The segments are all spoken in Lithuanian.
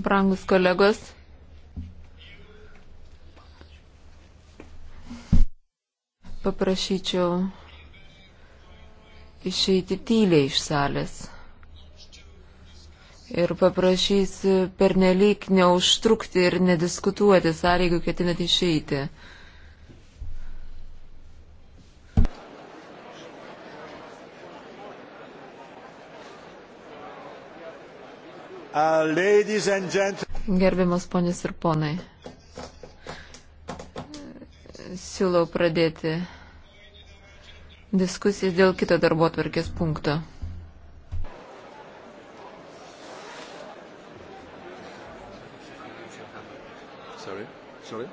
brangus kolegos. Paprašyčiau išeiti tyliai iš salės. Ir paprašysiu pernelyg neužtrukti ir nediskutuoti sąlygų ketinat išeiti. Uh, Gerbiamas ponės ir ponai, siūlau pradėti diskusijas dėl kito darbo atvarkės punkto. Sorry, sorry.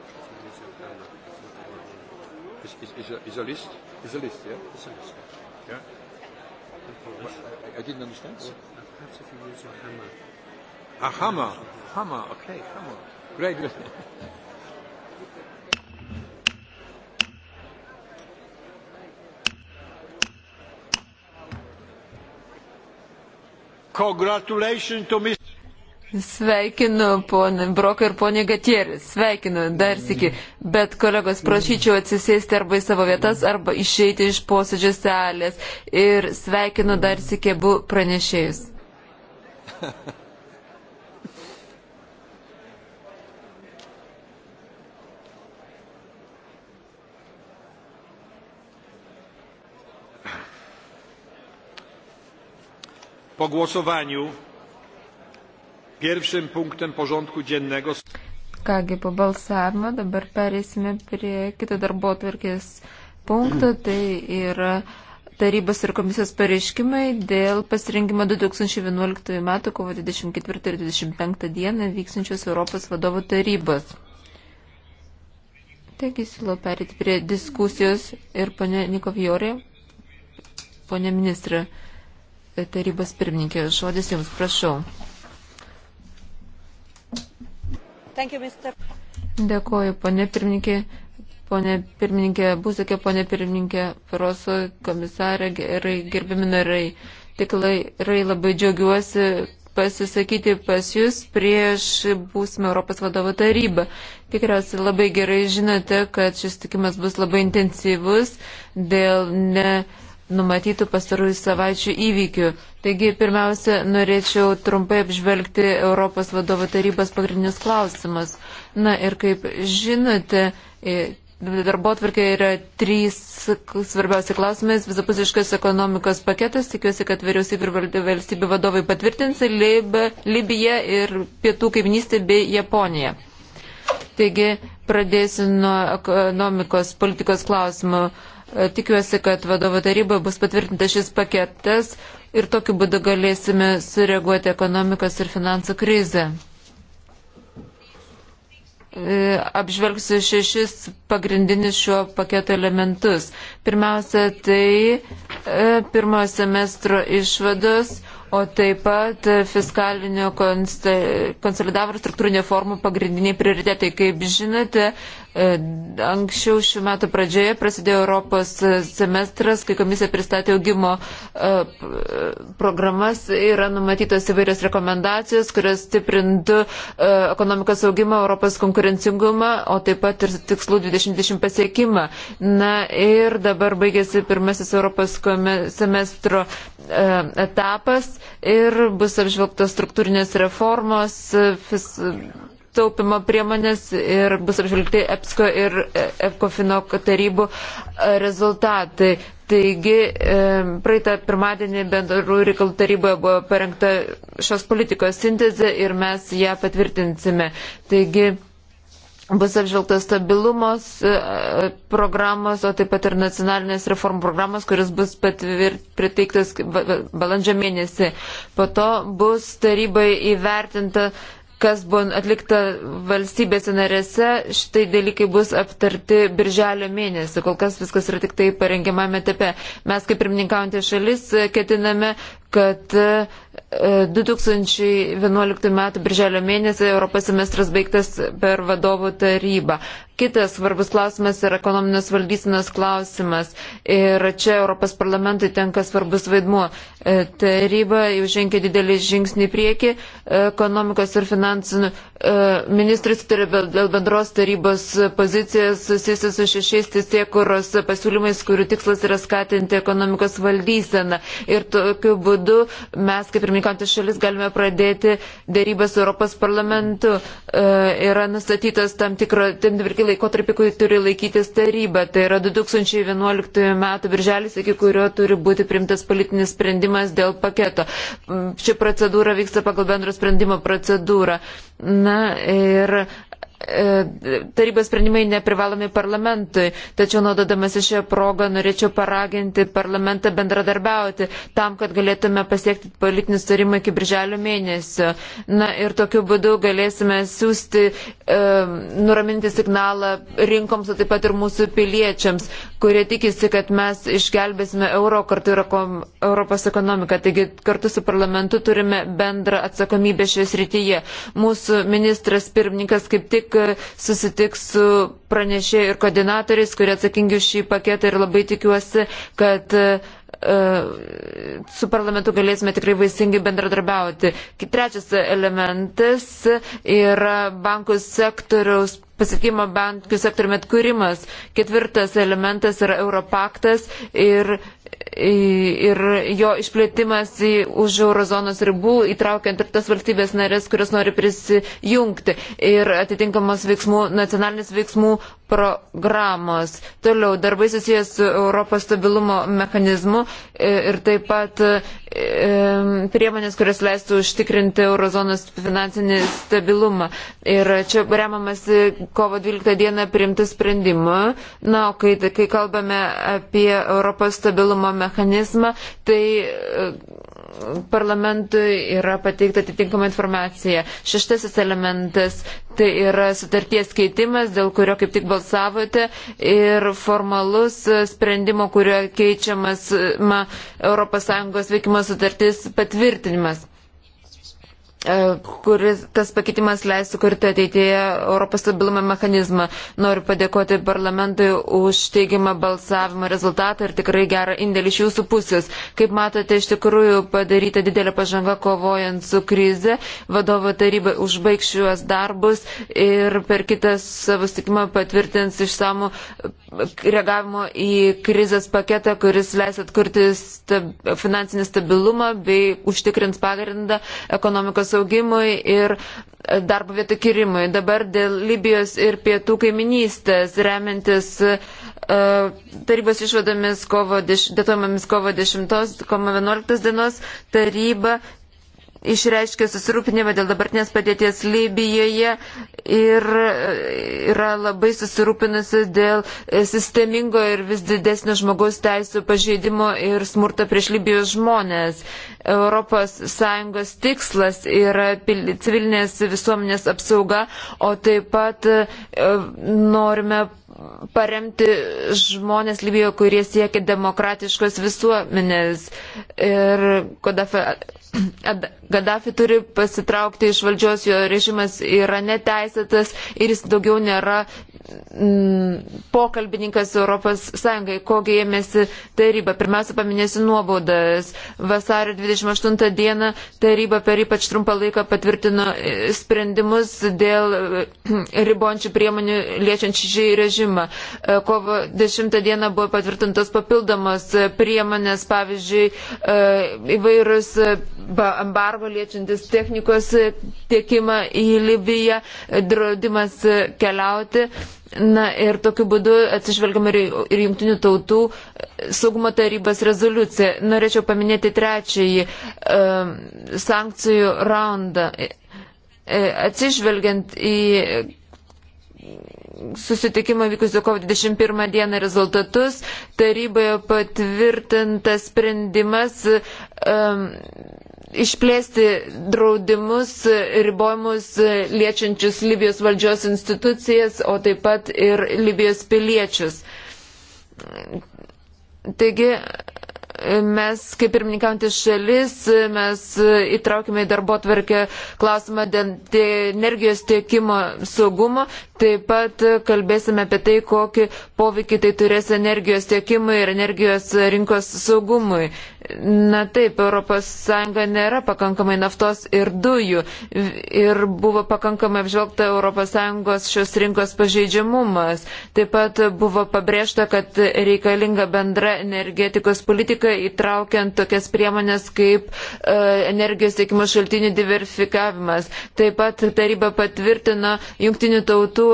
Is, is, is, a, is a list? Is a list, yeah? It's a list. Yeah? I, I didn't understand. Well, perhaps if you use your hammer. A ah, hammer. Hammer. Okay, hammer. Great. Congratulations to Mr. Sveikinu ponį Broką ir ponį Gatierį. Sveikinu dar sėki. Bet kolegos, prašyčiau atsisėsti arba į savo vietas, arba išeiti iš posėdžio salės. Ir sveikinu dar sėki abu pranešėjus. Po głosowaniu pierwszym punktem porządku dziennego. Kągi, po balsavimo dabar perėsime prie kito darbo atvarkės punkto, tai yra tarybos ir komisijos pareiškimai dėl pasirinkimo 2011 m. kovo 24 ir 25 d. vyksančios Europos vadovų tarybos. Taigi siūlau perėti prie diskusijos ir ponė Nikovjorė, ponė ministrė tarybos pirmininkė. Žodis Jums, prašau. Dėkoju, ponė pirmininkė. Pone pirmininkė Buzikė, ponė pirmininkė Paroso, komisarė, gerai, gerbiami narai. Tikrai labai džiaugiuosi pasisakyti pas Jūs prieš būsimą Europos vadovo tarybą. Tikriausiai labai gerai žinote, kad šis tikimas bus labai intensyvus dėl ne numatytų pastarųjų savaičių įvykių. Taigi, pirmiausia, norėčiau trumpai apžvelgti Europos vadovo tarybos pagrindinius klausimus. Na ir kaip žinote, e, darbo atvarkė yra trys svarbiausi klausimai - visapusiškas ekonomikos paketas. Tikiuosi, kad vyriausybė ir valstybių vadovai patvirtins Libiją ir pietų kaimynystę bei Japoniją. Taigi, pradėsiu nuo ekonomikos politikos klausimų. E, tikiuosi, kad vadovo taryboje bus patvirtintas šis paketas ir tokiu būdu galėsime sureaguoti ekonomikos ir finansų krizę. E, apžvelgsiu šešis pagrindinius šio paketo elementus. Pirmiausia, tai e, pirmojo semestro išvados, o taip pat fiskalinio konsolidavimo struktūrinio formų pagrindiniai prioritetai. Kaip žinote, E, anksčiau šių metų pradžioje prasidėjo Europos semestras, kai komisija pristatė augimo e, programas, yra numatytos įvairios rekomendacijos, kurios stiprintų e, ekonomikos augimą, Europos konkurencingumą, o taip pat ir tikslų 2020 pasiekimą. Na ir dabar baigėsi pirmasis Europos semestro etapas ir bus apžvelgtos struktūrinės reformos, fis, taupimo priemonės ir bus apžvelgti EPSCO ir EPCOFINO tarybų e, rezultatai. Taigi, e, praeitą pirmadienį bendrų reikalų taryboje buvo parengta šios politikos sintezė ir mes ją patvirtinsime. Taigi, bus apžvelgtas stabilumos e, programos, o taip pat ir nacionalinės reformų programos, kuris bus priteiktas balandžio mėnesį. Po to bus tarybai įvertinta kas buvo atlikta valstybėse narėse, šitai dalykai bus aptarti birželio mėnesį. Kol kas viskas yra tik tai parengiamame etape. Mes kaip pirmininkaujantė šalis ketiname kad 2011 e, m. birželio mėnesį Europos semestras baigtas per vadovų tarybą. Kitas svarbus klausimas yra ekonominės valdysinos klausimas. Ir čia Europos parlamentui tenka svarbus vaidmuo. E, taryba jau žengė didelį žingsnį prieki. E, ekonomikos ir finansinių ministrai sutarė dėl bendros tarybos pozicijos susijusi su šešiais teisėkuros pasiūlymais, kurių tikslas yra skatinti ekonomikos valdyseną. Ir tokiu būdu būdu mes, kaip ir minkantis šalis, galime pradėti dėrybę su Europos parlamentu. E, yra nustatytas tam tikrą laikotarpį, kurį turi laikytis taryba. Tai yra 2011 m. birželis, iki kurio turi būti primtas politinis sprendimas dėl paketo. Ši procedūra vyksta pagal bendro sprendimo procedūrą. Na ir E, tarybos sprendimai neprivalomi parlamentui, tačiau naudodamasi šią progą norėčiau paraginti parlamentą bendradarbiauti tam, kad galėtume pasiekti politinį sutarimą iki birželio mėnesio. Na ir tokiu būdu galėsime siūsti e, nuraminti signalą rinkoms, o taip pat ir mūsų piliečiams, kurie tikisi, kad mes išgelbėsime euro kartu ir Europos ekonomiką. Taigi kartu su parlamentu turime bendrą atsakomybę šioje srityje. Mūsų ministras pirmininkas kaip tik tik e, susitiks su pranešėjai ir koordinatoriais, kurie atsakingi už šį paketą ir labai tikiuosi, kad e, e, su parlamentu galėsime tikrai vaisingai bendradarbiauti. Trečias elementas yra bankų sektoriaus pasitikimo bankų sektoriumi atkūrimas. Ketvirtas elementas yra Europaktas ir ir jo išplėtimas į už eurozonos ribų, įtraukiant ir tas valstybės narės, kurios nori prisijungti. Ir atitinkamos veiksmų, nacionalinis veiksmų programos. Toliau darbai susijęs su Europos stabilumo mechanizmu ir taip pat priemonės, kurias leistų užtikrinti eurozonos finansinį stabilumą. Ir čia remiamas kovo 12 dieną priimtų sprendimu. Na, o kai, kai kalbame apie Europos stabilumo mechanizmą, tai parlamentui yra pateikta atitinkama informacija. Šeštasis elementas tai yra sutarties keitimas, dėl kurio kaip tik balsavote ir formalus sprendimo, kurio keičiamas ES veikimo sutartis patvirtinimas. E, kuris tas pakeitimas leis sukurti ateityje Europos stabilumo mechanizmą. Noriu padėkoti parlamentui už teigiamą balsavimo rezultatą ir tikrai gerą indėlį iš jūsų pusės. Kaip matote, iš tikrųjų padaryta didelė pažanga kovojant su krize. Vadovo taryba užbaigs šiuos darbus ir per kitą savo stikimą patvirtins išsamų reagavimo į krizės paketą, kuris leis atkurti stab finansinį stabilumą bei užtikrins pagrindą ekonomikos ekonomikos augimui ir darbo vietų kirimui. Dabar dėl Libijos ir pietų kaiminystės remiantis uh, tarybos išvadomis kovo, deš, datomomis kovo 10-11 dienos taryba išreiškė susirūpinimą dėl dabartinės padėties Libijoje ir yra labai susirūpinusi dėl sistemingo ir vis didesnio žmogaus teisų pažeidimo ir smurto prieš Libijos žmonės. ES tikslas yra civilinės visuomenės apsauga, o taip pat e, norime paremti žmonės Libijoje, kurie siekia demokratiškos visuomenės. Ir Kodafi Gaddafi turi pasitraukti iš valdžios, jo režimas yra neteisėtas ir jis daugiau nėra mm, pokalbininkas ES. Kogi ėmėsi taryba? Pirmiausia, paminėsiu nuobaudas. Vasario 28 dieną taryba per ypač trumpą laiką patvirtino e, sprendimus dėl e, ribončių priemonių liečiančių šį režimą. E, kovo 10 dieną buvo patvirtintos papildomos priemonės, pavyzdžiui, įvairūs embargo liečiantis technikos tiekimą į Libiją, draudimas keliauti. Na ir tokiu būdu atsižvelgiam ir, ir jungtinių tautų saugumo tarybos rezoliuciją. Norėčiau paminėti trečiąjį um, sankcijų raundą. E, e, atsižvelgiant į susitikimo vykusio kovo 21 dieną rezultatus taryboje patvirtintas sprendimas um, išplėsti draudimus, ribojimus liečiančius Libijos valdžios institucijas, o taip pat ir Libijos piliečius. Taigi mes, kaip pirmininkantis šalis, mes įtraukime į darbo tvarkę klausimą dėl energijos tiekimo saugumo. Taip pat kalbėsime apie tai, kokį poveikį tai turės energijos tiekimui ir energijos rinkos saugumui. Na taip, ES nėra pakankamai naftos ir dujų ir buvo pakankamai apžvelgta ES šios rinkos pažeidžiamumas. Taip pat buvo pabrėžta, kad reikalinga bendra energetikos politika įtraukiant tokias priemonės kaip e, energijos tiekimo šaltinių diversifikavimas. Taip pat taryba patvirtino jungtinių tautų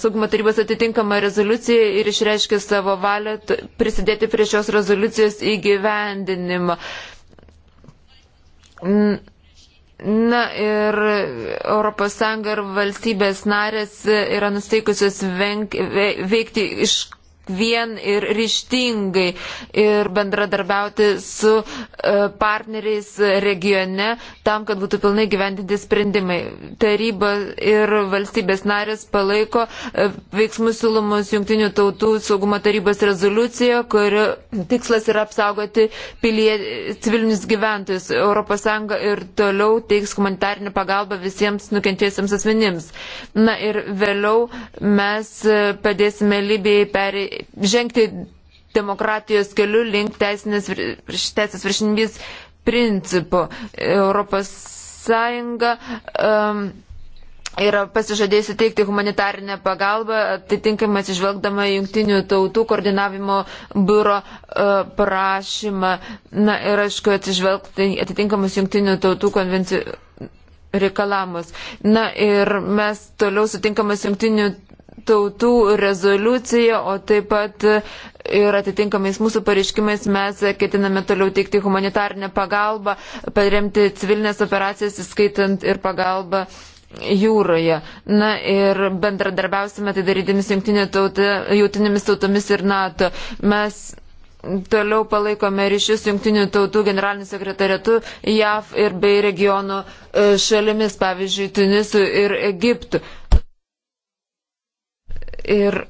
saugumo tarybos atitinkamą rezoliuciją ir išreiškė savo valią prisidėti prie šios rezoliucijos įgyvendinimo. Na ir ES ir valstybės narės yra nusteikusios veikti iš vien ir ryštingai ir bendradarbiauti su e, partneriais regione tam, kad būtų pilnai gyventinti sprendimai. Taryba ir valstybės narės palaiko e, veiksmus siūlomus Junktinių tautų saugumo tarybos rezoliuciją, kurio tikslas yra apsaugoti pilie, civilinius gyventojus. ES ir toliau teiks humanitarinę pagalbą visiems nukentėjusiems asmenims. Na ir vėliau mes e, padėsime Libijai perėti žengti demokratijos keliu link teisinės, teisės viršinybės principų. Europos Sąjunga um, yra pasižadėjusi teikti humanitarinę pagalbą, atitinkamai atsižvelgdama jungtinių tautų koordinavimo biuro uh, prašymą. Na ir aišku, atsižvelgti atitinkamus jungtinių tautų konvencijų reikalamus. Na ir mes toliau sutinkamas jungtinių tautų rezoliucija, o taip pat ir atitinkamais mūsų pareiškimais mes ketiname toliau teikti humanitarinę pagalbą, paremti civilinės operacijas, įskaitant ir pagalbą jūroje. Na ir bendradarbiausime tai darydami jungtinėmis tautomis ir NATO. Mes toliau palaikome ryšius jungtinių tautų generaliniu sekretariatu JAV ir bei regiono e, šalimis, pavyzdžiui, Tunisu ir Egiptu. Ir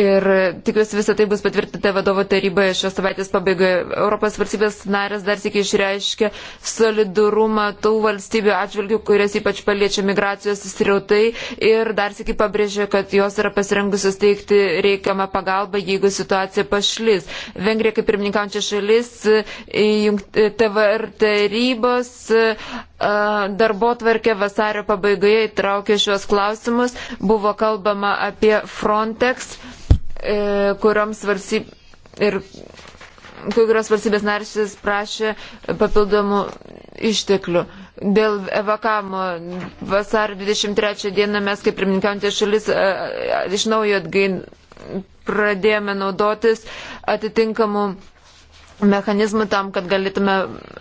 Ir tikiuosi visą tai bus patvirtinta vadovo taryboje šios savaitės pabaigoje. Europos valstybės narės dar sėkiai išreiškia solidarumą tų valstybių atžvilgių, kurias ypač paliečia migracijos įsirautai ir dar sėkiai pabrėžia, kad jos yra pasirengusios teikti reikiamą pagalbą, jeigu situacija pašlis. Vengrija kaip pirmininkaujančia šalis TVR tarybos darbo tvarkę vasario pabaigoje įtraukė šios klausimus. Buvo kalbama apie Frontex, e, kurioms valstybė ir kai kurios valstybės naršys prašė papildomų išteklių. Dėl evakamo vasario 23 dieną mes kaip pirmininkiaujantė šalis iš naujo atgain pradėjome naudotis atitinkamų mechanizmų tam, kad galėtume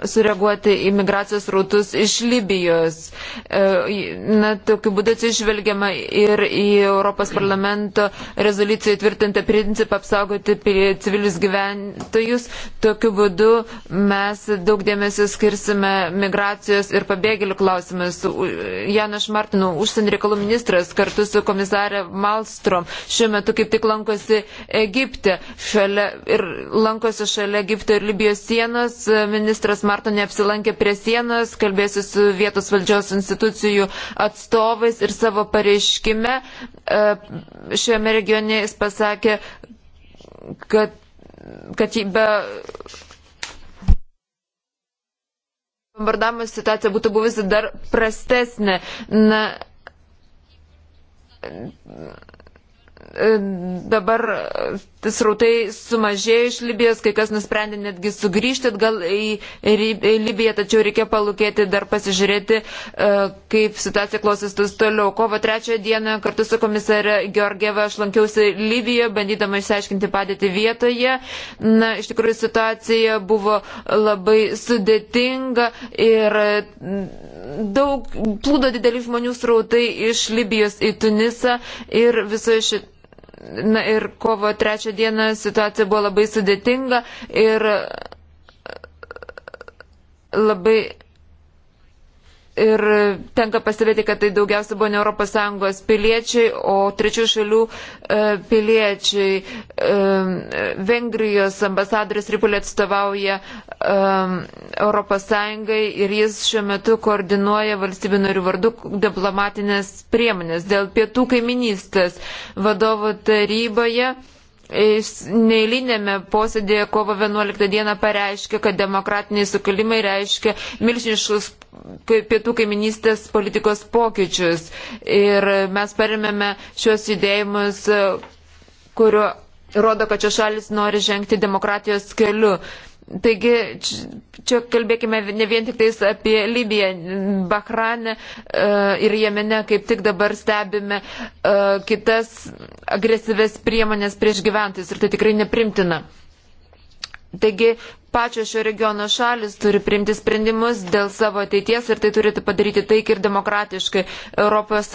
sureaguoti į migracijos rautus iš Libijos. E, na, tokiu būdu atsižvelgiama ir į Europos parlamento rezoliuciją įtvirtintą principą apsaugoti civilius gyventojus. Tokiu būdu mes daug dėmesio skirsime migracijos ir pabėgėlių klausimus. Janas Martinų, užsienio reikalų ministras, kartu su komisarė Malstrom šiuo metu kaip tik lankosi Egipte šalia, ir lankosi šalia Egipte Egipto ir Libijos sienos. Ministras Marto neapsilankė prie sienos, kalbėsi su vietos valdžios institucijų atstovais ir savo pareiškime e, šiame regione jis pasakė, kad, kad be bombardavimo situacija būtų buvusi dar prastesnė. Na, E, dabar srautai sumažėjo iš Libijos, kai kas nusprendė netgi sugrįžti atgal į, į Libiją, tačiau reikia palūkėti dar pasižiūrėti, e, kaip situacija klostys toliau. Kovo trečią dieną kartu su komisare Georgieva aš lankiausi Libijoje, bandydama išsiaiškinti padėtį vietoje. Na, iš tikrųjų situacija buvo labai sudėtinga ir mm, daug plūdo didelių žmonių srautai iš Libijos į Tunisą ir visoje šitoje Na ir kovo trečią dieną situacija buvo labai sudėtinga ir labai ir tenka pastebėti, kad tai daugiausia buvo ne ES piliečiai, o trečių šalių e, piliečiai. E, Vengrijos ambasadoris Ripulė atstovauja ES ir jis šiuo metu koordinuoja valstybių narių vardu diplomatinės priemonės dėl pietų kaiminystės vadovo taryboje neįlinėme posėdėje kovo 11 dieną pareiškė, kad demokratiniai sukilimai reiškia milžiniškus pietų kaiminystės politikos pokyčius. Ir mes paremėme šios judėjimus, kurio rodo, kad šios šalis nori žengti demokratijos keliu. Taigi čia kalbėkime ne vien tik tais apie Libiją, Bahranę e, ir Jemene, kaip tik dabar stebime e, kitas agresyves priemonės prieš gyventojus ir tai tikrai neprimtina. Taigi pačios šio regiono šalis turi priimti sprendimus dėl savo ateities ir tai turėtų padaryti taik ir demokratiškai. ES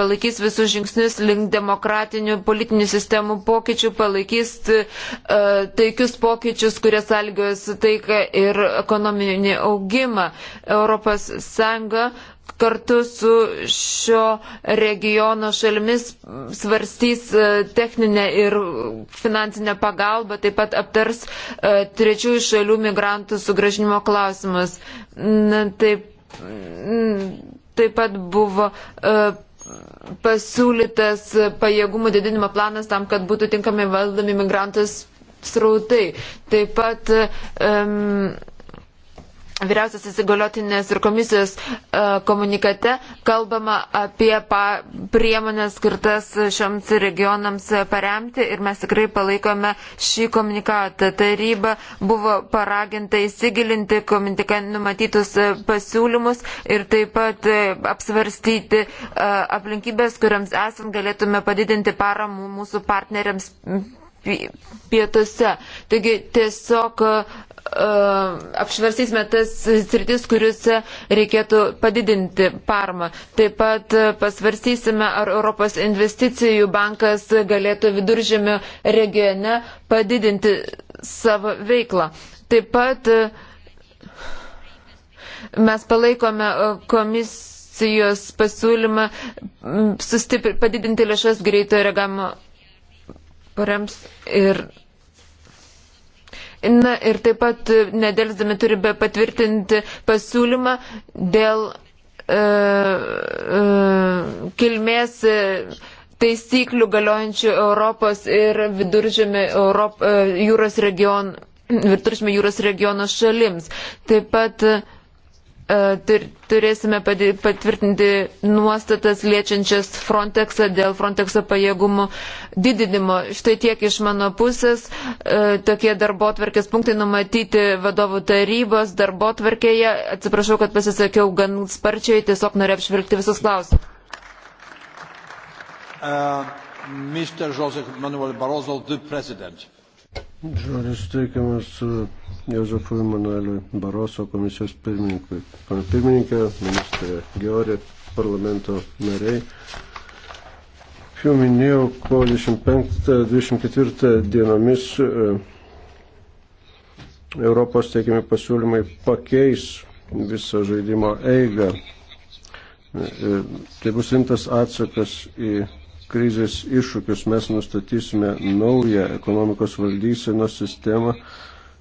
palaikys visus žingsnius link demokratinių politinių sistemų pokyčių, palaikys e, taikius pokyčius, kurie sąlygos taiką ir ekonominį augimą. ES kartu su šio regiono šalimis svarstys e, techninę ir finansinę pagalbą, taip pat aptars e, trečiųjų šalių migrantų sugražinimo klausimus. Na, taip, mm, taip pat buvo e, pasiūlytas pajėgumų didinimo planas tam, kad būtų tinkamai valdomi migrantus srautai. Taip pat um, Vyriausias įsigaliotinės ir komisijos e, komunikate kalbama apie priemonės skirtas šioms regionams paremti ir mes tikrai palaikome šį komunikatą. Taryba buvo paraginta įsigilinti komunikate numatytus pasiūlymus ir taip pat e, apsvarstyti e, aplinkybės, kuriams esant galėtume padidinti paramų mūsų partneriams pietuose. Taigi tiesiog e, e, apšvarsysime tas sritis, kuriuose reikėtų padidinti parmą. Taip pat e, pasvarsysime, ar Europos investicijų bankas galėtų viduržėmio regione padidinti savo veiklą. Taip pat mes palaikome komisijos pasiūlymą padidinti lėšas greitojo reagavimo parems ir. Na ir taip pat nedėlsdami turime patvirtinti pasiūlymą dėl e, e, kilmės taisyklių galiojančių Europos ir viduržėmė Europ, e, jūros region, viduržėmė jūros regiono šalims. Taip pat e, E, turėsime patvirtinti nuostatas liečiančias Frontexą dėl Frontexo pajėgumų didinimo. Štai tiek iš mano pusės. E, tokie darbo tvarkės punktai numatyti vadovų tarybos darbo tvarkėje. Atsiprašau, kad pasisakiau gan sparčiai, tiesiog noriu apžvelgti visus klausimus. Uh, e, Mr. Joseph Manuel Barroso, the President. Žodis teikiamas uh, Jozefui Manueliui Baroso komisijos pirmininkui. Pana pirmininkė, ministrė Georgi, parlamento nariai. Jau minėjau, kovo 25-24 dienomis uh, Europos teikiami pasiūlymai pakeis visą žaidimo eigą. Uh, tai bus rimtas atsakas į krizės iššūkius. Mes nustatysime naują ekonomikos valdysenos sistemą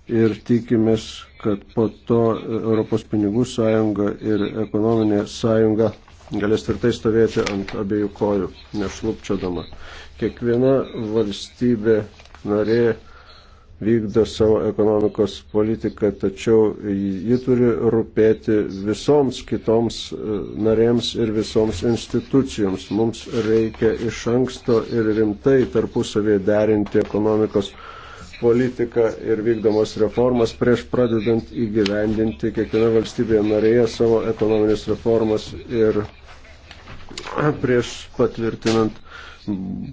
ir tikimės, kad po to Europos pinigų sąjunga ir ekonominė sąjunga galės tvirtai stovėti ant abiejų kojų, nešlupčiodama. Kiekviena valstybė narė vykdo savo ekonomikos politiką, tačiau ji turi rūpėti visoms kitoms e, narėms ir visoms institucijoms. Mums reikia iš anksto ir rimtai tarpusavėje derinti ekonomikos politiką ir vykdomos reformas prieš pradedant įgyvendinti kiekviena valstybėje narėje savo ekonominės reformas ir prieš patvirtinant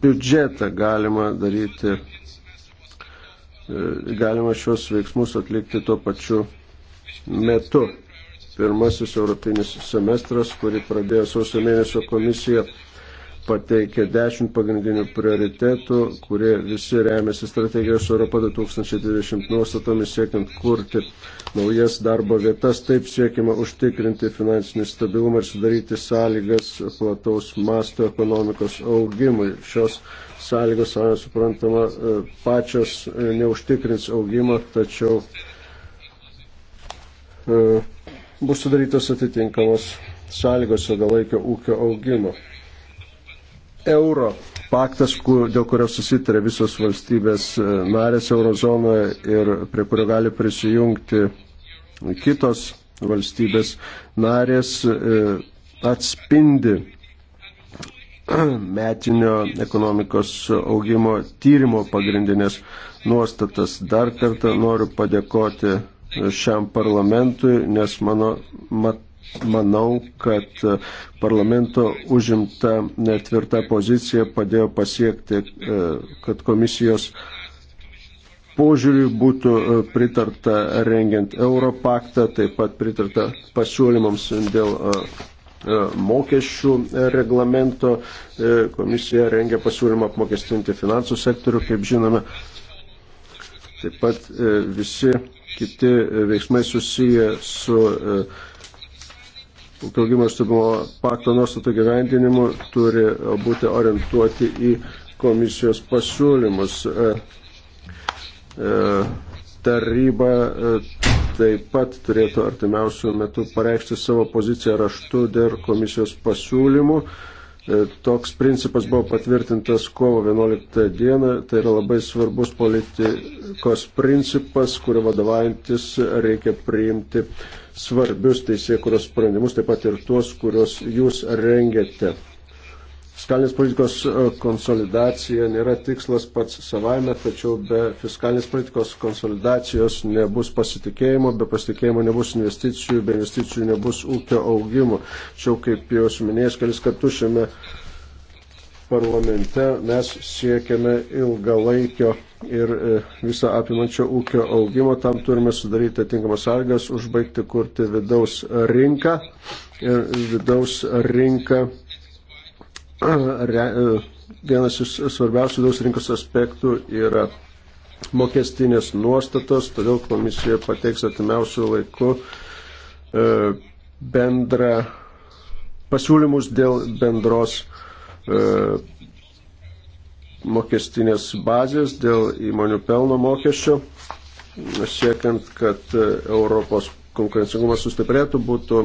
biudžetą galima daryti E, galima šios veiksmus atlikti tuo pačiu metu. Pirmasis europinis semestras, kurį pradėjo sausio mėnesio komisija, pateikė dešimt pagrindinių prioritetų, kurie visi remiasi strategijos Europa 2020 nuostatomis siekiant kurti naujas darbo vietas. Taip siekima užtikrinti finansinį stabilumą ir sudaryti sąlygas plataus masto ekonomikos augimui. Šios sąlygos, savai suprantama, e, pačios e, neužtikrins augimo, tačiau e, bus sudarytos atitinkamos sąlygos ilgalaikio ūkio augimo. Euro paktas, kur, dėl kurio susitarė visos valstybės narės eurozonoje ir prie kurio gali prisijungti kitos valstybės narės, atspindi metinio ekonomikos augimo tyrimo pagrindinės nuostatas. Dar kartą noriu padėkoti šiam parlamentui, nes mano, mat, manau, kad parlamento užimta netvirta pozicija padėjo pasiekti, e, kad komisijos požiūriui būtų e, pritarta rengiant Europaktą, taip pat pritarta pasiūlymams dėl e, E, mokesčių e, reglamento. E, komisija rengia pasiūlymą apmokestinti finansų sektorių, kaip žinome. Taip pat visi kiti veiksmai susiję su augimo stebimo pakto nuostatų gyvendinimu turi būti orientuoti į komisijos pasiūlymus. Taryba taip pat turėtų artimiausių metų pareikšti savo poziciją raštu dėl komisijos pasiūlymų. E, toks principas buvo patvirtintas kovo 11 dieną, tai yra labai svarbus politikos principas, kurio vadovaujantis reikia priimti svarbius teisėkuros sprendimus, taip pat ir tuos, kuriuos jūs rengiate. Fiskalinės politikos e, konsolidacija nėra tikslas pats savaime, tačiau be fiskalinės politikos konsolidacijos nebus pasitikėjimo, be pasitikėjimo nebus investicijų, be investicijų nebus ūkio augimo. Čia, kaip jau minėjęs, kelis kartus šiame parlamente mes siekiame ilgalaikio ir e, visą apimančio ūkio augimo, tam turime sudaryti atinkamas sąlygas, užbaigti kurti vidaus rinką ir vidaus rinką vienas iš svarbiausių daus rinkos aspektų yra mokestinės nuostatos, todėl komisija pateiks atimiausių laikų e, bendrą pasiūlymus dėl bendros e, mokestinės bazės, dėl įmonių pelno mokesčio, siekiant, kad e, Europos konkurencingumas sustiprėtų, būtų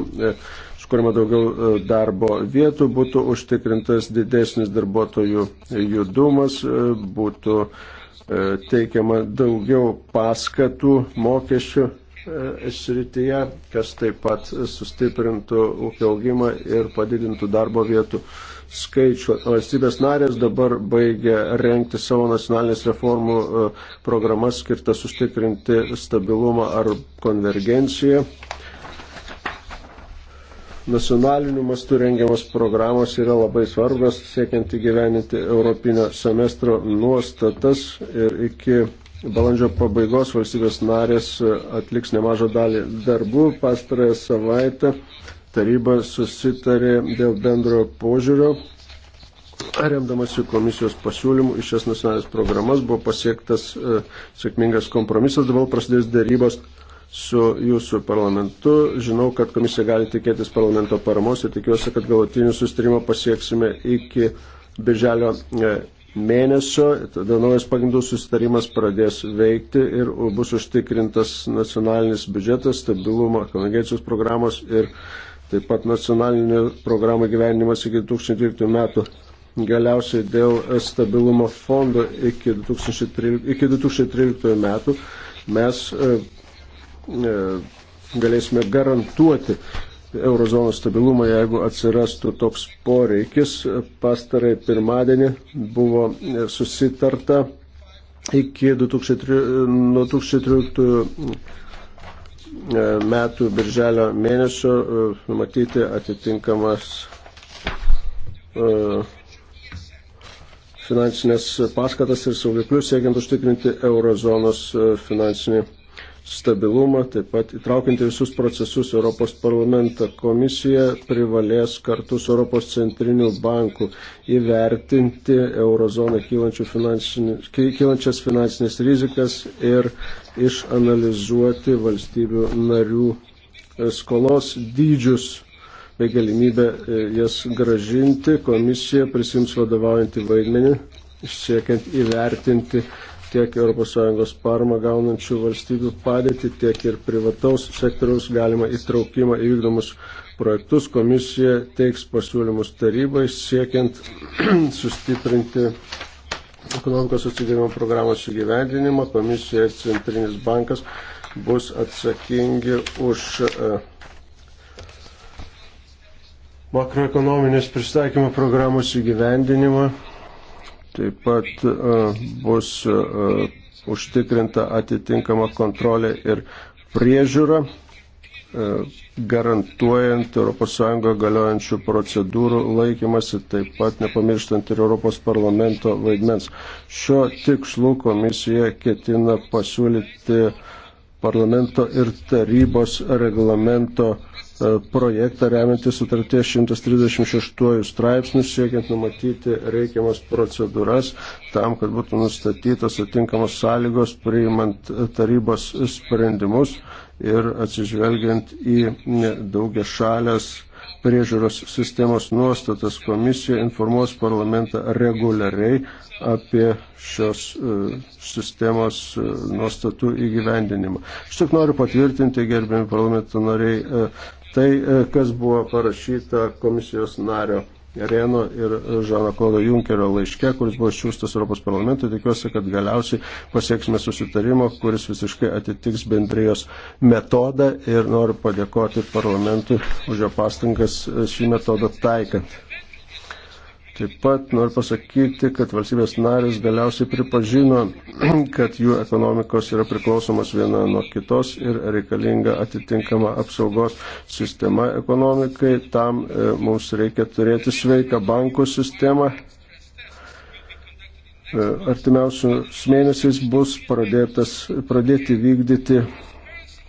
kuriama daugiau e, darbo vietų, būtų užtikrintas didesnis darbuotojų judumas, e, būtų e, teikiama daugiau paskatų mokesčių srityje, kas taip pat sustiprintų ūkio augimą ir padidintų darbo vietų skaičių. Valstybės narės dabar baigia renkti savo nacionalinės reformų programas skirtas sustiprinti stabilumą ar konvergenciją nacionaliniu mastu rengiamas programos yra labai svarbios siekiant įgyveninti Europinio semestro nuostatas ir iki balandžio pabaigos valstybės narės atliks nemažą dalį darbų. Pastarąją savaitę taryba susitarė dėl bendrojo požiūrio. Remdamasi komisijos pasiūlymų iš šias nacionalinės programas buvo pasiektas e, sėkmingas kompromisas, dabar prasidės dėrybos su jūsų parlamentu. Žinau, kad komisija gali tikėtis parlamento paramos ir tikiuosi, kad galutinį sustarimą pasieksime iki birželio e, mėnesio. Tada naujas pagrindų sustarimas pradės veikti ir bus užtikrintas nacionalinis biudžetas, stabilumo, konvencijos programos ir taip pat nacionalinių programų gyvenimas iki 2012 metų galiausiai dėl stabilumo fondo iki 2013, iki 2013 metų mes e, E, galėsime garantuoti eurozonos stabilumą, jeigu atsirastų toks poreikis. Pastarai pirmadienį buvo susitarta iki 2013 e, metų birželio mėnesio e, numatyti atitinkamas finansinės paskatas ir saugiklius siekiant užtikrinti eurozonos finansinį stabilumą, taip pat įtraukiant visus procesus Europos parlamentą. Komisija privalės kartu su Europos centriniu banku įvertinti eurozoną kylančias finansinės rizikas ir išanalizuoti valstybių narių e, skolos dydžius bei galimybę e, jas gražinti. Komisija prisims vadovaujantį vaidmenį siekiant įvertinti tiek ES parmą gaunančių valstybių padėtį, tiek ir privataus sektoriaus galima įtraukimą įvykdomus projektus. Komisija teiks pasiūlymus tarybai siekiant sustiprinti ekonomikos atsigavimo programos įgyvendinimą. Komisija ir Centrinis bankas bus atsakingi už e, makroekonominės pristaikymo programos įgyvendinimą Taip pat e, bus e, užtikrinta atitinkama kontrolė ir priežiūra, e, garantuojant ES galiojančių procedūrų laikymasi, taip pat nepamirštant ir Europos parlamento vaidmens. Šio tikslu komisija ketina pasiūlyti parlamento ir tarybos reglamento E, projektą remiantį sutarties 136 straipsnius, siekiant numatyti reikiamas procedūras tam, kad būtų nustatytos atinkamos sąlygos priimant tarybos sprendimus ir atsižvelgiant į daugia šalės priežiūros sistemos nuostatas komisija informuos parlamentą reguliariai apie šios e, sistemos e, nuostatų įgyvendinimą. Aš tik noriu patvirtinti, gerbiami parlamento nariai, tai, e, kas buvo parašyta komisijos nario Reno ir Žano Klodo Junkerio laiške, kuris buvo išsiųstas Europos parlamentui. Tikiuosi, kad galiausiai pasieksime susitarimo, kuris visiškai atitiks bendrijos metodą ir noriu padėkoti parlamentui už jo pastangas šį metodą taikant. Taip pat noriu pasakyti, kad valstybės narės galiausiai pripažino, kad jų ekonomikos yra priklausomas viena nuo kitos ir reikalinga atitinkama apsaugos sistema ekonomikai. Tam e, mums reikia turėti sveiką bankų sistemą. E, Artimiausių mėnesiais bus pradėti vykdyti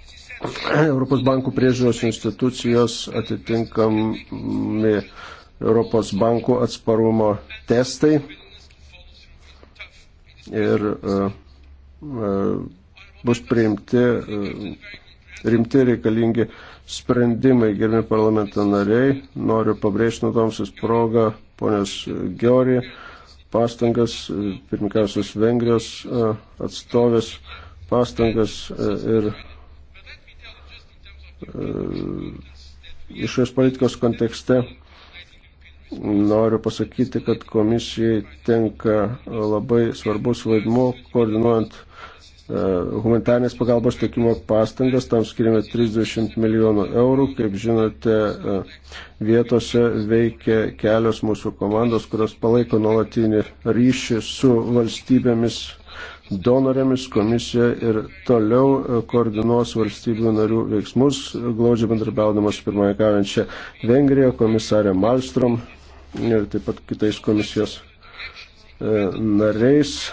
Europos bankų priežiūros institucijos atitinkami Europos bankų atsparumo testai. Ir uh, uh, bus priimti uh, rimti reikalingi sprendimai, gerbimi parlamento nariai. Noriu pabrėžti naudomsis progą ponios Giori pastangas, pirmiausios Vengrijos atstovės pastangas ir išės politikos kontekste Noriu pasakyti, kad komisijai tenka labai svarbus vaidmuo koordinuojant e, humanitarnės pagalbos teikimo pastangas, tam skiriame 30 milijonų eurų. Kaip žinote, e, vietose veikia kelios mūsų komandos, kurios palaiko nuolatinį ryšį su valstybėmis donorėmis. Komisija ir toliau e, koordinuos valstybių narių veiksmus, glaudžiai bendrabiaudamas pirmąją gavinčią Vengriją, komisarę Malstrom ir taip pat kitais komisijos e, nariais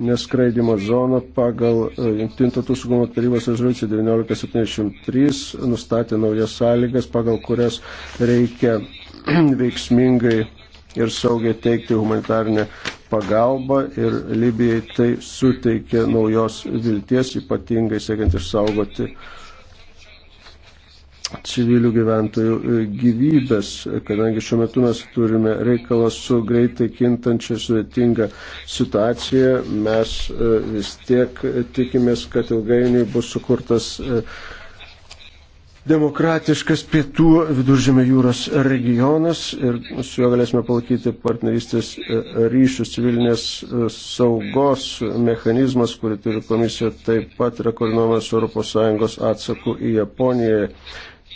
neskraidimo zoną pagal e, Junktinių tautų saugumo tarybos rezoliuciją 1973 nustatė naujas sąlygas, pagal kurias reikia veiksmingai ir saugiai teikti humanitarinę pagalbą ir Libijai tai suteikė naujos vilties, ypatingai siekiant išsaugoti civilių gyventojų e, gyvybės, kadangi šiuo metu mes turime reikalą su greitai kintančia sudėtinga situacija, mes e, vis tiek tikimės, kad ilgainiui bus sukurtas e, demokratiškas pietų viduržėme jūros regionas ir su juo galėsime palaikyti partnerystės ryšius civilinės saugos mechanizmas, kurį turi komisija, taip pat yra koordinuojamas ES atsakų į Japoniją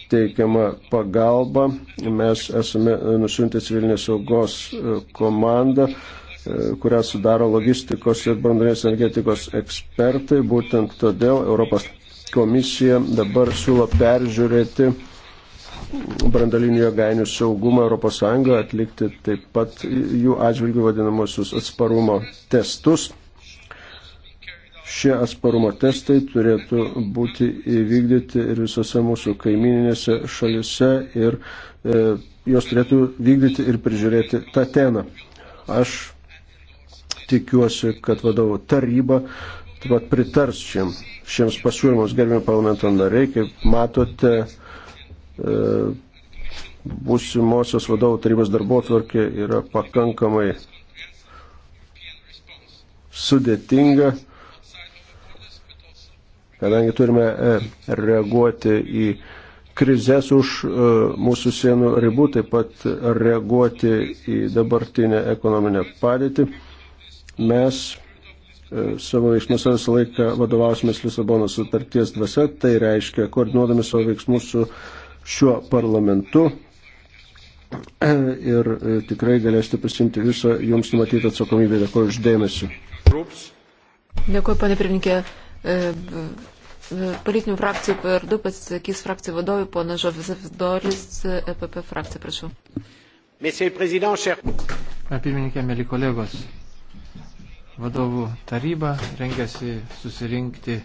teikiama pagalba. Mes esame nusiuntę civilinės saugos e, komandą e, kurią sudaro logistikos ir branduolinės energetikos ekspertai. Būtent todėl Europos komisija dabar siūlo peržiūrėti branduolinių jėgainių saugumą ES, atlikti taip pat jų atžvilgių vadinamosius atsparumo testus. Šie atsparumo testai turėtų būti įvykdyti ir visose mūsų kaimininėse šalise ir e, jos turėtų vykdyti ir prižiūrėti Tateną. Aš tikiuosi, kad vadovų taryba taip pat pritars šiem, šiems pasiūlymams, gerbėjim parlamento nariai, kaip matote, e, būsimosios vadovų tarybos darbo tvarkė yra pakankamai sudėtinga kadangi turime e, reaguoti į krizės už e, mūsų sienų ribų, taip pat reaguoti į dabartinę ekonominę padėtį. Mes e, savo veiksmuose visą laiką vadovausimės Lisabono sutarties dvasia, tai reiškia koordinuodami savo veiksmus su šiuo parlamentu ir tikrai galėsite prisimti visą jums numatytą atsakomybę. Dėkuoju uždėmesi. Dėkuoju, pane pirmininkė. E, politinių frakcijų vardu pasisakys frakcijų vadovai ponas Žovizas Doris, EPP frakcija, prašau. Pirmininkė, mėly kolegos, vadovų taryba rengiasi susirinkti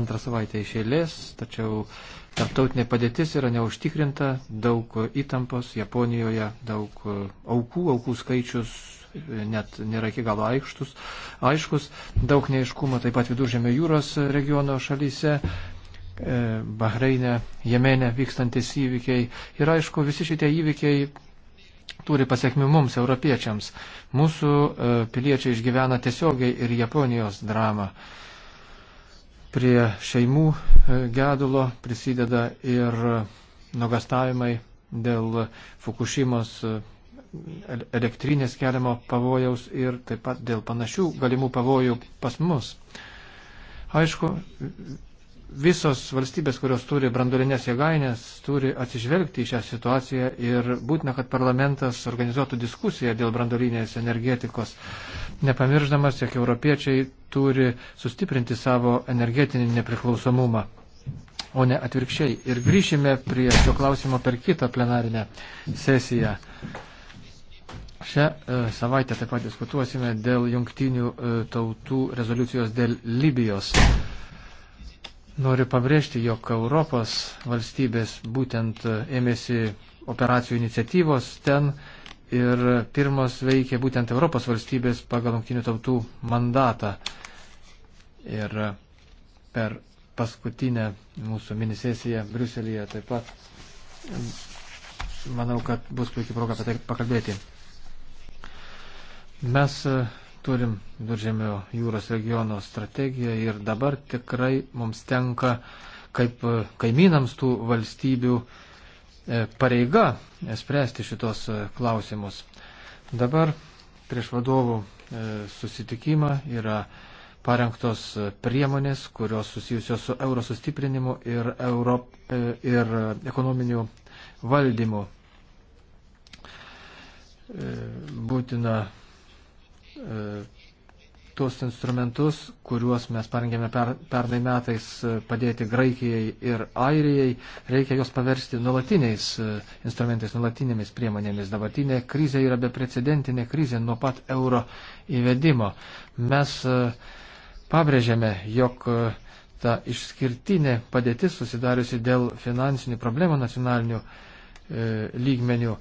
antrą savaitę iš eilės, tačiau tarptautinė padėtis yra neužtikrinta, daug įtampos Japonijoje, daug aukų, aukų skaičius net nėra iki galo aikštus, aiškus, daug neiškumo taip pat viduržėmio jūros regiono šalyse, e, Bahreinė, Jemenė vykstantis įvykiai. Ir aišku, visi šitie įvykiai turi pasiekmių mums, europiečiams. Mūsų e, piliečiai išgyvena tiesiogiai ir Japonijos dramą. Prie šeimų e, gedulo prisideda ir nugastavimai dėl Fukushimos elektrinės keliamo pavojaus ir taip pat dėl panašių galimų pavojų pas mus. Aišku, visos valstybės, kurios turi branduolinės jėgainės, turi atsižvelgti į šią situaciją ir būtina, kad parlamentas organizuotų diskusiją dėl branduolinės energetikos, nepamirždamas, jog europiečiai turi sustiprinti savo energetinį nepriklausomumą, o ne atvirkščiai. Ir grįšime prie šio klausimo per kitą plenarinę sesiją. Šią e, savaitę taip pat diskutuosime dėl jungtinių e, tautų rezoliucijos dėl Libijos. Noriu pabrėžti, jog Europos valstybės būtent e, ėmėsi operacijų iniciatyvos ten ir pirmos veikė būtent Europos valstybės pagal jungtinių tautų mandatą. Ir per paskutinę mūsų minisesiją Briuselėje taip pat manau, kad bus puikiai proga apie tai pakalbėti. Mes e, turim Viduržėmio jūros regiono strategiją ir dabar tikrai mums tenka kaip e, kaimynams tų valstybių e, pareiga spręsti šitos klausimus. Dabar prieš vadovų susitikimą yra parengtos priemonės, kurios susijusios su euro sustiprinimu ir, euro, ir ekonominiu valdymu. Būtina E, tuos instrumentus, kuriuos mes parengėme per, pernai metais e, padėti Graikijai ir Airijai, reikia juos paversti nulatiniais e, instrumentais, nulatinėmis priemonėmis. Dabartinė krizė yra beprecedentinė krizė nuo pat euro įvedimo. Mes pabrėžėme, jog ta išskirtinė padėtis susidariusi dėl finansinių problemų nacionalinių e, lygmenių,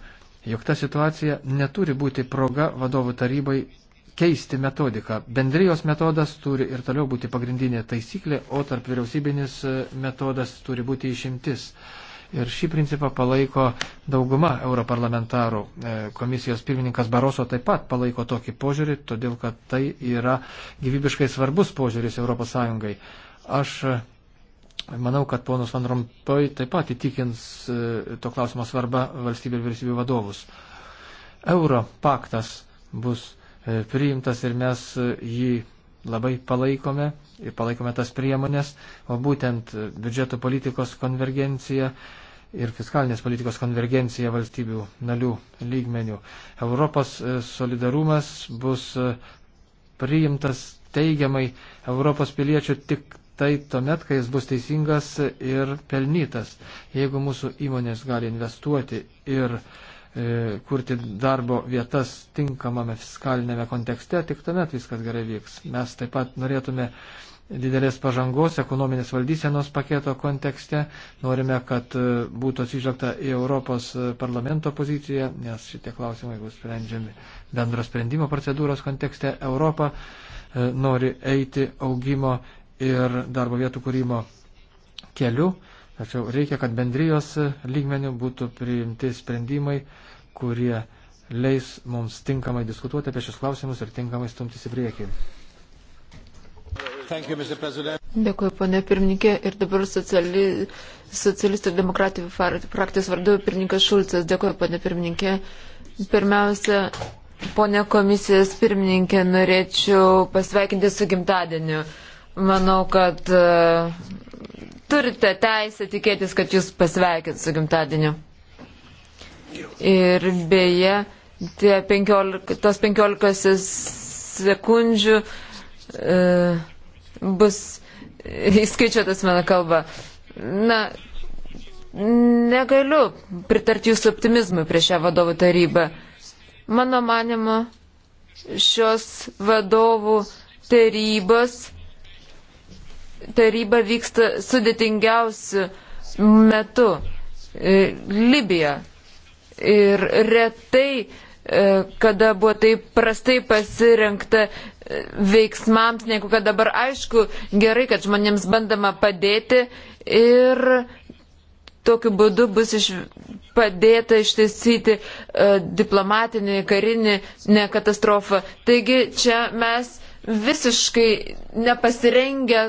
jog ta situacija neturi būti proga vadovų tarybai keisti metodiką. Bendrijos metodas turi ir toliau būti pagrindinė taisyklė, o tarp vyriausybinis e, metodas turi būti išimtis. Ir šį principą palaiko dauguma europarlamentarų. E, komisijos pirmininkas Baroso taip pat palaiko tokį požiūrį, todėl kad tai yra gyvybiškai svarbus požiūris ES. Aš e, manau, kad ponas Van Rompuy taip pat įtikins to klausimo svarbą valstybių ir vyriausybių vadovus. Euro paktas bus E, priimtas ir mes jį labai palaikome ir palaikome tas priemonės, o būtent biudžeto politikos konvergencija ir fiskalinės politikos konvergencija valstybių nalių lygmenių. Europos e, solidarumas bus e, priimtas teigiamai Europos piliečių tik tai tuomet, kai jis bus teisingas ir pelnytas. Jeigu mūsų įmonės gali investuoti ir uh, E, kurti darbo vietas tinkamame fiskalinėme kontekste, tik tuomet viskas gerai vyks. Mes taip pat norėtume didelės pažangos ekonominės valdysenos paketo kontekste. Norime, kad e, būtų atsižvelgta į Europos e, parlamento poziciją, nes šitie klausimai bus sprendžiami bendro sprendimo procedūros kontekste. Europa nori eiti augimo ir darbo vietų kūrimo keliu. Tačiau reikia, kad bendrijos lygmenių būtų priimti sprendimai, kurie leis mums tinkamai diskutuoti apie šios klausimus ir tinkamai stumtis į priekį. Dėkui, ponė pirmininkė. Ir dabar sociali, socialistų ir demokratijų frakcijos vardu pirmininkas Šulcas. Dėkui, ponė pirmininkė. Pirmiausia, ponė komisijos pirmininkė, norėčiau pasveikinti su gimtadieniu. Manau, kad turite teisę tikėtis, kad jūs pasveikint su gimtadieniu. Ir beje, penkiolik, tos 15 sekundžių e, bus įskaičiuotas mano kalba. Na, negaliu pritarti jūsų optimizmui prieš šią vadovų tarybą. Mano manimo, šios vadovų tarybos taryba vyksta sudėtingiausiu metu e, - Libija. Ir retai, e, kada buvo taip prastai pasirinkta e, veiksmams, negu kad dabar aišku, gerai, kad žmonėms bandama padėti ir tokiu būdu bus iš, padėta ištaisyti uh, diplomatinį, karinį ne katastrofą. Taigi čia mes visiškai nepasirengę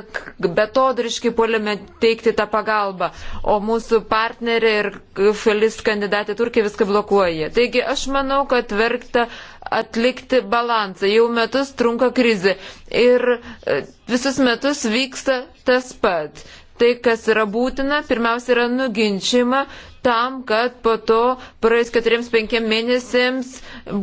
betodriškai puolėme teikti tą pagalbą, o mūsų partnerė ir šalis kandidatė Turkija viską blokuoja. Taigi aš manau, kad verkta atlikti balansą. Jau metus trunka krizė ir e, visus metus vyksta tas pat tai, kas yra būtina, pirmiausia yra nuginčiama tam, kad po to praeis keturiems penkiems mėnesiams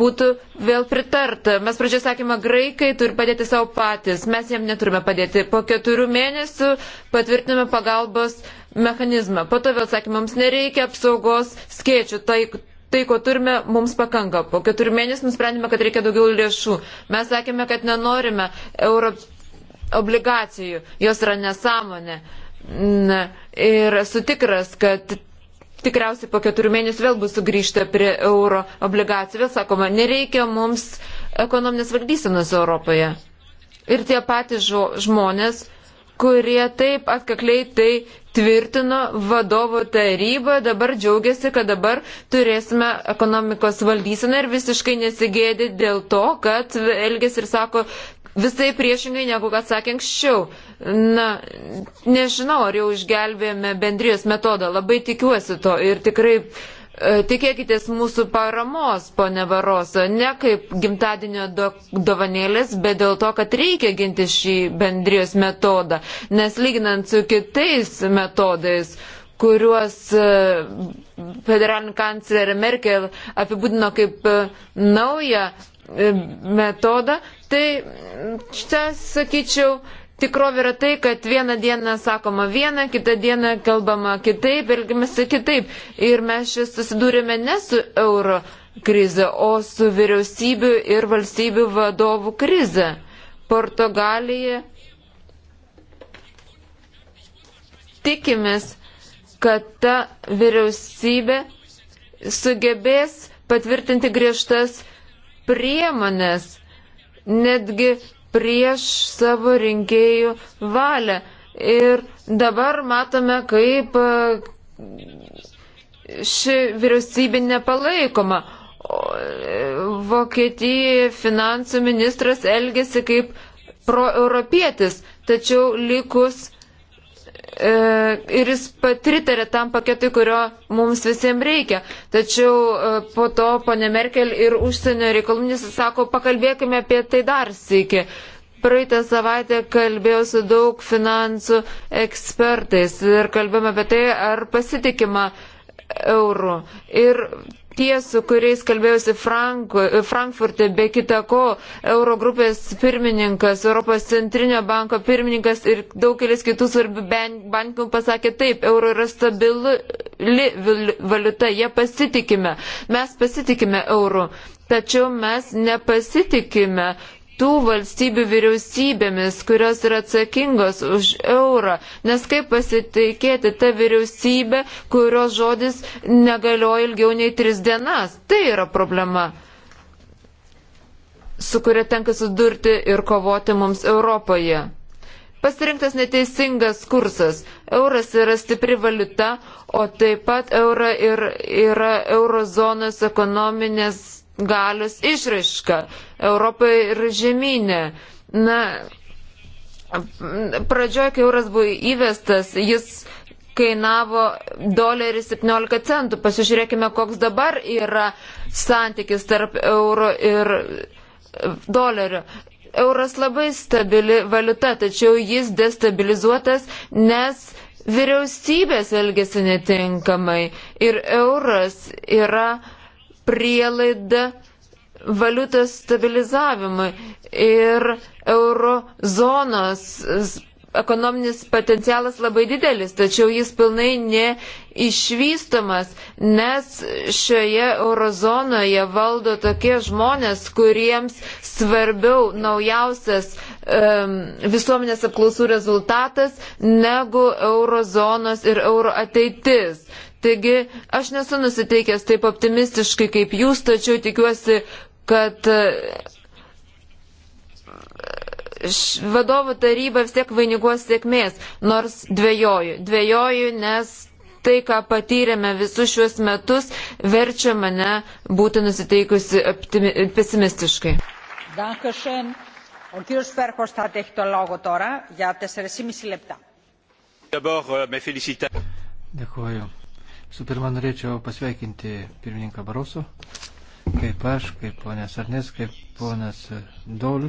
būtų vėl pritarta. Mes pradžioje sakėme, graikai turi padėti savo patys, mes jiem neturime padėti. Po keturių mėnesių patvirtiname pagalbos mechanizmą. Po to vėl sakėme, mums nereikia apsaugos skėčių. Tai, tai, ko turime, mums pakanka. Po keturių mėnesių nusprendėme, kad reikia daugiau lėšų. Mes sakėme, kad nenorime euro obligacijų. Jos yra nesąmonė. Ne Na, ir esu tikras, kad tikriausiai po keturių mėnesių vėl bus sugrįžta prie euro obligacijų. Vėl sakoma, nereikia mums ekonominės valdysenos Europoje. Ir tie patys žmonės, kurie taip atkakliai tai tvirtino vadovo taryba, dabar džiaugiasi, kad dabar turėsime ekonomikos valdyseną ir visiškai nesigėdi dėl to, kad elgesi ir sako Visai priešingai negu kad sakė anksčiau. Na, nežinau, ar jau išgelbėjome bendrijos metodą. Labai tikiuosi to ir tikrai e, tikėkitės mūsų paramos, ponė Varosa, ne kaip gimtadienio do, dovanėlės, bet dėl to, kad reikia ginti šį bendrijos metodą. Nes lyginant su kitais metodais, kuriuos e, federalinė kanclerė Merkel apibūdino kaip e, naują E, metodą, tai čia sakyčiau, tikrovė yra tai, kad vieną dieną sakoma viena, kitą dieną kalbama kitaip, elgiamasi kitaip. Ir mes čia susidūrėme ne su euro krize, o su vyriausybių ir valstybių vadovų krize. Portugalija tikimės, kad ta vyriausybė sugebės patvirtinti griežtas priemonės netgi prieš savo rinkėjų valią. Ir dabar matome, kaip e, ši vyriausybė nepalaikoma. E, Vokietijoje finansų ministras elgesi kaip proeuropietis, tačiau likus E, ir jis patritarė tam paketui, kurio mums visiems reikia. Tačiau e, po to ponė Merkel ir užsienio reikaluminis sako, pakalbėkime apie tai dar sėki. Praeitą savaitę kalbėjau su daug finansų ekspertais ir kalbėjome apie tai, ar pasitikima eurų. Ir tie, su kuriais kalbėjusi Frank, Frankfurte, be kita ko, Eurogrupės pirmininkas, Europos centrinio banko pirmininkas ir daugelis kitų svarbių bankų pasakė taip, euro yra stabili valiuta, jie pasitikime, mes pasitikime euru. Tačiau mes nepasitikime tų valstybių vyriausybėmis, kurios yra atsakingos už eurą, nes kaip pasitikėti tą vyriausybę, kurios žodis negalioja ilgiau nei tris dienas. Tai yra problema, su kuria tenka sudurti ir kovoti mums Europoje. Pasirinktas neteisingas kursas. Euras yra stipri valiuta, o taip pat eura ir, yra eurozonos ekonominės galios išraiška Europoje ir žemynė. Na, pradžioje, kai euras buvo įvestas, jis kainavo dolerį 17 centų. Pasižiūrėkime, koks dabar yra santykis tarp euro ir dolerio. Euras labai stabili valiuta, tačiau jis destabilizuotas, nes vyriausybės elgesi netinkamai ir euras yra prielaida valiutos stabilizavimui ir eurozonos ekonominis potencialas labai didelis, tačiau jis pilnai neišvystomas, nes šioje eurozonoje valdo tokie žmonės, kuriems svarbiau naujausias um, visuomenės apklausų rezultatas negu eurozonos ir euro ateitis. Taigi aš nesu nusiteikęs taip optimistiškai kaip jūs, tačiau tikiuosi, kad e, vadovų taryba vis tiek vainikuos sėkmės, nors dvėjoju. Dvėjoju, nes tai, ką patyrėme visus šiuos metus, verčia mane būti nusiteikusi optimi, pesimistiškai. Dankašen. Ο κύριος Φέρχος θα έχει το λόγο τώρα για 4,5 λεπτά. D'abord, mes félicitations. Dėkuoju. Su pirma, norėčiau pasveikinti pirmininką Barosų, kaip aš, kaip ponės Arnės, kaip ponas Dol.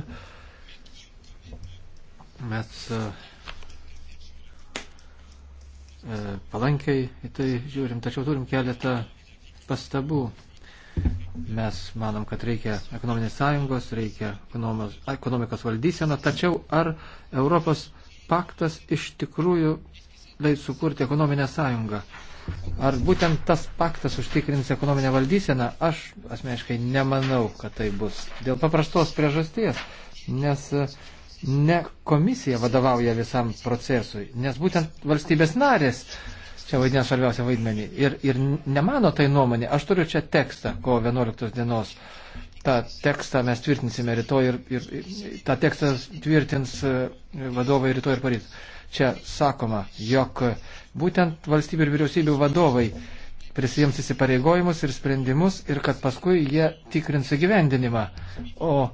Mes e, e, palankiai į tai žiūrim, tačiau turim keletą pastabų. Mes manom, kad reikia ekonominės sąjungos, reikia ekonomikos valdysena, tačiau ar Europos paktas iš tikrųjų leis sukurti ekonominę sąjungą? Ar būtent tas paktas užtikrins ekonominę valdyseną, aš asmeniškai nemanau, kad tai bus. Dėl paprastos priežasties, nes e, ne komisija vadovauja visam procesui, nes būtent valstybės narės čia vaidina svarbiausią vaidmenį. Ir, ir nemano tai nuomonė, aš turiu čia tekstą kovo 11 dienos. Ta tekstą mes tvirtinsime rytoj ir, ir tą tekstą tvirtins e, vadovai rytoj ir paryt. Čia sakoma, jog būtent valstybių ir vyriausybių vadovai prisijams įsipareigojimus ir sprendimus ir kad paskui jie tikrins įgyvendinimą. O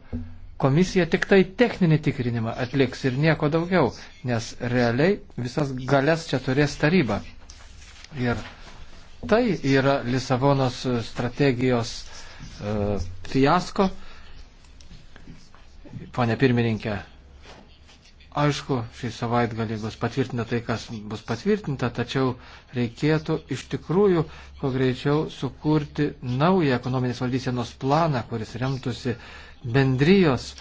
komisija tik tai techninį tikrinimą atliks ir nieko daugiau, nes realiai visas galės čia turės taryba. Ir tai yra Lisabonos strategijos uh, fiasko. Pone pirmininkė, Aišku, šį savaitgalį bus patvirtinta tai, kas bus patvirtinta, tačiau reikėtų iš tikrųjų kuo greičiau sukurti naują ekonominės valdysenos planą, kuris remtųsi bendrijos e,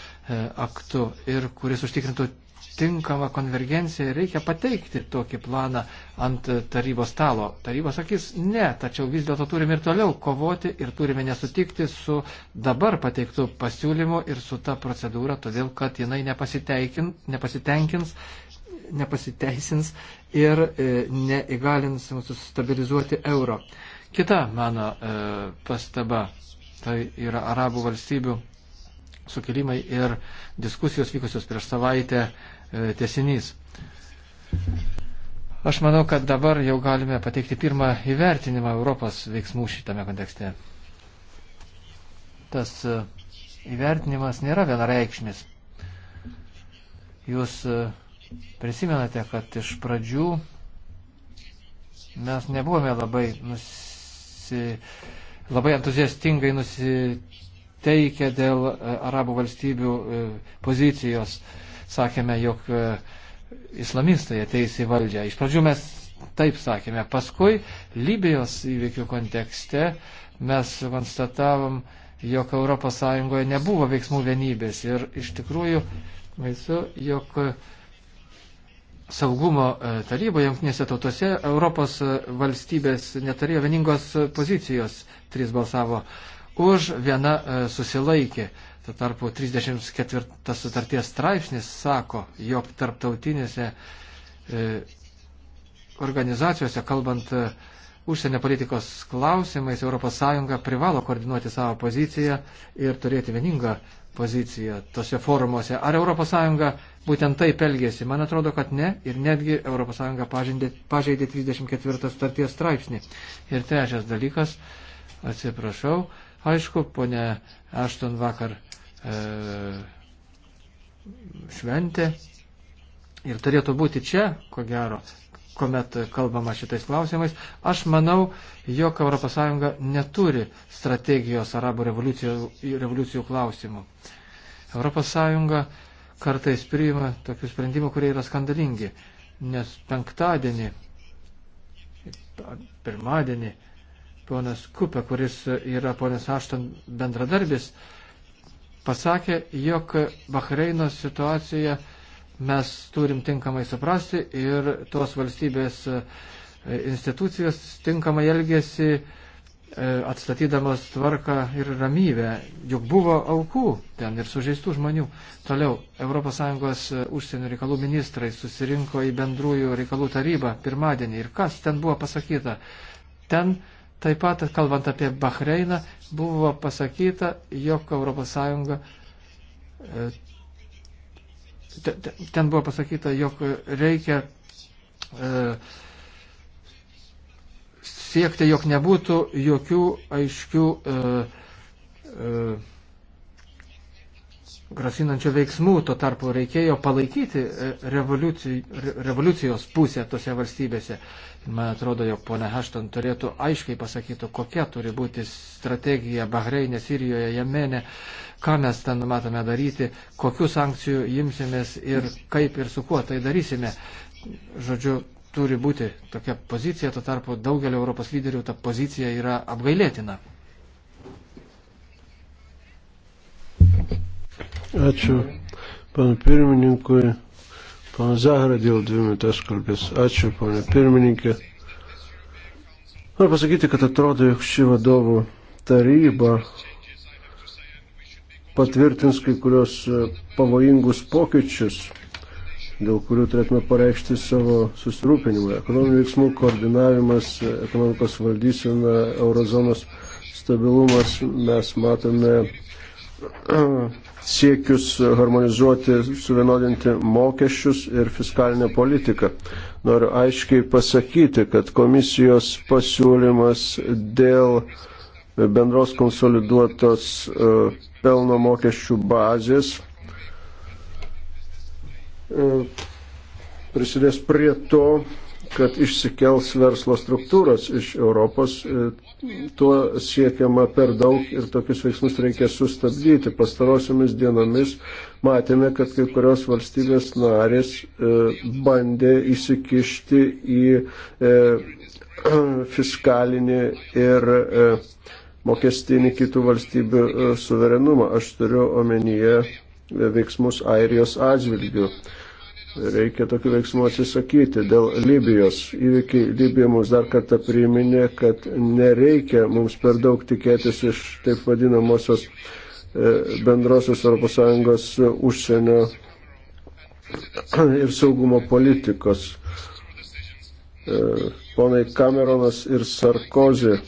aktu ir kuris užtikrintų tinkamą konvergenciją, reikia pateikti tokį planą ant tarybos stalo. Tarybos sakys, ne, tačiau vis dėlto turime ir toliau kovoti ir turime nesutikti su dabar pateiktų pasiūlymu ir su ta procedūra, todėl kad jinai nepasitenkins nepasiteisins ir e, neįgalins mūsų stabilizuoti euro. Kita mano e, pastaba tai yra arabų valstybių sukilimai ir diskusijos vykusios prieš savaitę E, tiesinys. Aš manau, kad dabar jau galime pateikti pirmą įvertinimą Europos veiksmų šitame kontekste. Tas e, įvertinimas nėra vienareikšmis. Jūs e, prisimenate, kad iš pradžių mes nebuvome labai, nusi, labai entuziastingai nusiteikę dėl arabų valstybių pozicijos. E, sakėme, jog e, islamistai ateis į valdžią. Iš pradžių mes taip sakėme, paskui Libijos įvykių kontekste mes konstatavom, jog ES nebuvo veiksmų vienybės ir iš tikrųjų baisu, jog saugumo e, taryboje, jungtinėse tautose Europos e, valstybės neturėjo vieningos pozicijos, trys balsavo už, viena susilaikė. Tuo tarpu 34 sutarties straipsnis sako, jog tarptautinėse e, organizacijose, kalbant e, užsienio politikos klausimais, ES privalo koordinuoti savo poziciją ir turėti vieningą poziciją tose forumuose. Ar ES būtent taip elgėsi? Man atrodo, kad ne. Ir netgi ES pažeidė, pažeidė 34 starties straipsnį. Ir trečias dalykas, atsiprašau, aišku, ponė Ašton vakar E, šventė ir turėtų būti čia, ko gero, kuomet kalbama šitais klausimais. Aš manau, jog ES neturi strategijos arabų revoliucijų, revoliucijų klausimų. ES kartais priima tokių sprendimų, kurie yra skandalingi, nes penktadienį, pirmadienį, ponas Kupė, kuris yra ponas Ašton bendradarbis, uh, pasakė, jog Bahreino situaciją mes turim tinkamai suprasti ir tos valstybės e, institucijos tinkamai elgėsi e, atstatydamos tvarką ir ramybę, juk buvo aukų ten ir sužeistų žmonių. Toliau ES e, užsienio reikalų ministrai susirinko į bendrųjų reikalų tarybą pirmadienį ir kas ten buvo pasakyta? Ten uh, Taip pat, kalbant apie Bahreiną, buvo pasakyta, jog ES. E, ten buvo pasakyta, jog reikia e, siekti, jog nebūtų jokių aiškių e, grasinančių veiksmų, tuo tarpu reikėjo palaikyti e, revoliucijos pusę tose valstybėse. Man atrodo, jog ponė Hašton turėtų aiškiai pasakyti, kokia turi būti strategija Bahreinė, Sirijoje, Jemenė, ką mes ten matome daryti, kokių sankcijų imsimės ir kaip ir su kuo tai darysime. Žodžiu, turi būti tokia pozicija, tuo tarpu daugelio Europos lyderių ta pozicija yra apgailėtina. Ačiū pana pirmininkui. Pana Zahra dėl dvi minutės kalbės. Ačiū, pana pirmininkė. Noriu pasakyti, kad atrodo, jog ši vadovų taryba patvirtins kai kurios e, pavojingus pokyčius, dėl kurių turėtume pareikšti savo susirūpinimą. Ekonominių veiksmų koordinavimas, ekonomikos valdysena, eurozonos stabilumas, mes matome siekius harmonizuoti, suvienodinti mokesčius ir fiskalinę politiką. Noriu aiškiai pasakyti, kad komisijos pasiūlymas dėl bendros konsoliduotos e, pelno mokesčių bazės e, prisidės prie to, kad išsikels verslo struktūros iš Europos, e, tuo siekiama per daug ir tokius veiksmus reikia sustabdyti. Pastarosiomis dienomis matėme, kad kai kurios valstybės narės e, bandė įsikišti į e, fiskalinį ir mokestinį kitų valstybių suverenumą. Aš turiu omenyje veiksmus Airijos atžvilgių reikia tokių veiksmų atsisakyti. Dėl Libijos įvykiai Libija mums dar kartą priminė, kad nereikia mums per daug tikėtis iš taip vadinamosios e, bendrosios ES užsienio ir saugumo politikos. E, ponai Cameronas ir Sarkozy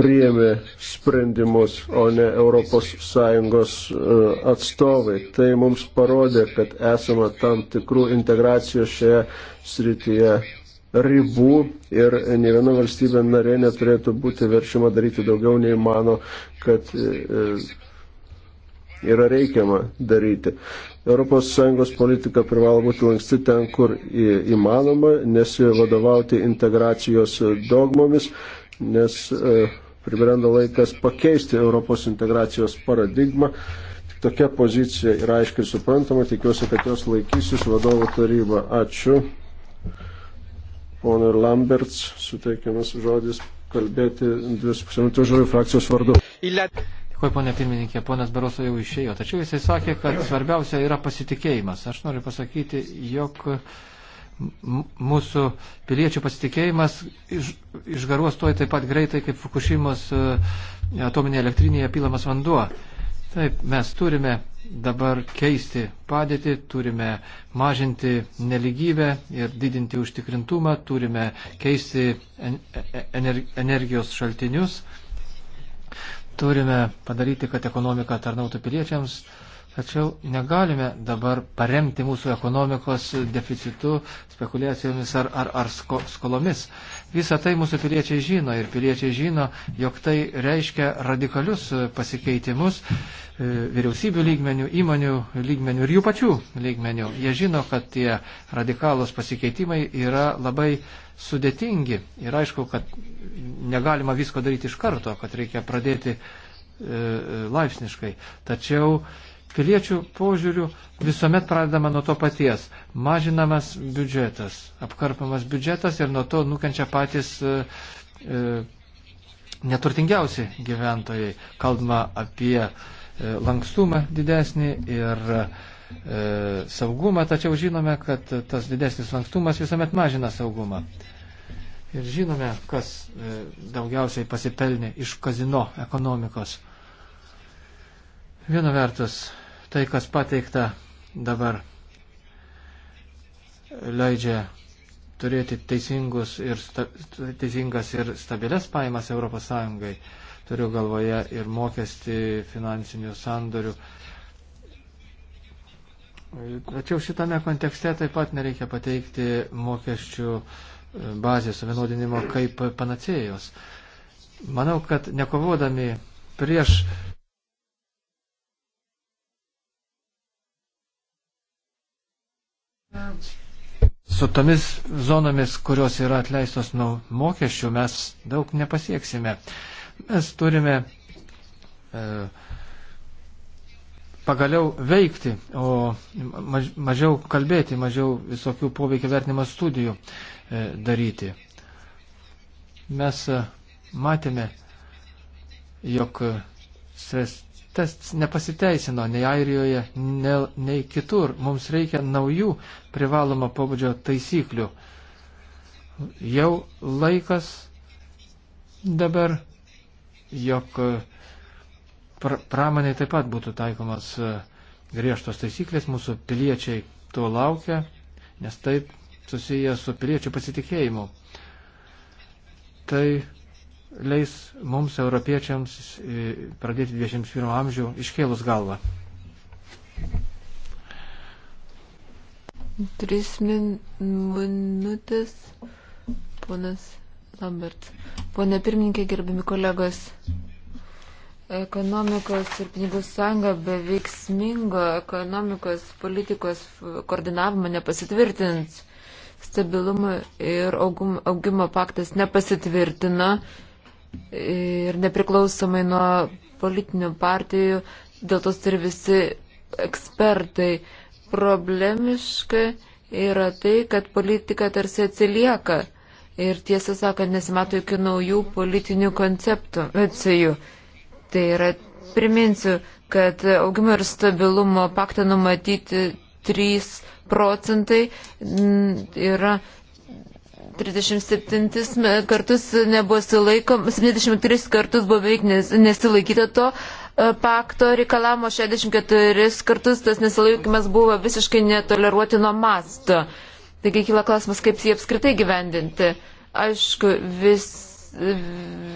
priėmė sprendimus, o ne ES e, atstovai. Tai mums parodė, kad esama tam tikrų integracijos šioje srityje ribų ir ne viena valstybė narė neturėtų būti veršima daryti daugiau nei mano, kad e, e, yra reikiama daryti. ES politika privalo būti lanksti ten, kur įmanoma, nesivadovauti integracijos dogmomis, nes uh, pribrendo laikas pakeisti Europos integracijos paradigmą. Tik tokia pozicija yra aiškiai suprantama, tikiuosi, kad jos laikysis vadovo taryba. Ačiū. Pone Lamberts, suteikiamas žodis kalbėti 2,5 minutės žodžių frakcijos vardu. Dėkui, ponė pirmininkė, ponas Baroso jau išėjo, tačiau jisai sakė, kad svarbiausia yra pasitikėjimas. Aš noriu pasakyti, jog uh, mūsų piliečių pasitikėjimas iš, išgaruos toj taip pat greitai, kaip Fukushimos e, atominė elektrinėje pilamas vanduo. Taip, mes turime dabar keisti padėtį, turime mažinti neligybę ir didinti užtikrintumą, turime keisti e-, e-, energijos šaltinius, turime padaryti, kad ekonomika tarnautų piliečiams Tačiau negalime dabar paremti mūsų ekonomikos deficitu, spekulacijomis ar, ar, ar sko, skolomis. Visą tai mūsų piliečiai žino ir piliečiai žino, jog tai reiškia radikalius pasikeitimus e, vyriausybių lygmenių, įmonių lygmenių ir jų pačių lygmenių. Jie žino, kad tie radikalus pasikeitimai yra labai sudėtingi ir aišku, kad negalima visko daryti iš karto, kad reikia pradėti e, e laipsniškai. Tačiau e, piliečių požiūrių visuomet pradedama nuo to paties. Mažinamas biudžetas, apkarpamas biudžetas ir nuo to nukenčia patys e, e, neturtingiausi gyventojai. Kalbama apie e, lankstumą didesnį ir e, saugumą, tačiau žinome, kad tas didesnis lankstumas visuomet mažina saugumą. Ir žinome, kas e, daugiausiai pasipelnė iš kazino ekonomikos. Viena vertus Tai, kas pateikta dabar, leidžia turėti teisingus ir sta, teisingas ir stabilias pajamas ES. Turiu galvoje ir mokestį finansinių sandorių. Tačiau šitame kontekste taip pat nereikia pateikti mokesčių e, bazės suvienodinimo kaip panacėjos. Manau, kad nekovodami prieš su tomis zonomis, kurios yra atleistos nuo mokesčių, mes daug nepasieksime. Mes turime e, pagaliau veikti, o maž, mažiau kalbėti, mažiau visokių poveikio vertinimo studijų e, daryti. Mes e, matėme, jog stres tas nepasiteisino nei Airijoje, nei, nei kitur. Mums reikia naujų privalomo pobūdžio taisyklių. Jau laikas dabar, jog e, pramoniai taip pat būtų taikomas e, griežtos taisyklės, mūsų piliečiai to laukia, nes taip susiję su piliečių pasitikėjimu. Tai leis mums, europiečiams, pradėti 21 amžių iškėlus galvą. Tris min minutės, ponas Lambert. Pone pirmininkė, gerbiami kolegos, ekonomikos ir pinigų sąjunga be veiksmingo ekonomikos politikos koordinavimo nepasitvirtins. Stabilumo ir augimo paktas nepasitvirtina ir nepriklausomai nuo politinių partijų, dėl tos ir visi ekspertai. Problemiška yra tai, kad politika tarsi atsilieka ir tiesą sakant nesimato jokių naujų politinių koncepcijų. Tai yra, priminsiu, kad augimo ir stabilumo paktą numatyti 3 procentai yra 37 kartus nebuvo sulaikom, 73 kartus buvo beveik nesilaikyta to e, pakto reikalamo, 64 kartus tas nesilaikimas buvo visiškai netoleruotino masto. Taigi kyla klausimas, kaip jį apskritai gyvendinti. Aišku, vis,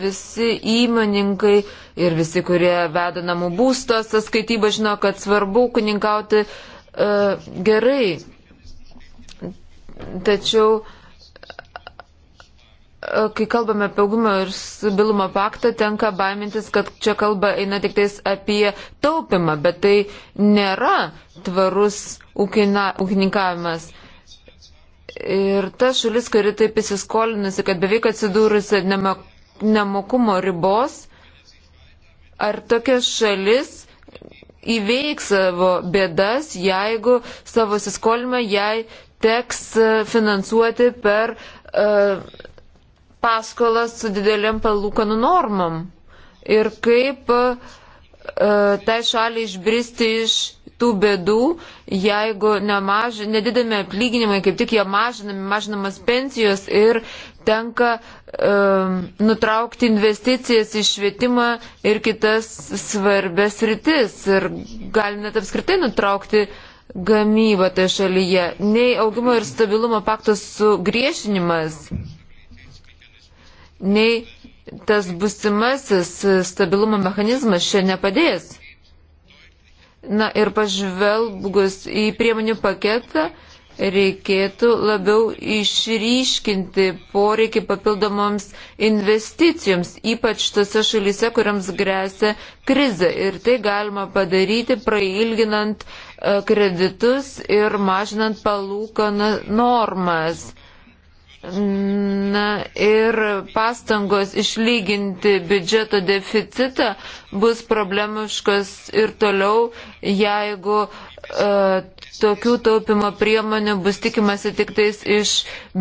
visi įmoninkai ir visi, kurie veda namų būstos, skaitybą žino, kad svarbu kuninkauti uh, e, gerai. Tačiau kai kalbame apie augimo ir stabilumo paktą, tenka baimintis, kad čia kalba eina tik tais apie taupimą, bet tai nėra tvarus ūkina, ūkininkavimas. Ir ta šalis, kuri taip įsiskolinusi, kad beveik atsidūrusi nemokumo ribos, ar tokia šalis įveiks savo bėdas, jeigu savo įsiskolimą jai teks finansuoti per uh, paskolas su dideliam palūkanų normam ir kaip e, tai šaliai išbristi iš tų bėdų, jeigu nemaž, nedidami atlyginimai, kaip tik jie mažinami, mažinamas pensijos ir tenka e, nutraukti investicijas į švietimą ir kitas svarbės rytis ir gali net apskritai nutraukti gamybą toje šalyje. Nei augimo ir stabilumo paktos sugriešinimas nei tas busimasis stabilumo mechanizmas čia nepadės. Na ir pažvelgus į priemonių paketą, reikėtų labiau išryškinti poreikį papildomoms investicijoms, ypač tose šalyse, kuriams grėsia krize. Ir tai galima padaryti prailginant e, kreditus ir mažinant palūkanų normas. Na ir pastangos išlyginti biudžeto deficitą bus problemiškas ir toliau, jeigu uh, tokių taupimo priemonių bus tikimasi tik tais iš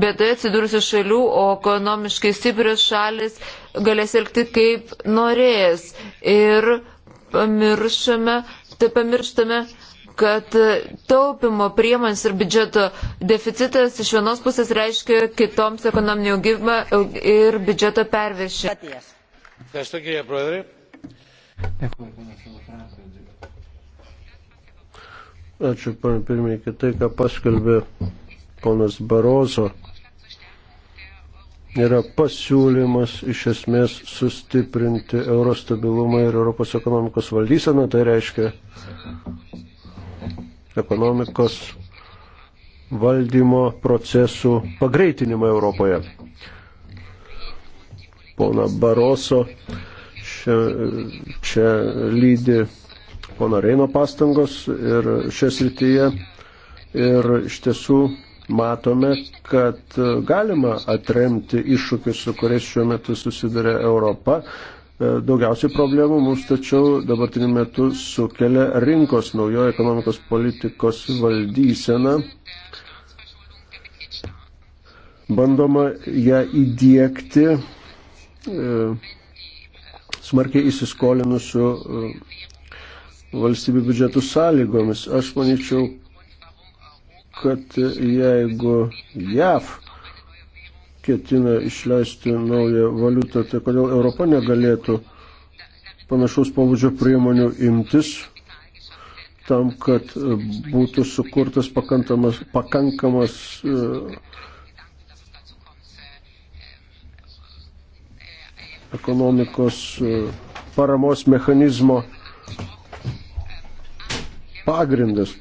bėdoje atsidūrusių šalių, o ekonomiškai stiprios šalis galės elgti kaip norės. Ir pamiršame, tai pamirštame kad taupimo priemonės ir biudžeto deficitas iš vienos pusės reiškia kitoms ekonominį augimą ir biudžeto perviršį. Ačiū, pana pirmininkė, tai, ką paskelbė ponas Barozo, yra pasiūlymas iš esmės sustiprinti eurostabilumą ir Europos ekonomikos valdyseną, tai reiškia ekonomikos valdymo procesų pagreitinimą Europoje. Pona Baroso čia, čia lydi pono Reino pastangos ir šią srityje. Ir iš tiesų matome, kad galima atremti iššūkius, su kuriais šiuo metu susiduria Europa, E, daugiausiai problemų mums tačiau dabartiniu metu sukelia rinkos naujo ekonomikos politikos valdysena. Bandoma ją įdėkti e, smarkiai įsiskolinusių e, valstybių biudžetų sąlygomis. Aš manyčiau, kad jeigu JAV ketina išleisti naują valiutą, tai kodėl Europa negalėtų panašaus pobūdžio priemonių imtis tam, kad būtų sukurtas pakankamas, pakankamas e, ekonomikos e, paramos mechanizmo pagrindas.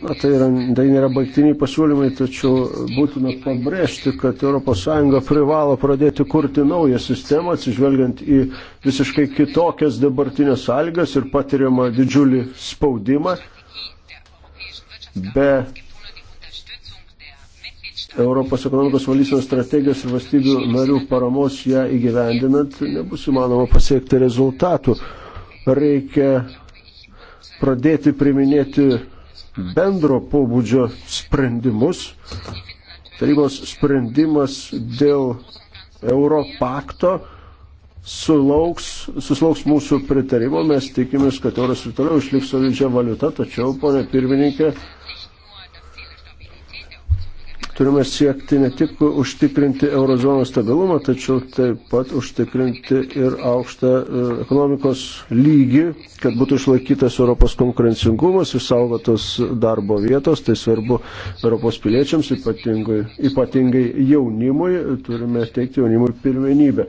Na, tai, yra, tai nėra baigtiniai pasiūlymai, tačiau būtina pabrėžti, kad ES privalo pradėti kurti naują sistemą, atsižvelgiant į visiškai kitokias dabartinės sąlygas ir patiriamą didžiulį spaudimą. Be Europos ekonomikos valdysenos strategijos ir valstybių narių paramos ją įgyvendinant nebus įmanoma pasiekti rezultatų. Reikia pradėti priminėti bendro pobūdžio sprendimus. Tarybos sprendimas dėl Europakto sulauks, susilauks mūsų pritarimo. Mes tikimės, kad euras ir toliau išliks solidžią valiutą, tačiau, ponė pirmininkė, turime siekti ne tik užtikrinti eurozono stabilumą, tačiau taip pat užtikrinti ir aukštą e, ekonomikos lygį, kad būtų išlaikytas Europos konkurencingumas, išsaugotos darbo vietos, tai svarbu Europos piliečiams, ypatingai, ypatingai jaunimui, turime teikti jaunimui pirmenybę.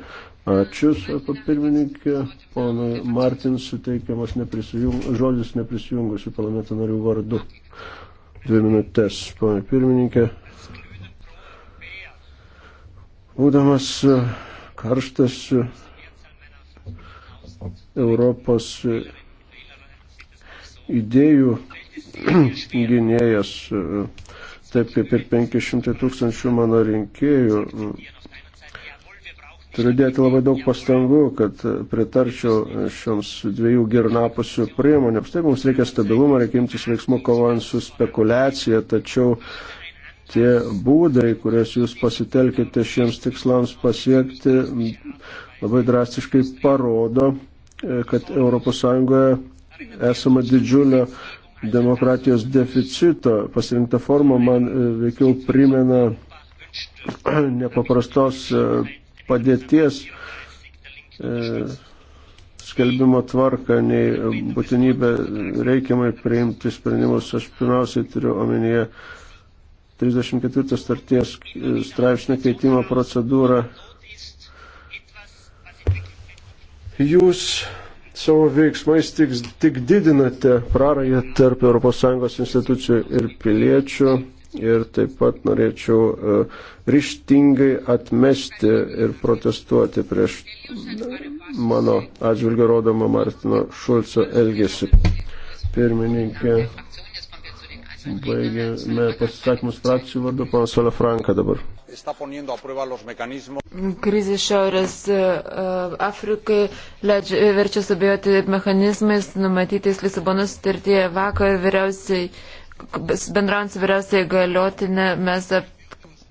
Ačiū, sako pirmininkė, ponui Martin suteikiamas neprisijung... žodis neprisijungusių parlamento narių vardu. Dvi minutės, ponai pirmininkė, Būdamas e, karštas e, Europos e, idėjų gynėjas, taip kaip ir 500 tūkstančių mano rinkėjų, turiu dėti labai daug pastangų, kad pritarčiau šioms dviejų girnapusių priemonėms. Taip mums reikia stabilumo, reikia imtis veiksmų kovojant su spekulacija, tačiau tie būdai, kurias jūs pasitelkite šiems tikslams pasiekti, labai drastiškai parodo, e, kad ES esama didžiulio demokratijos deficito. Pasirinkta forma man e, veikiau primena nepaprastos e, padėties skelbimo tvarką, nei būtinybę reikiamai priimti sprendimus. Aš pirmiausiai turiu omenyje 34 starties straipsnio keitimo procedūrą. Jūs savo veiksmais tik, tik didinate prarąją tarp ES institucijų ir piliečių ir taip pat norėčiau e, ryštingai atmesti ir protestuoti prieš mano atžvilgiu rodomą Martino Šulco elgesį. Pirmininkė. Baigėme pasisakymus frakcijų vardu, panas Ole Franka dabar. Krizė Šiaurės uh, Afrikai leidžia, e, verčia subėjoti mechanizmais numatytais Lisabonos sutartyje. Vakar vyriausiai, bendraujant su vyriausiai galiotinė, mes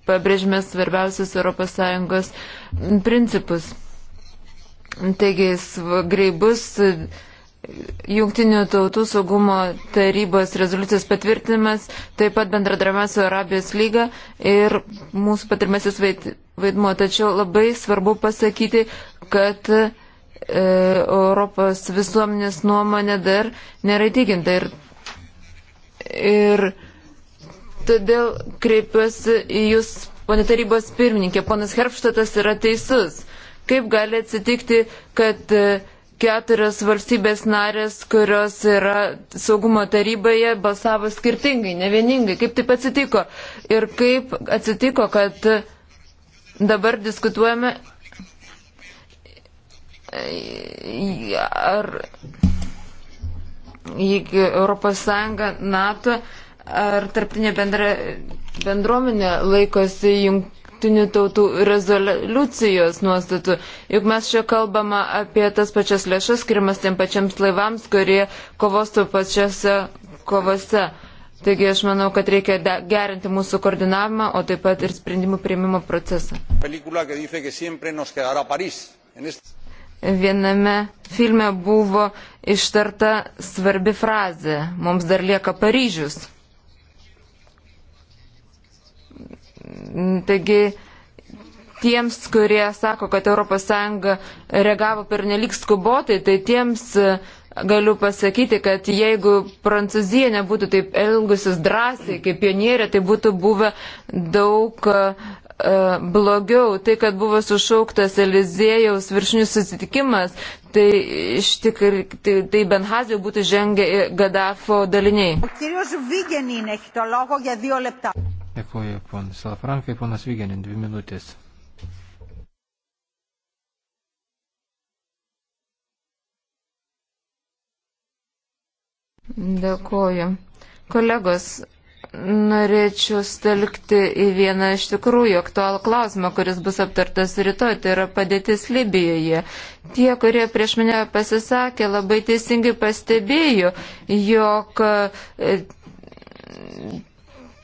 pabrėžime svarbiausius ES principus. Taigi, greibus. Uh, Jungtinių tautų saugumo tarybos rezoliucijos patvirtinimas, taip pat bendradarbiavimas su Arabijos lyga ir mūsų patirmasis vaidmuo. Tačiau labai svarbu pasakyti, kad e, Europos visuomenės nuomonė dar nėra įtikinta. Ir, ir todėl kreipiuosi į Jūs, ponė tarybos pirmininkė, ponas Herpštatas yra teisus. Kaip gali atsitikti, kad e, keturios valstybės narės, kurios yra saugumo taryboje, balsavo skirtingai, nevieningai. Kaip taip atsitiko? Ir kaip atsitiko, kad dabar diskutuojame. Ar jeigu Europos Sąjunga, NATO ar tarptinė bendra, bendruomenė laikosi jungtinių jungtinių tautų rezoliucijos nuostatų. Juk mes čia kalbame apie tas pačias lėšas skirimas tiem pačiams laivams, kurie kovos to pačiose kovose. Taigi aš manau, kad reikia gerinti mūsų koordinavimą, o taip pat ir sprendimų prieimimo procesą. Viename filme buvo ištarta svarbi frazė, mums dar lieka Paryžius Taigi tiems, kurie sako, kad ES reagavo per nelik skubotai, tai tiems e, galiu pasakyti, kad jeigu Prancūzija nebūtų taip elgusis drąsiai kaip pionierė, tai būtų buvę daug e, blogiau, tai, kad buvo sušauktas Elizėjaus viršinius susitikimas, tai iš tikrųjų tai, tai Benhazijų būtų žengę Gaddafo daliniai. Dėkuoju, ponas Salafrankai, ponas Vygenin, dvi minutės. Dėkuoju. Kolegos, norėčiau stelkti į vieną iš tikrųjų aktualų klausimą, kuris bus aptartas rytoj, tai yra padėtis Libijoje. Tie, kurie prieš mane pasisakė, labai teisingai pastebėjo, jog e,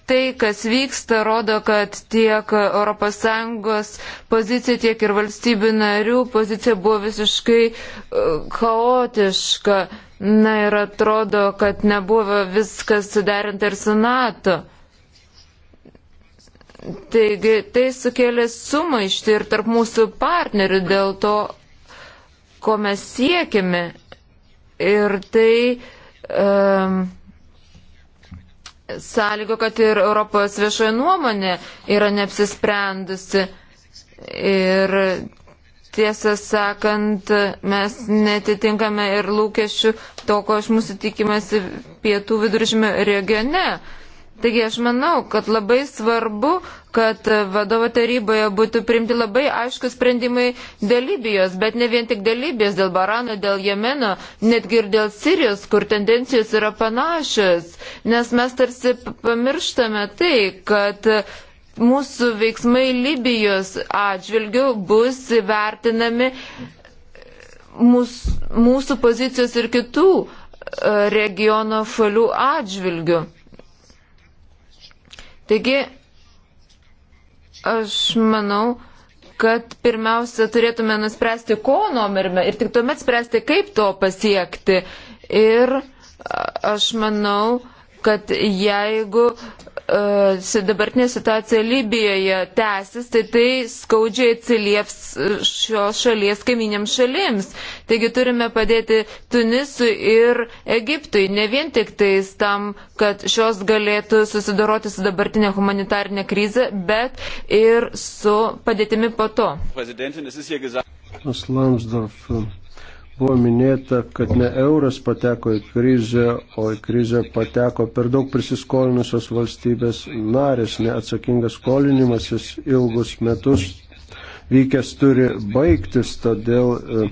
tai, kas vyksta, rodo, kad tiek ES pozicija, tiek ir valstybių narių pozicija buvo visiškai e, chaotiška. Na ir atrodo, kad nebuvo viskas suderinta ir su NATO. Taigi tai sukėlė sumaištį ir tarp mūsų partnerių dėl to, ko mes siekime. Ir tai. Um, sąlygo, kad ir Europos viešoje nuomonė yra neapsisprendusi. Ir tiesą sakant, mes netitinkame ir lūkesčių to, ko iš mūsų tikimasi pietų viduržymio regione. Taigi aš manau, kad labai svarbu, kad vadovo taryboje būtų primti labai aiškus sprendimai dėl Libijos, bet ne vien tik dėl Libijos, dėl Barano, dėl Jemeno, netgi ir dėl Sirijos, kur tendencijos yra panašios, nes mes tarsi pamirštame tai, kad mūsų veiksmai Libijos atžvilgių bus vertinami mūsų, mūsų pozicijos ir kitų e, regiono šalių atžvilgių. Taigi, aš manau, kad pirmiausia turėtume nuspręsti, ko norime ir tik tuomet spręsti, kaip to pasiekti. Ir aš manau, kad jeigu E, dabartinė situacija Libijoje tęsis, tai tai skaudžiai atsilieps e, šios šalies kaiminėms šalims. Taigi turime padėti Tunisui ir Egiptui, ne vien tik tais tam, kad šios galėtų susidoroti su dabartinė humanitarinė krize, bet ir su padėtimi po to. Prezidentin, Buvo minėta, kad ne euras pateko į krizę, o į krizę pateko per daug prisiskolinusios valstybės narės, neatsakingas skolinimasis ilgus metus vykęs turi baigtis, todėl e,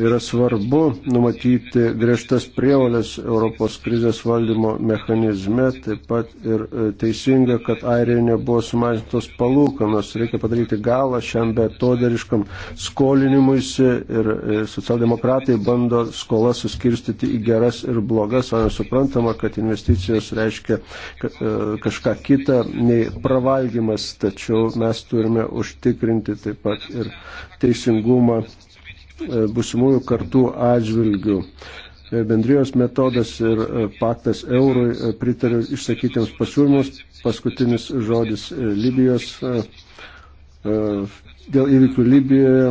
yra svarbu numatyti griežtas prievalės Europos krizės valdymo mechanizme, taip pat ir e, teisinga, kad Airija nebuvo sumažintos palūkanos. Reikia padaryti galą šiam betodariškam skolinimuisi ir e, socialdemokratai bando skolas suskirstyti į geras ir blogas, o nesuprantama, kad investicijos reiškia e, kažką kitą nei pravalgymas, tačiau mes turime užtikrinti taip pat ir teisingumą E, busimųjų kartų atžvilgių. E, bendrijos metodas ir e, paktas eurui pritariu išsakytiems pasiūlymus. Paskutinis žodis Libijos. Dėl įvykių Libijoje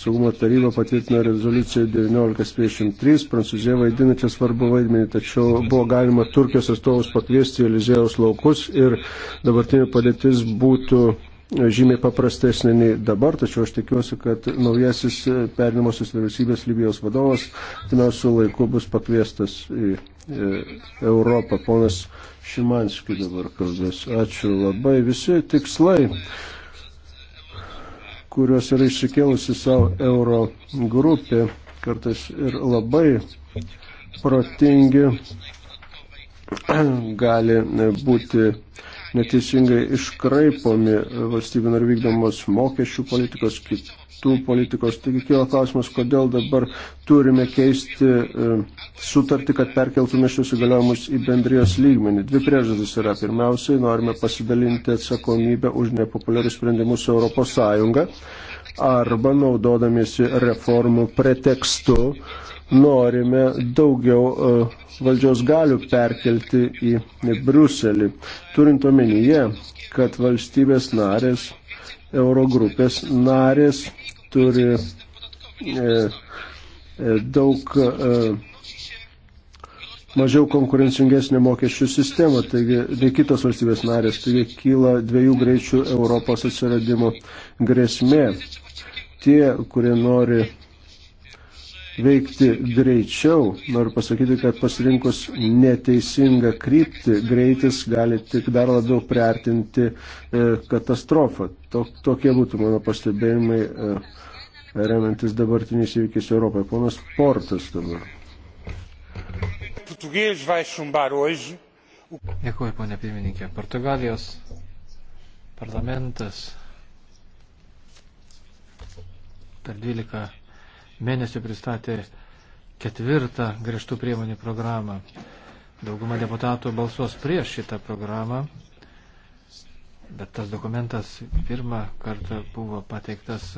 saugumo taryba patvirtino rezoliuciją 1953, Prancūzija vaidina čia svarbu vaidmenį, tačiau buvo galima Turkijos atstovus pakviesti į Elizėjaus laukus ir dabartinė padėtis būtų žymiai paprastesnė nei dabar, tačiau aš tikiuosi, kad naujasis e, perinimosios vyriausybės Libijos vadovas finansų laiku bus pakviestas į e, Europą. Ponas Šimanski dabar kalbės. Ačiū labai. Visi tikslai, kuriuos yra išsikėlusi savo euro grupė, kartais ir labai protingi, gali būti neteisingai iškraipomi valstybių narių vykdomos mokesčių politikos, kitų politikos. Taigi kyla klausimas, kodėl dabar turime keisti e, sutartį, kad perkeltume šios įgaliojimus į bendrijos lygmenį. Dvi priežastys yra. Pirmiausiai, norime pasidalinti atsakomybę už nepopuliarius sprendimus Europos Sąjungą arba naudodamiesi reformų pretekstu norime daugiau e, valdžios galių perkelti į Bruselį, turint omenyje, kad valstybės narės, Eurogrupės narės turi e, e daug e, mažiau konkurencingesnė mokesčių sistema, taigi nei kitos valstybės narės, taigi kyla dviejų greičių Europos atsiradimo grėsmė. Tie, kurie nori veikti greičiau. Noriu pasakyti, kad pasirinkus neteisingą kryptį, greitis gali tik dar labiau priartinti e, katastrofą. Tokie būtų mano pastebėjimai e, remiantis dabartiniais įvykiais Europoje. Ponas Portas dabar. Dėkuoju, ponė pirmininkė. Portugalijos parlamentas per 12 mėnesio pristatė ketvirtą griežtų priemonių programą. Dauguma deputatų balsuos prieš šitą programą, bet tas dokumentas pirmą kartą buvo pateiktas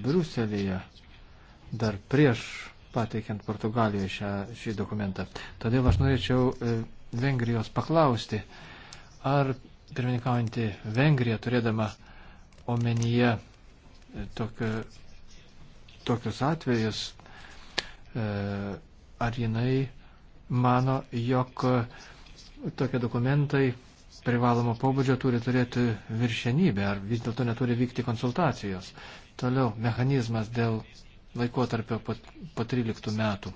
Briuselėje dar prieš pateikiant Portugalijoje šią, šį dokumentą. Todėl aš norėčiau e, Vengrijos paklausti, ar pirmininkaujantį Vengriją turėdama omenyje e, tokio tokius atvejus, e, ar jinai mano, jog tokie dokumentai privalomo pobūdžio turi turėti viršenybę, ar vis dėlto neturi vykti konsultacijos. Toliau mechanizmas dėl laikotarpio po, po 13 metų.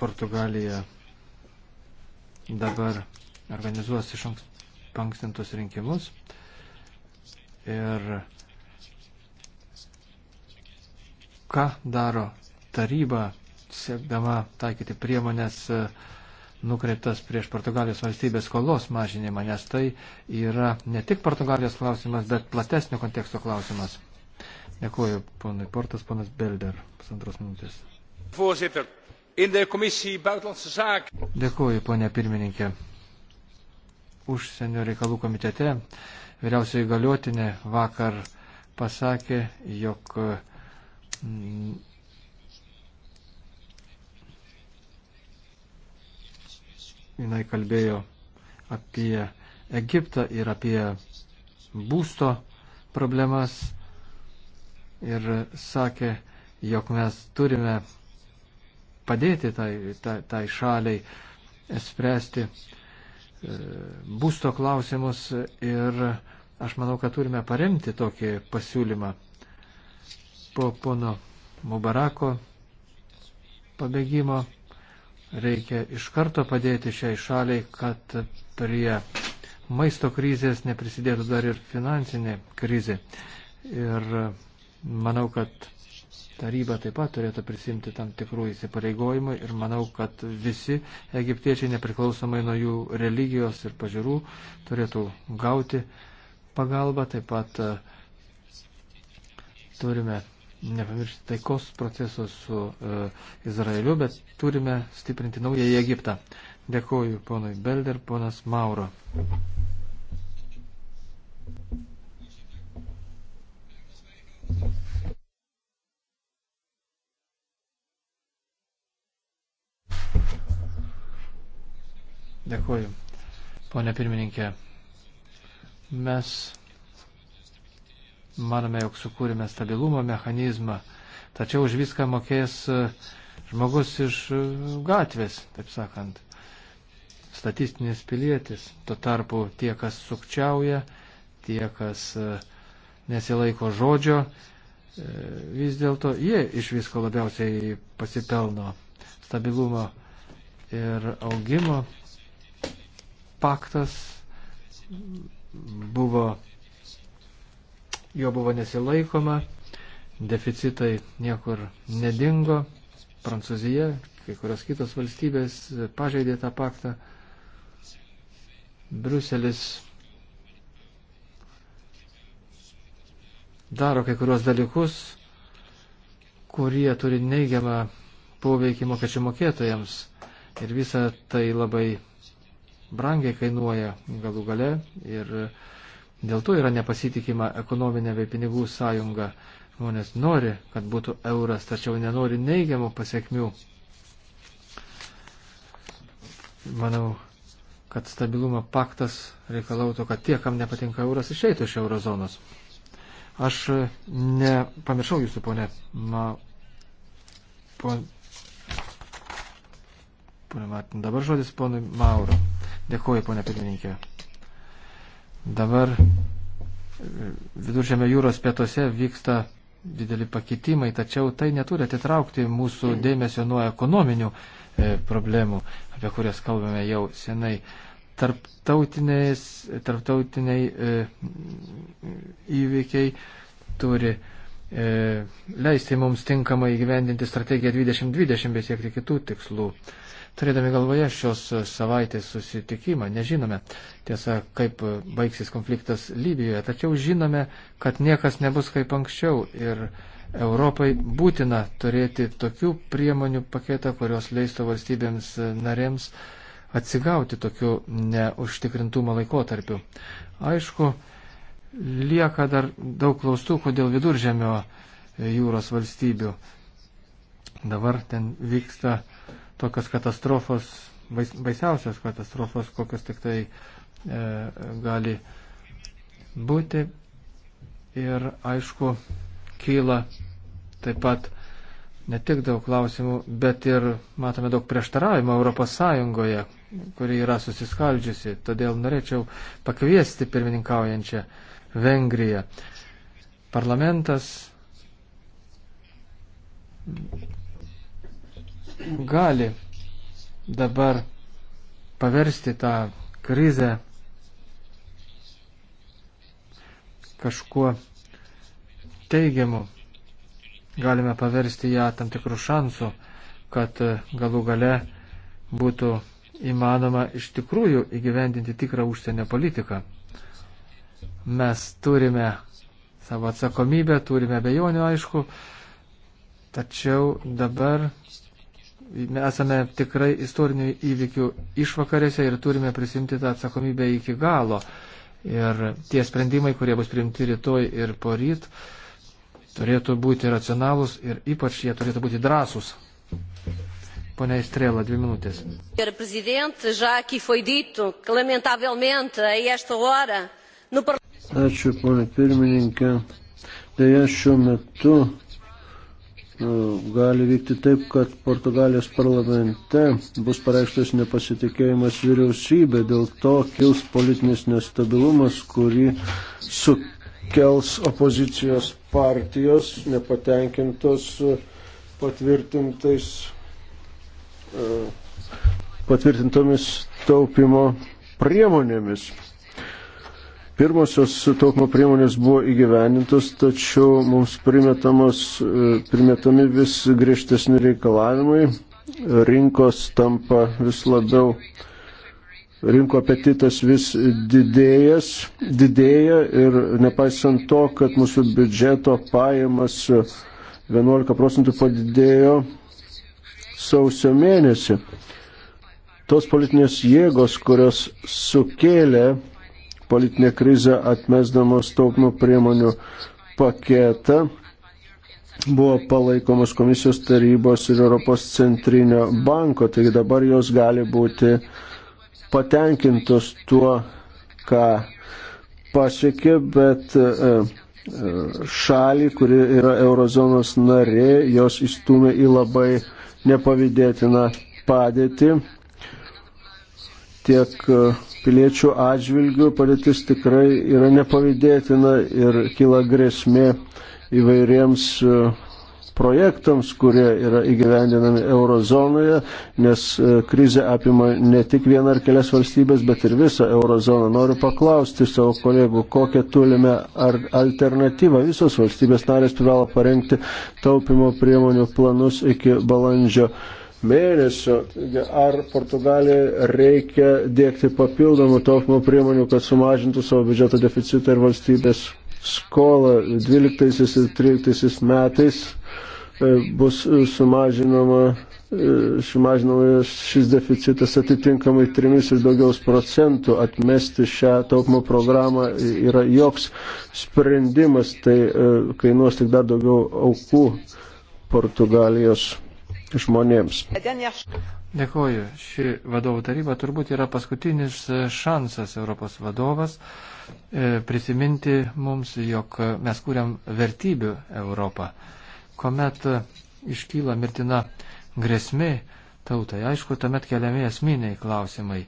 Portugalija dabar organizuos iš pankstintus rinkimus ir ką daro taryba, siekdama taikyti priemonės e, nukreiptas prieš Portugalijos valstybės skolos mažinimą, nes tai yra ne tik Portugalijos klausimas, bet platesnio konteksto klausimas. Dėkuoju, ponai Portas, ponas Belder, pusantros minutės. Dėkuoju, ponė pirmininkė. Užsienio reikalų komitete vyriausiai galiotinė vakar pasakė, jog mm, jinai kalbėjo apie Egiptą ir apie būsto problemas ir sakė, jog mes turime padėti tai, tai, tai šaliai spręsti E, būsto klausimus ir aš manau, kad turime paremti tokį pasiūlymą. Po pono Mubarako pabėgimo reikia iš karto padėti šiai šaliai, kad prie maisto krizės neprisidėtų dar ir finansinė krizė. Ir manau, kad taryba taip pat turėtų prisimti tam tikrų įsipareigojimų ir manau, kad visi egiptiečiai nepriklausomai nuo jų religijos ir pažiūrų turėtų gauti pagalbą. Taip pat e, turime nepamiršti taikos proceso su e, Izraeliu, bet turime stiprinti naująjį Egiptą. Dėkoju ponui Belder, ponas Mauro. Thank you. Dėkuoju, ponė pirmininkė. Mes manome, jog sukūrėme stabilumo mechanizmą, tačiau už viską mokės e, žmogus iš e, gatvės, taip sakant, statistinis pilietis. Tuo tarpu tie, kas sukčiauja, tie, kas e, nesilaiko žodžio, vis dėlto jie iš visko labiausiai pasipelno stabilumo ir augimo paktas buvo, jo buvo nesilaikoma, deficitai niekur nedingo, Prancūzija, kai kurios kitos valstybės pažeidė tą paktą, Bruselis daro kai kurios dalykus, kurie turi neigiamą poveikį mokesčių mokėtojams. Ir visa tai labai brangiai kainuoja galų gale ir dėl to yra nepasitikima ekonominė bei pinigų sąjunga. Žmonės nori, kad būtų euras, tačiau nenori neigiamų pasiekmių. Manau, kad stabilumo paktas reikalautų, kad tie, kam nepatinka euras, išeitų iš eurozonos. Aš nepamiršau jūsų, ponė. Ma, pon, Pone Martin, dabar žodis ponui Mauro. Dėkuoju, ponė pirmininkė. Dabar e, viduržėme jūros pietuose vyksta dideli pakitimai, tačiau tai neturi atitraukti mūsų dėmesio nuo ekonominių e, problemų, apie kurias kalbame jau senai. Tarptautiniai e, įvykiai turi leisti mums tinkamai įgyvendinti strategiją 2020, bet siekti kitų tikslų. Turėdami galvoje šios savaitės susitikimą, nežinome, tiesa, kaip baigsis konfliktas Libijoje, tačiau žinome, kad niekas nebus kaip anksčiau ir Europai būtina turėti tokių priemonių paketą, kurios leistų valstybėms narėms atsigauti tokiu neužtikrintumo laikotarpiu. Aišku, lieka dar daug klaustukų dėl viduržemio jūros valstybių. Dabar ten vyksta uh, tokios katastrofos, baisiausios katastrofos, kokios tik tai e, gali būti. Ir aišku, kyla taip pat ne tik daug klausimų, bet ir matome daug prieštaravimo Europos Sąjungoje, kuri yra susiskaldžiusi. Todėl norėčiau pakviesti pirmininkaujančią Vengriją. Parlamentas gali dabar paversti tą krizę kažkuo teigiamu. Galime paversti ją tam tikrų šansų, kad e, galų gale būtų įmanoma iš tikrųjų įgyvendinti tikrą užsienio politiką. Mes turime savo atsakomybę, turime bejonių aišku, tačiau dabar esame tikrai istorinių įvykių išvakarėse ir turime prisimti tą atsakomybę iki galo. Ir tie sprendimai, kurie bus priimti rytoj ir poryt, turėtų būti racionalūs ir ypač jie turėtų būti drąsūs. Pone Estrela, dvi minutės. Senhor Presidente, já aqui foi dito que lamentavelmente a esta hora no Ačiū, ponė pirmininkė. Deja, šiuo metu Nu, gali vykti taip, kad Portugalijos parlamente bus pareikštas nepasitikėjimas vyriausybė, dėl to kils politinis nestabilumas, kurį sukels opozicijos partijos nepatenkintos e, patvirtintais e, patvirtintomis taupimo priemonėmis. Pirmosios taupimo priemonės buvo įgyvenintos, tačiau mums e, primetami vis griežtesni reikalavimai, rinkos tampa vis labiau, rinko apetitas vis didėjas, didėja ir nepaisant to, kad mūsų biudžeto pajamas 11 procentų padidėjo sausio mėnesį. Tos politinės jėgos, kurios sukėlė politinę krizę atmesdamos taupimo priemonių paketą buvo palaikomas komisijos tarybos ir Europos centrinio banko, taigi dabar jos gali būti patenkintos tuo, ką pasiekė, bet e, e, šalį, kuri yra eurozonos narė, jos įstumė į labai nepavydėtiną padėtį tiek e, piliečių atžvilgių padėtis tikrai yra nepavydėtina ir kyla grėsmė įvairiems e, projektams, kurie yra įgyvendinami eurozonoje, nes e, krizė apima ne tik vieną ar kelias valstybės, bet ir visą eurozoną. Noriu paklausti savo kolegų, kokią turime alternatyvą. Visos valstybės narės privalo parengti taupimo priemonių planus iki balandžio mėnesio. Ar Portugalijai reikia dėkti papildomų taupimo priemonių, kad sumažintų savo biudžeto deficitą ir valstybės skolą 12 ir 13 metais e, bus e, sumažinama, e, sumažinama šis deficitas atitinkamai 3 ir daugiaus procentų. Atmesti šią taupimo programą yra joks sprendimas, tai kainuos tik dar daugiau aukų Portugalijos žmonėms. Dėkuoju. Ši vadovų taryba turbūt yra paskutinis šansas Europos vadovas e, prisiminti mums, jog mes kūriam vertybių Europą. Komet iškyla mirtina grėsmė tautai, aišku, tuomet keliami esminiai klausimai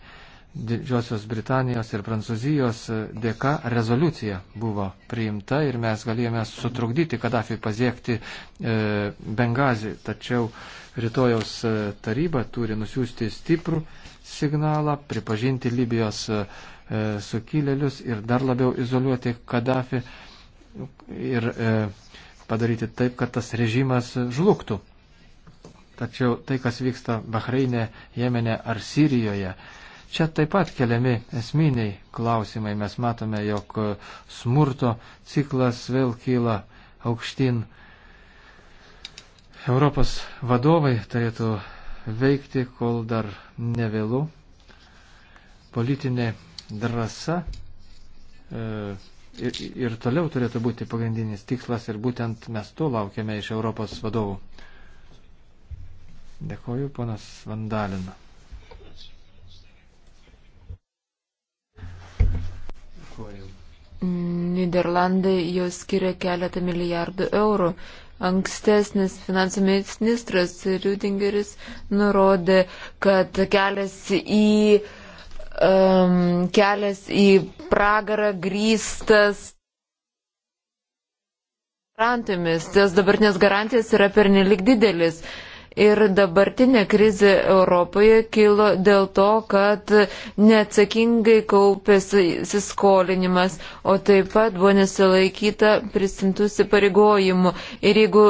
Didžiosios Britanijos ir Prancūzijos dėka rezoliucija buvo priimta ir mes galėjome sutrukdyti Kadafį pasiekti e, Bengazį. Tačiau rytojaus e, taryba turi nusiųsti stiprų signalą, pripažinti Libijos e, sukilėlius ir dar labiau izoliuoti Kadafį ir e, padaryti taip, kad tas režimas žlugtų. Tačiau tai, kas vyksta Bahreinė, Jemene ar Sirijoje, Čia taip pat keliami esminiai klausimai. Mes matome, jog smurto ciklas vėl kyla aukštin. Europos vadovai turėtų veikti, kol dar nevėlu. Politinė drąsa e, ir, ir toliau turėtų būti pagrindinis tikslas ir būtent mes to laukiame iš Europos vadovų. Dėkoju, ponas Vandalina. Niderlandai jau skiria keletą milijardų eurų. Ankstesnis finansų ministras Rudingeris nurodė, kad kelias į, um, kelias į pragarą grįstas garantijomis, nes dabartinės garantijos yra pernelik didelis. Uh, Ir dabartinė krizė Europoje kilo dėl to, kad neatsakingai kaupėsi įsiskolinimas, o taip pat buvo nesilaikyta prisimtusi pareigojimų. Ir jeigu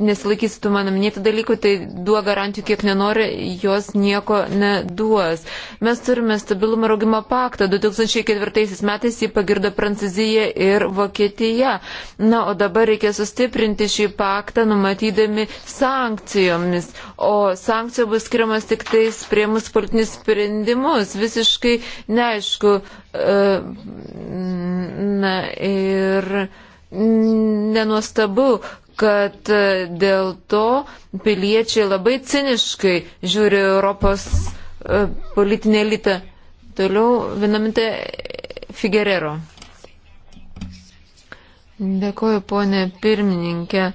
nesilaikysiu tų mano minėtų dalykų, tai duo garantijų, kiek nenori, jos nieko neduos. Mes turime stabilumo ir augimo paktą. 2004 metais jį pagirdo Prancūzija ir Vokietija. Na, o dabar reikia sustiprinti šį paktą, numatydami sankcijomis. O sankcijų bus skiriamas tik tais prie mūsų politinius sprendimus. Visiškai neaišku. E, na ir nenuostabu, kad e, dėl to piliečiai labai ciniškai žiūri Europos e, politinį elitą. Toliau vienamintė Figerero. Dėkoju, ponė pirmininkė.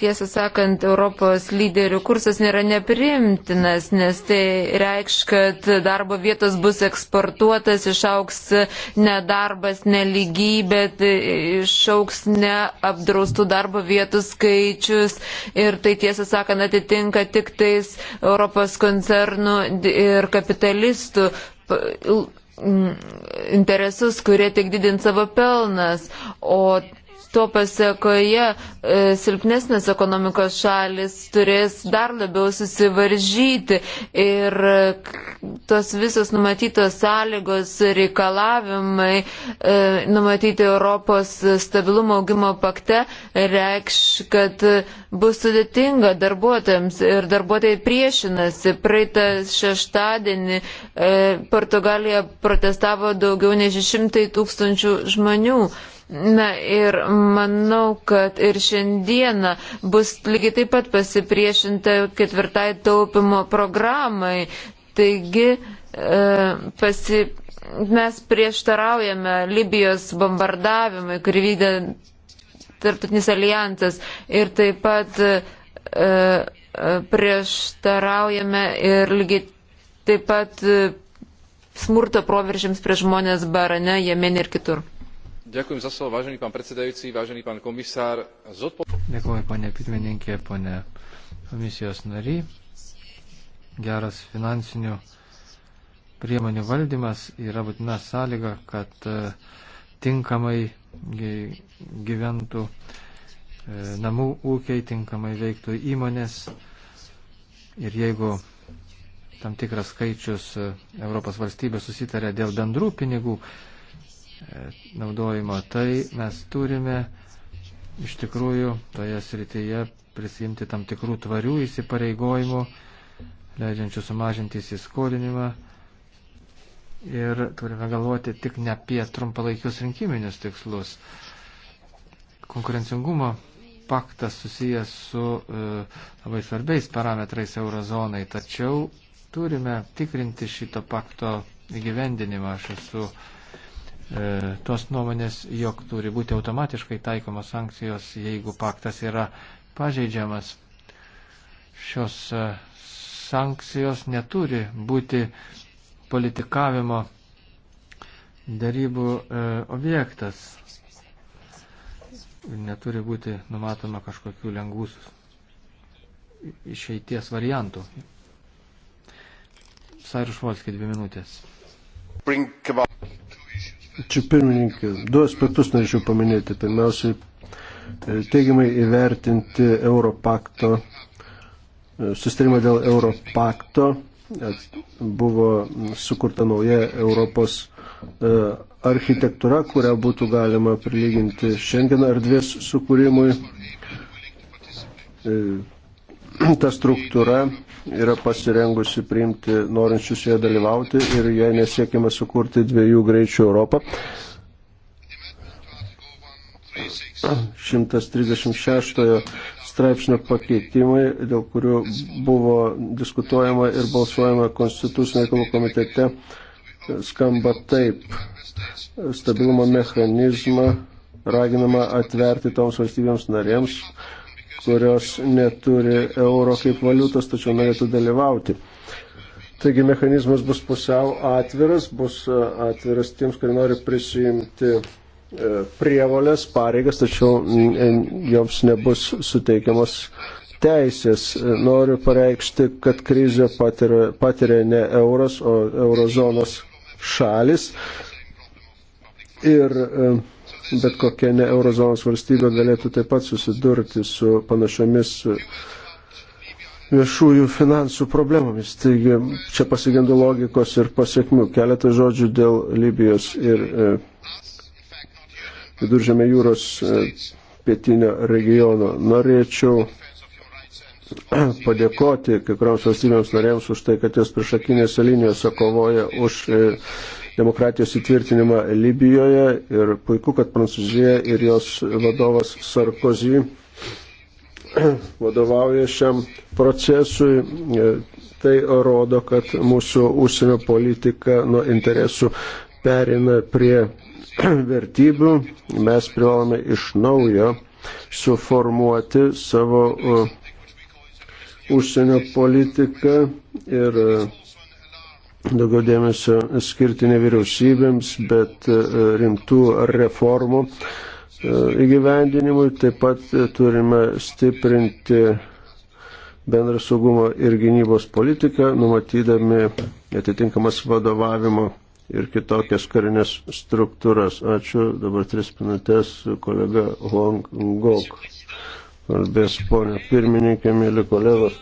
Tiesą sakant, Europos lyderių kursas nėra nepriimtinas, nes tai reikš, kad darbo vietos bus eksportuotas, išauks nedarbas, neligybė, tai išauks neapdraustų darbo vietų skaičius ir tai tiesą sakant atitinka tik tais Europos koncernų ir kapitalistų interesus, kurie tik didint savo pelnas. O To pasiekoje e, silpnesnės ekonomikos šalis turės dar labiau susivaržyti ir e, tos visos numatytos sąlygos reikalavimai e, numatyti Europos stabilumo augimo pakte reikš, kad bus sudėtinga darbuotojams ir darbuotojai priešinasi. Praeitą šeštadienį Portugalija protestavo daugiau nei 600 tūkstančių žmonių. Na ir manau, kad ir šiandieną bus lygiai taip pat pasipriešinta ketvirtai taupimo programai. Taigi e, pasi, mes prieštaraujame Libijos bombardavimui, kurį vykdė tarptautinis alijansas ir taip pat e, e, prieštaraujame ir lygiai taip pat smurto proveržiams prieš žmonės barane, jame ir kitur. Dėkuoju, ponė pirmininkė, ponė komisijos nariai. Geras finansinių priemonių valdymas yra būtina sąlyga, kad e, tinkamai gyventų e, namų ūkiai, tinkamai veiktų įmonės. Ir jeigu tam tikras skaičius e, Europos valstybės susitarė dėl bendrų pinigų, E, naudojimo. Tai mes turime iš tikrųjų toje srityje prisimti tam tikrų tvarių įsipareigojimų, leidžiančių sumažinti įsiskolinimą. Ir turime galvoti tik ne apie trumpalaikius rinkiminius tikslus. Konkurencingumo paktas susijęs su e, labai svarbiais parametrais eurozonai, tačiau turime tikrinti šito pakto įgyvendinimą. Aš esu e, E, tos nuomonės, jog turi būti automatiškai taikomos sankcijos, jeigu paktas yra pažeidžiamas. Šios e, sankcijos neturi būti politikavimo darybų e, objektas. Neturi būti numatoma kažkokių lengvų išeities variantų. Sarius Volski, dvi minutės. Čia pirmininkė, du aspektus norėčiau paminėti. Pirmiausiai, e, teigiamai įvertinti Europakto, e, sustarimą dėl Europakto e, buvo sukurta nauja Europos architektūra, kurią būtų galima prilyginti šiandien erdvės sukūrimui ta struktūra yra pasirengusi priimti norinčius joje dalyvauti ir joje nesiekime sukurti dviejų greičių Europą. 136 straipsnio pakeitimai, dėl kurių buvo diskutuojama ir balsuojama Konstitucinio reikalų komitete, skamba taip. Stabilumo mechanizmą raginama atverti toms valstybėms narėms, kurios neturi euro kaip valiutos, tačiau norėtų dalyvauti. Taigi mechanizmas bus pusiau atviras, bus e, atviras tiems, kurie nori prisijimti e, prievolės, pareigas, tačiau joms nebus suteikiamas teisės. E, noriu pareikšti, kad krizę patiria, patiria ne euros, o eurozonos šalis. Ir e, bet kokia ne eurozonos valstybė galėtų taip pat susidurti su panašiomis viešųjų finansų problemomis. Taigi čia pasigendu logikos ir pasiekmių. Keletą žodžių dėl Libijos ir e, viduržėmė jūros e, pietinio regiono. Norėčiau e, padėkoti kiekvienoms valstybėms norėjams už tai, kad jos priešakinėse linijose kovoja už e, demokratijos įtvirtinimą Libijoje ir puiku, kad Prancūzija ir jos vadovas Sarkozy vadovauja šiam procesui. E, tai rodo, kad mūsų užsienio politika nuo interesų perina prie vertybių. Mes privalome iš naujo suformuoti savo e, užsienio politiką ir e, daugiau dėmesio skirti ne vyriausybėms, bet e, rimtų reformų e, įgyvendinimui. Taip pat e, turime stiprinti bendrą saugumo ir gynybos politiką, numatydami atitinkamas vadovavimo ir kitokias karinės struktūras. Ačiū. Dabar tris minutės kolega Hong Gok. Kalbės ponė pirmininkė, mėly kolegos.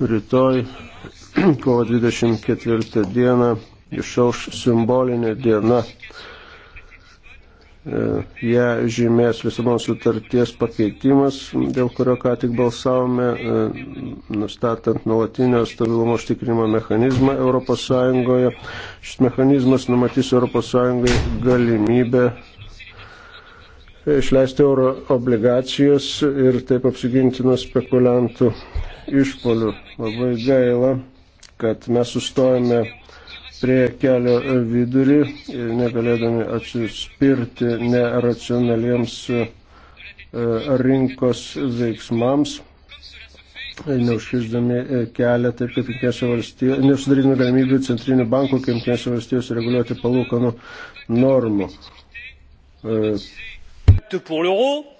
Rytoj kovo 24 dieną išauš simbolinė diena. E, ja žymės Lisabonos sutarties pakeitimas, dėl kurio ką tik balsavome, e, nustatant nuolatinio stabilumo užtikrinimo mechanizmą ES. Šis mechanizmas numatys ES galimybę e, išleisti euro obligacijas ir taip apsiginti nuo spekuliantų išpolių. Labai gaila, kad mes sustojame prie kelio vidurį ir negalėdami atsispirti neracionaliems e, rinkos veiksmams, neužkirsdami e, kelią taip, kad jungtinėse valstijose, nesudarydami galimybių centrinių bankų, kaip jungtinėse valstijose reguliuoti palūkanų normų. E, Pour l'euro,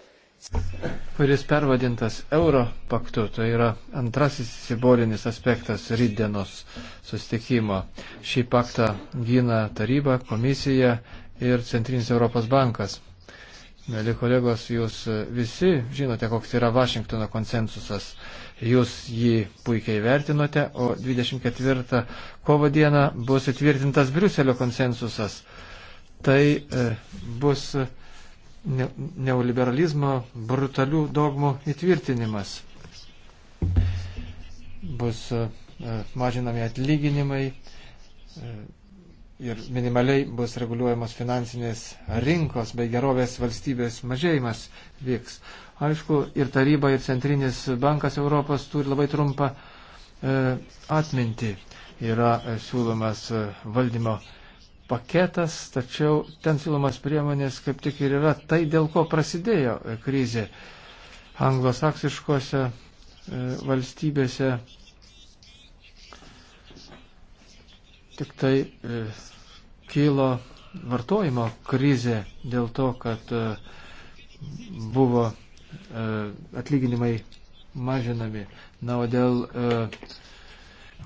kuris pervadintas euro paktu, tai yra antrasis simbolinis aspektas rydienos sustikimo. Šį paktą gina taryba, komisija ir Centrinis Europos bankas. Mėly kolegos, jūs visi žinote, koks yra Vašingtono konsensusas. Jūs jį puikiai vertinote, o 24 kovo dieną bus įtvirtintas Briuselio konsensusas. Tai e, bus. E, ne, neoliberalizmo brutalių dogmų įtvirtinimas. Bus e, e, mažinami atlyginimai e, ir minimaliai bus reguliuojamos finansinės rinkos bei gerovės valstybės mažėjimas vyks. Aišku, ir taryba, ir centrinis bankas Europos turi labai trumpą atminti. Yra siūlomas valdymo paketas, tačiau ten siūlomas priemonės kaip tik ir yra tai, dėl ko prasidėjo krizė anglosaksiškose e, valstybėse. Tik tai e, kilo vartojimo krizė dėl to, kad e, buvo atlyginimai mažinami. Na, o dėl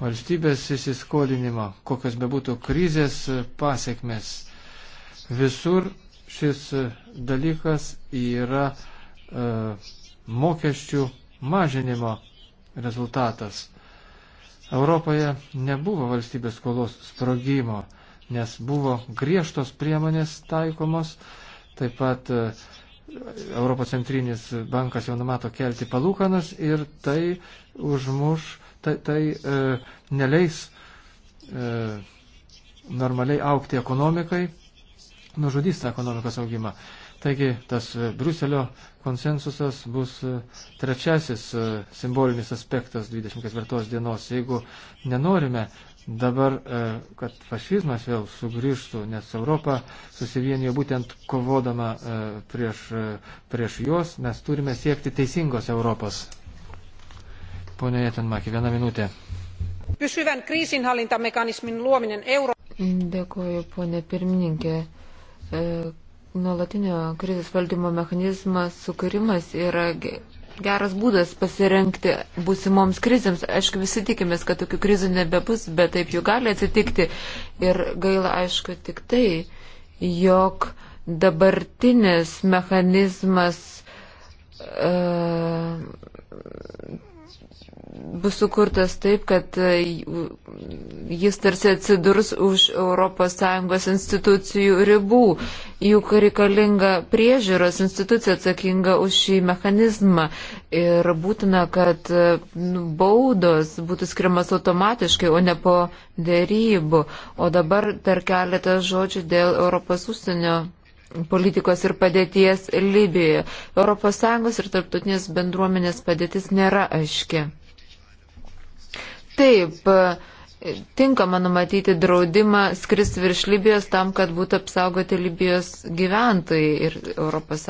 valstybės įsiskolinimo, kokios bebūtų krizės pasiekmes. Visur šis dalykas yra e, mokesčių mažinimo rezultatas. Europoje nebuvo valstybės skolos sprogimo, nes buvo griežtos priemonės taikomos, taip pat e, Europos centrinis bankas jau numato kelti palūkanas ir tai užmuš, tai, tai e, neleis e, normaliai aukti ekonomikai, nužudys tą ekonomikos augimą. Taigi tas e, Bruselio konsensusas bus e, trečiasis e, simbolinis aspektas 24 dienos. Jeigu nenorime dabar, e, kad fašizmas vėl sugrįžtų, nes Europa susivienijo būtent kovodama e, prieš, e, prieš juos, mes turime siekti teisingos Europos. Pone Jetenmakė, viena minutė. Pysyvän kriisinhallintamekanismin luominen euro. Dėkuoju, ponė pirmininkė. E, nuolatinio krizės valdymo mechanizmas sukūrimas yra geras būdas pasirenkti būsimoms krizėms. Aišku, visi tikimės, kad tokių krizių nebebus, bet taip jų gali atsitikti. Ir gaila, aišku, tik tai, jog dabartinis mechanizmas e, bus sukurtas taip, kad e, jis tarsi atsidurs už ES institucijų ribų. Juk reikalinga priežiūros institucija atsakinga už šį mechanizmą ir būtina, kad e, nu, baudos būtų skirimas automatiškai, o ne po dėrybų. O dabar per keletą žodžių dėl Europos užsienio politikos ir padėties Libijoje. ES ir tarptautinės bendruomenės padėtis nėra aiški. Taip, tinkama numatyti draudimą skristi virš Libijos tam, kad būtų apsaugoti Libijos gyventojai ir ES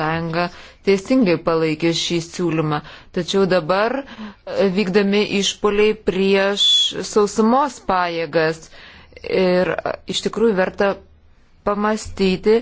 teisingai palaikė šį siūlymą. Tačiau dabar e, vykdami išpoliai prieš sausumos pajėgas ir e, iš tikrųjų verta pamastyti,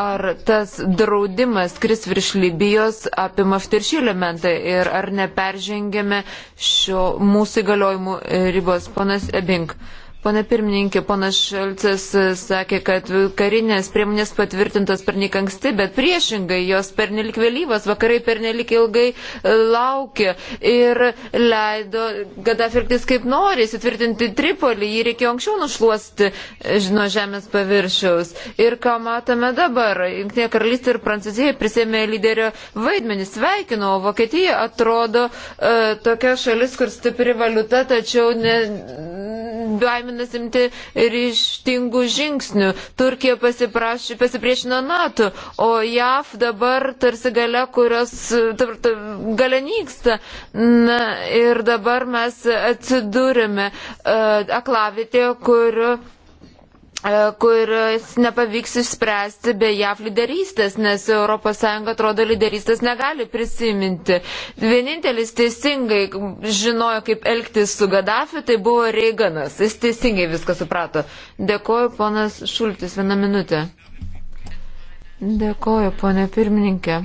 ar tas draudimas, kris virš Libijos, apima štai ir šį elementą ir ar neperžengėme šio mūsų įgaliojimų ribos. Ponas Ebink. Uh, Pane pirmininkė, ponas Šalcas e, sakė, kad karinės priemonės patvirtintos pernik anksti, bet priešingai jos pernelik vėlyvas, vakarai pernelik ilgai e, laukė ir leido Gaddafi elgtis kaip nori, įsitvirtinti Tripolį, jį reikėjo anksčiau nušluosti e, nuo žemės paviršiaus. Ir ką matome dabar, Junktinė karalystė ir Prancūzija prisėmė lyderio vaidmenį, sveikino, o Vokietija atrodo e, tokia šalis, kur stipri valiuta, tačiau ne baiminas imti ryštingų žingsnių. Turkija pasipriešino NATO, o JAV dabar tarsi gale, kurios tar, tar, gale nyksta. Na, ir dabar mes atsidūrėme uh, e, aklavitėje, kur uh, E, kuris nepavyks išspręsti be JAV lyderystės, nes ES atrodo lyderystės negali prisiminti. Vienintelis teisingai žinojo, kaip elgtis su Gaddafi, tai buvo Reiganas. Jis teisingai viską suprato. Dėkoju, ponas Šultis, vieną minutę. Dėkoju, ponė pirmininkė.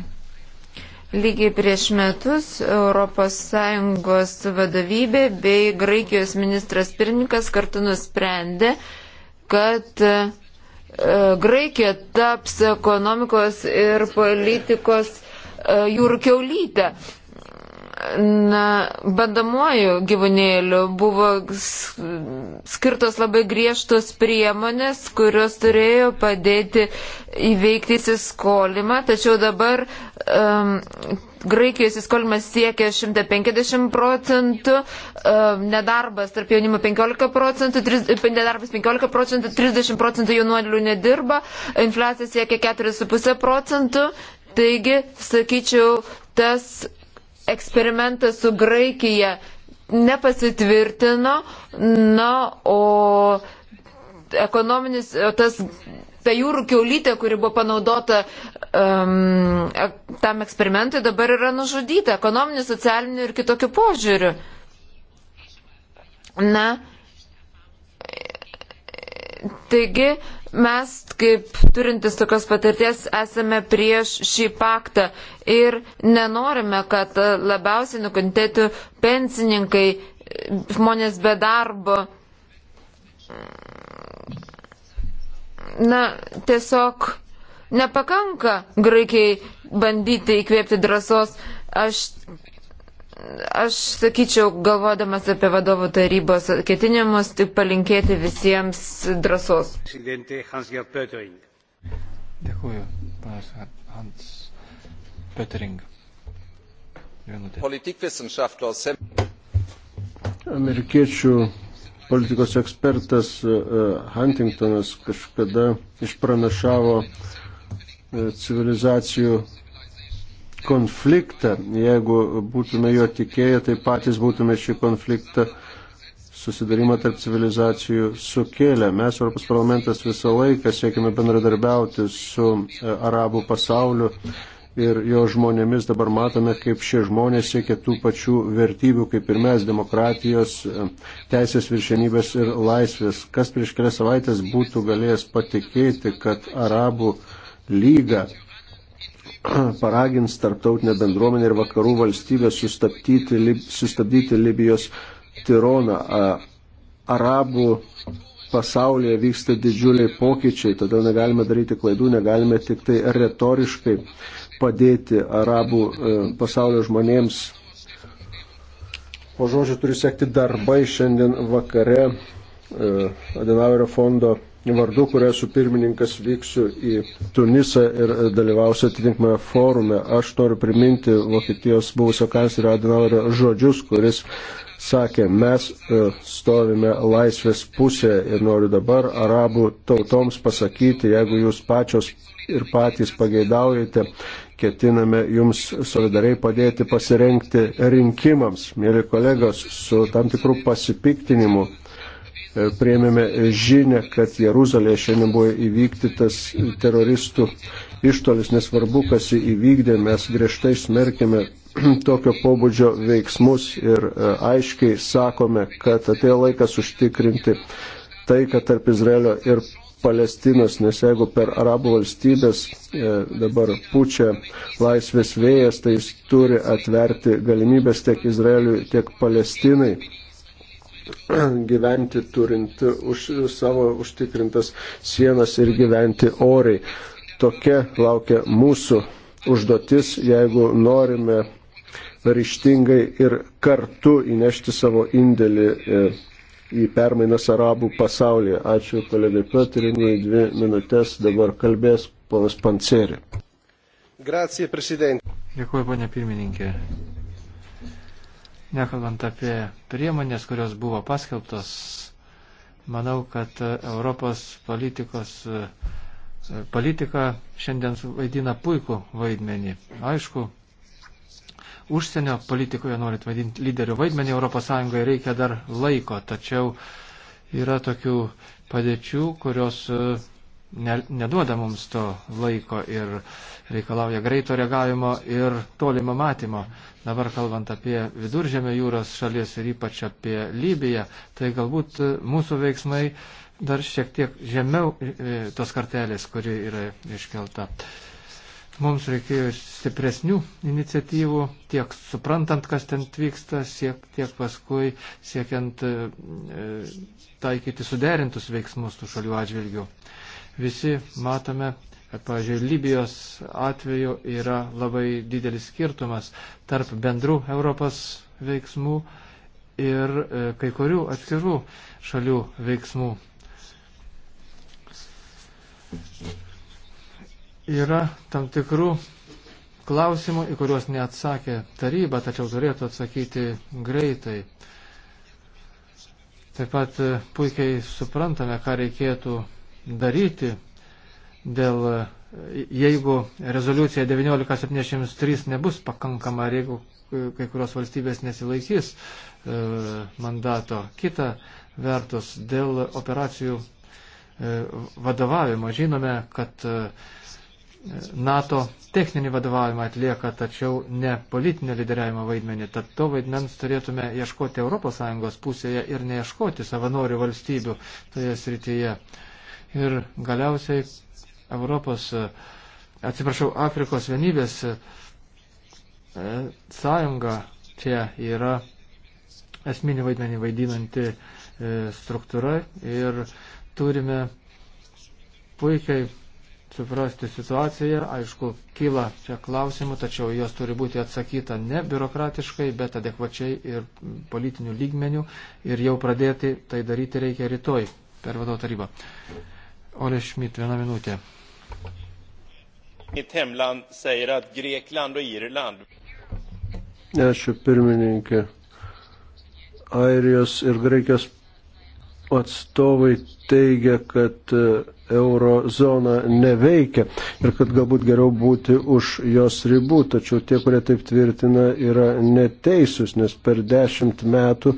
Lygiai prieš metus ES vadovybė bei Graikijos ministras pirmininkas kartu nusprendė, kad e, Graikija taps ekonomikos ir politikos e, jūrų keulytė. Na, bandamuoju gyvūnėliu buvo skirtos labai griežtos priemonės, kurios turėjo padėti įveikti įsiskolimą, tačiau dabar um, Graikijos įskolimas siekia 150 procentų, e, nedarbas tarp jaunimo 15 procentų, e, nedarbas 15 procentų, 30 procentų jaunuolių nedirba, infliacija siekia 4,5 procentų. Taigi, sakyčiau, tas eksperimentas su Graikija nepasitvirtino, na, o ekonominis, tas ta jūrų keulytė, kuri buvo panaudota um, tam eksperimentui, dabar yra nužudyta ekonominiu, socialiniu ir kitokiu požiūriu. Na, taigi mes, kaip turintis tokios patirties, esame prieš šį paktą ir nenorime, kad labiausiai nukentėtų pensininkai, žmonės be darbo na, tiesiog nepakanka Graikijai bandyti įkvėpti drąsos. Aš, aš sakyčiau, galvodamas apie vadovų tarybos ketinimus, tik palinkėti visiems drąsos. Dėkuoju, panas Hans Petering. Vienutė. Amerikiečių politikos ekspertas e, e, Huntingtonas kažkada išpranašavo e, civilizacijų konfliktą. Jeigu būtume jo tikėję, tai patys būtume šį konfliktą susidarimą tarp civilizacijų sukėlė. Mes, Europos parlamentas, visą laiką siekime bendradarbiauti su arabų pasauliu ir jo žmonėmis. Dabar matome, kaip šie žmonės siekia tų pačių vertybių, kaip ir mes - demokratijos, teisės viršenybės ir laisvės. Kas prieš kelias savaitės būtų galėjęs patikėti, kad Arabų lyga paragins tarptautinę bendruomenę ir vakarų valstybę sustabdyti, lib, sustabdyti Libijos tyroną. Arabų pasaulyje vyksta didžiuliai pokyčiai, todėl negalime daryti klaidų, negalime tik tai retoriškai padėti arabų e, pasaulio žmonėms. Po žodžiu turi sekti darbai šiandien vakare e, Adenauerio fondo vardu, kurią su pirmininkas vyksiu į Tunisą ir dalyvausiu atitinkamame forume. Aš noriu priminti Vokietijos buvusio kanclerio Adenauerio žodžius, kuris sakė, mes e, stovime laisvės pusėje ir noriu dabar arabų tautoms pasakyti, jeigu jūs pačios ir patys pageidaujate ketiname jums solidariai padėti pasirenkti rinkimams. Mėly kolegos, su tam tikrų pasipiktinimu e, prieimėme žinę, kad Jeruzalėje šiandien buvo įvykdytas teroristų ištolis, nesvarbu, kas jį įvykdė, mes griežtai smerkėme tokio pobūdžio veiksmus ir e, aiškiai sakome, kad atėjo laikas užtikrinti taiką tarp Izraelio ir Palestinos, nes jeigu per arabų valstybės e, dabar pučia laisvės vėjas, tai jis turi atverti galimybės tiek Izraeliui, tiek Palestinai gyventi turint už savo užtikrintas sienas ir gyventi oriai. Tokia laukia mūsų užduotis, jeigu norime ryštingai ir kartu įnešti savo indėlį. E, į permainas arabų pasaulyje. Ačiū kolegai Petrinui, dvi minutės dabar kalbės ponas Panceri. Gracija, prezidentė. Dėkuoju, ponė pirmininkė. Nekalbant apie priemonės, kurios buvo paskelbtos, manau, kad Europos politikos politika šiandien vaidina puikų vaidmenį. Aišku, užsienio politikoje norit vadinti lyderio vaidmenį ES reikia dar laiko, tačiau yra tokių padėčių, kurios e, ne, neduoda mums to laiko ir reikalauja greito reagavimo ir tolimo matymo. Dabar kalbant apie viduržėmio jūros šalies ir ypač apie Libiją, tai galbūt e, mūsų veiksmai dar šiek tiek žemiau e, tos kartelės, kuri yra iškelta. Uh, Mums reikėjo stipresnių iniciatyvų, tiek suprantant, kas ten vyksta, siek, tiek paskui siekiant e, taikyti suderintus veiksmus tų šalių atžvilgių. Visi matome, kad, pavyzdžiui, Libijos atveju yra labai didelis skirtumas tarp bendrų Europos veiksmų ir e, kai kurių atskirų šalių veiksmų. Yra tam tikrų klausimų, į kuriuos neatsakė taryba, tačiau turėtų atsakyti greitai. Taip pat e, puikiai suprantame, ką reikėtų daryti, dėl, e, jeigu rezoliucija 1973 nebus pakankama ir jeigu e, kai kurios valstybės nesilaikys e, mandato. Kita vertus, dėl operacijų e, vadovavimo žinome, kad e, NATO techninį vadovavimą atlieka, tačiau ne politinio lyderiavimo vaidmenį. Tad to vaidmens turėtume ieškoti ES pusėje ir neieškoti savanorių valstybių toje srityje. Ir galiausiai Europos, e, atsiprašau, Afrikos vienybės e, sąjunga čia yra esminį vaidmenį vaidinanti e, struktūra ir turime puikiai suprasti situaciją. Aišku, kyla čia klausimų, tačiau jos turi būti atsakyta ne biurokratiškai, bet adekvačiai ir politinių lygmenių. Ir jau pradėti tai daryti reikia rytoj per vadovo tarybą. Ole Šmit, viena minutė. Ačiū pirmininkė. Airijos ir Graikijos atstovai teigia, kad e, eurozona neveikia ir kad galbūt geriau būti už jos ribų, tačiau tie, kurie taip tvirtina, yra neteisūs, nes per dešimt metų e,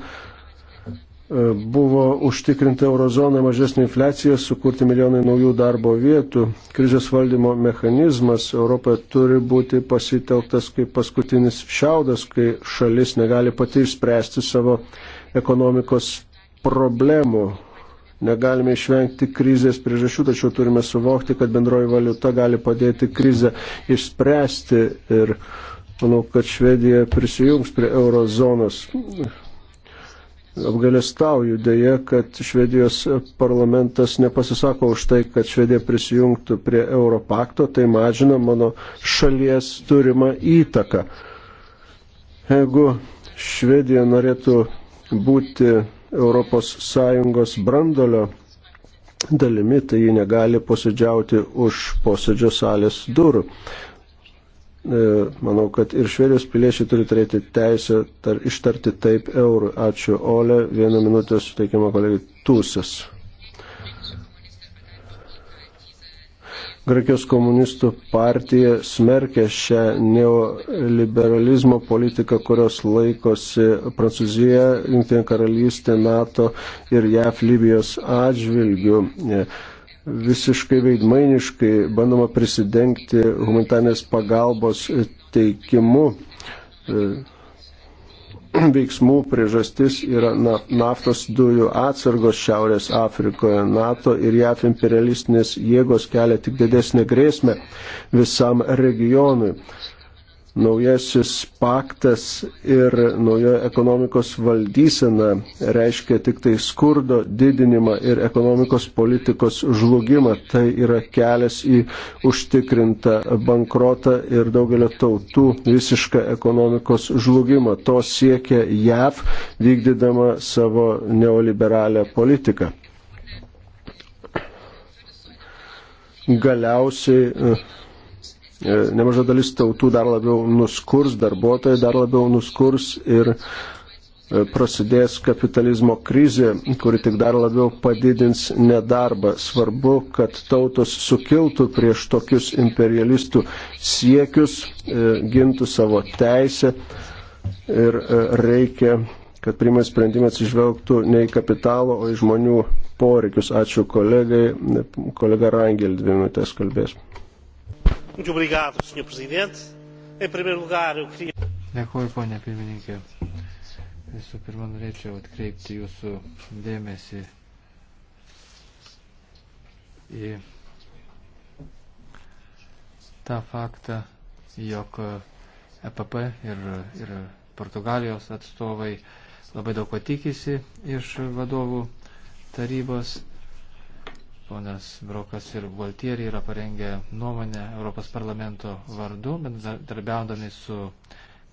buvo užtikrinta eurozona mažesnė infliacija, sukurti milijonai naujų darbo vietų. Krizės valdymo mechanizmas Europoje turi būti pasitelktas kaip paskutinis šiaudas, kai šalis negali pati išspręsti savo ekonomikos problemų. Negalime išvengti krizės priežasčių, tačiau turime suvokti, kad bendroji valiuta gali padėti krizę išspręsti ir manau, kad Švedija prisijungs prie eurozonos. Apgalėstauju dėje, kad Švedijos parlamentas nepasisako už tai, kad Švedija prisijungtų prie Europakto, tai mažina mano šalies turimą įtaką. Jeigu Švedija norėtų būti ES brandolio dalimi, tai ji negali posėdžiauti už posėdžio salės durų. E, manau, kad ir švedijos piliečiai turi turėti teisę tar, ištarti taip eurų. Ačiū, Ole. Vieną minutę suteikiama kolegai Tūsas. Graikijos komunistų partija smerkia šią neoliberalizmo politiką, kurios laikosi Prancūzija, Junktinė karalystė, NATO ir JAF Libijos atžvilgių. Visiškai veidmainiškai bandoma prisidengti humanitarnės pagalbos teikimu veiksmų priežastis yra na, naftos dujų atsargos Šiaurės Afrikoje. NATO ir JAF imperialistinės jėgos kelia tik didesnį grėsmę visam regionui naujasis paktas ir nauja ekonomikos valdysena reiškia tik tai skurdo didinimą ir ekonomikos politikos žlugimą. Tai yra kelias į užtikrintą bankrotą ir daugelio tautų visišką ekonomikos žlugimą. To siekia JAV vykdydama savo neoliberalią politiką. Galiausiai E, nemaža dalis tautų dar labiau nuskurs, darbuotojai dar labiau nuskurs ir e, prasidės kapitalizmo krizė, kuri tik dar labiau padidins nedarbą. Svarbu, kad tautos sukiltų prieš tokius imperialistų siekius, e, gintų savo teisę ir reikia, kad primas sprendimas išvelgtų ne į kapitalo, o į žmonių poreikius. Ačiū kolegai. Kolega Rangel dvi minutės kalbės. Dėkuoju, ponė pirmininkė. Visų pirma, norėčiau atkreipti jūsų dėmesį į tą faktą, jog EPP ir, ir Portugalijos atstovai labai daug ko tikisi iš vadovų tarybos ponas Brokas ir Voltieri yra parengę nuomonę Europos parlamento vardu, bendradarbiaudami su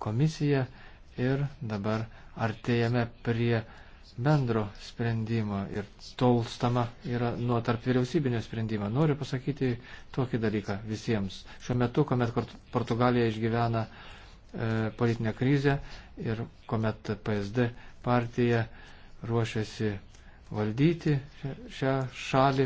komisija ir dabar artėjame prie bendro sprendimo ir tolstama yra nuo tarp vyriausybinio sprendimo. Noriu pasakyti tokį dalyką visiems. Šiuo metu, kuomet Portugalija išgyvena e, politinę krizę ir kuomet PSD partija ruošiasi valdyti šią šalį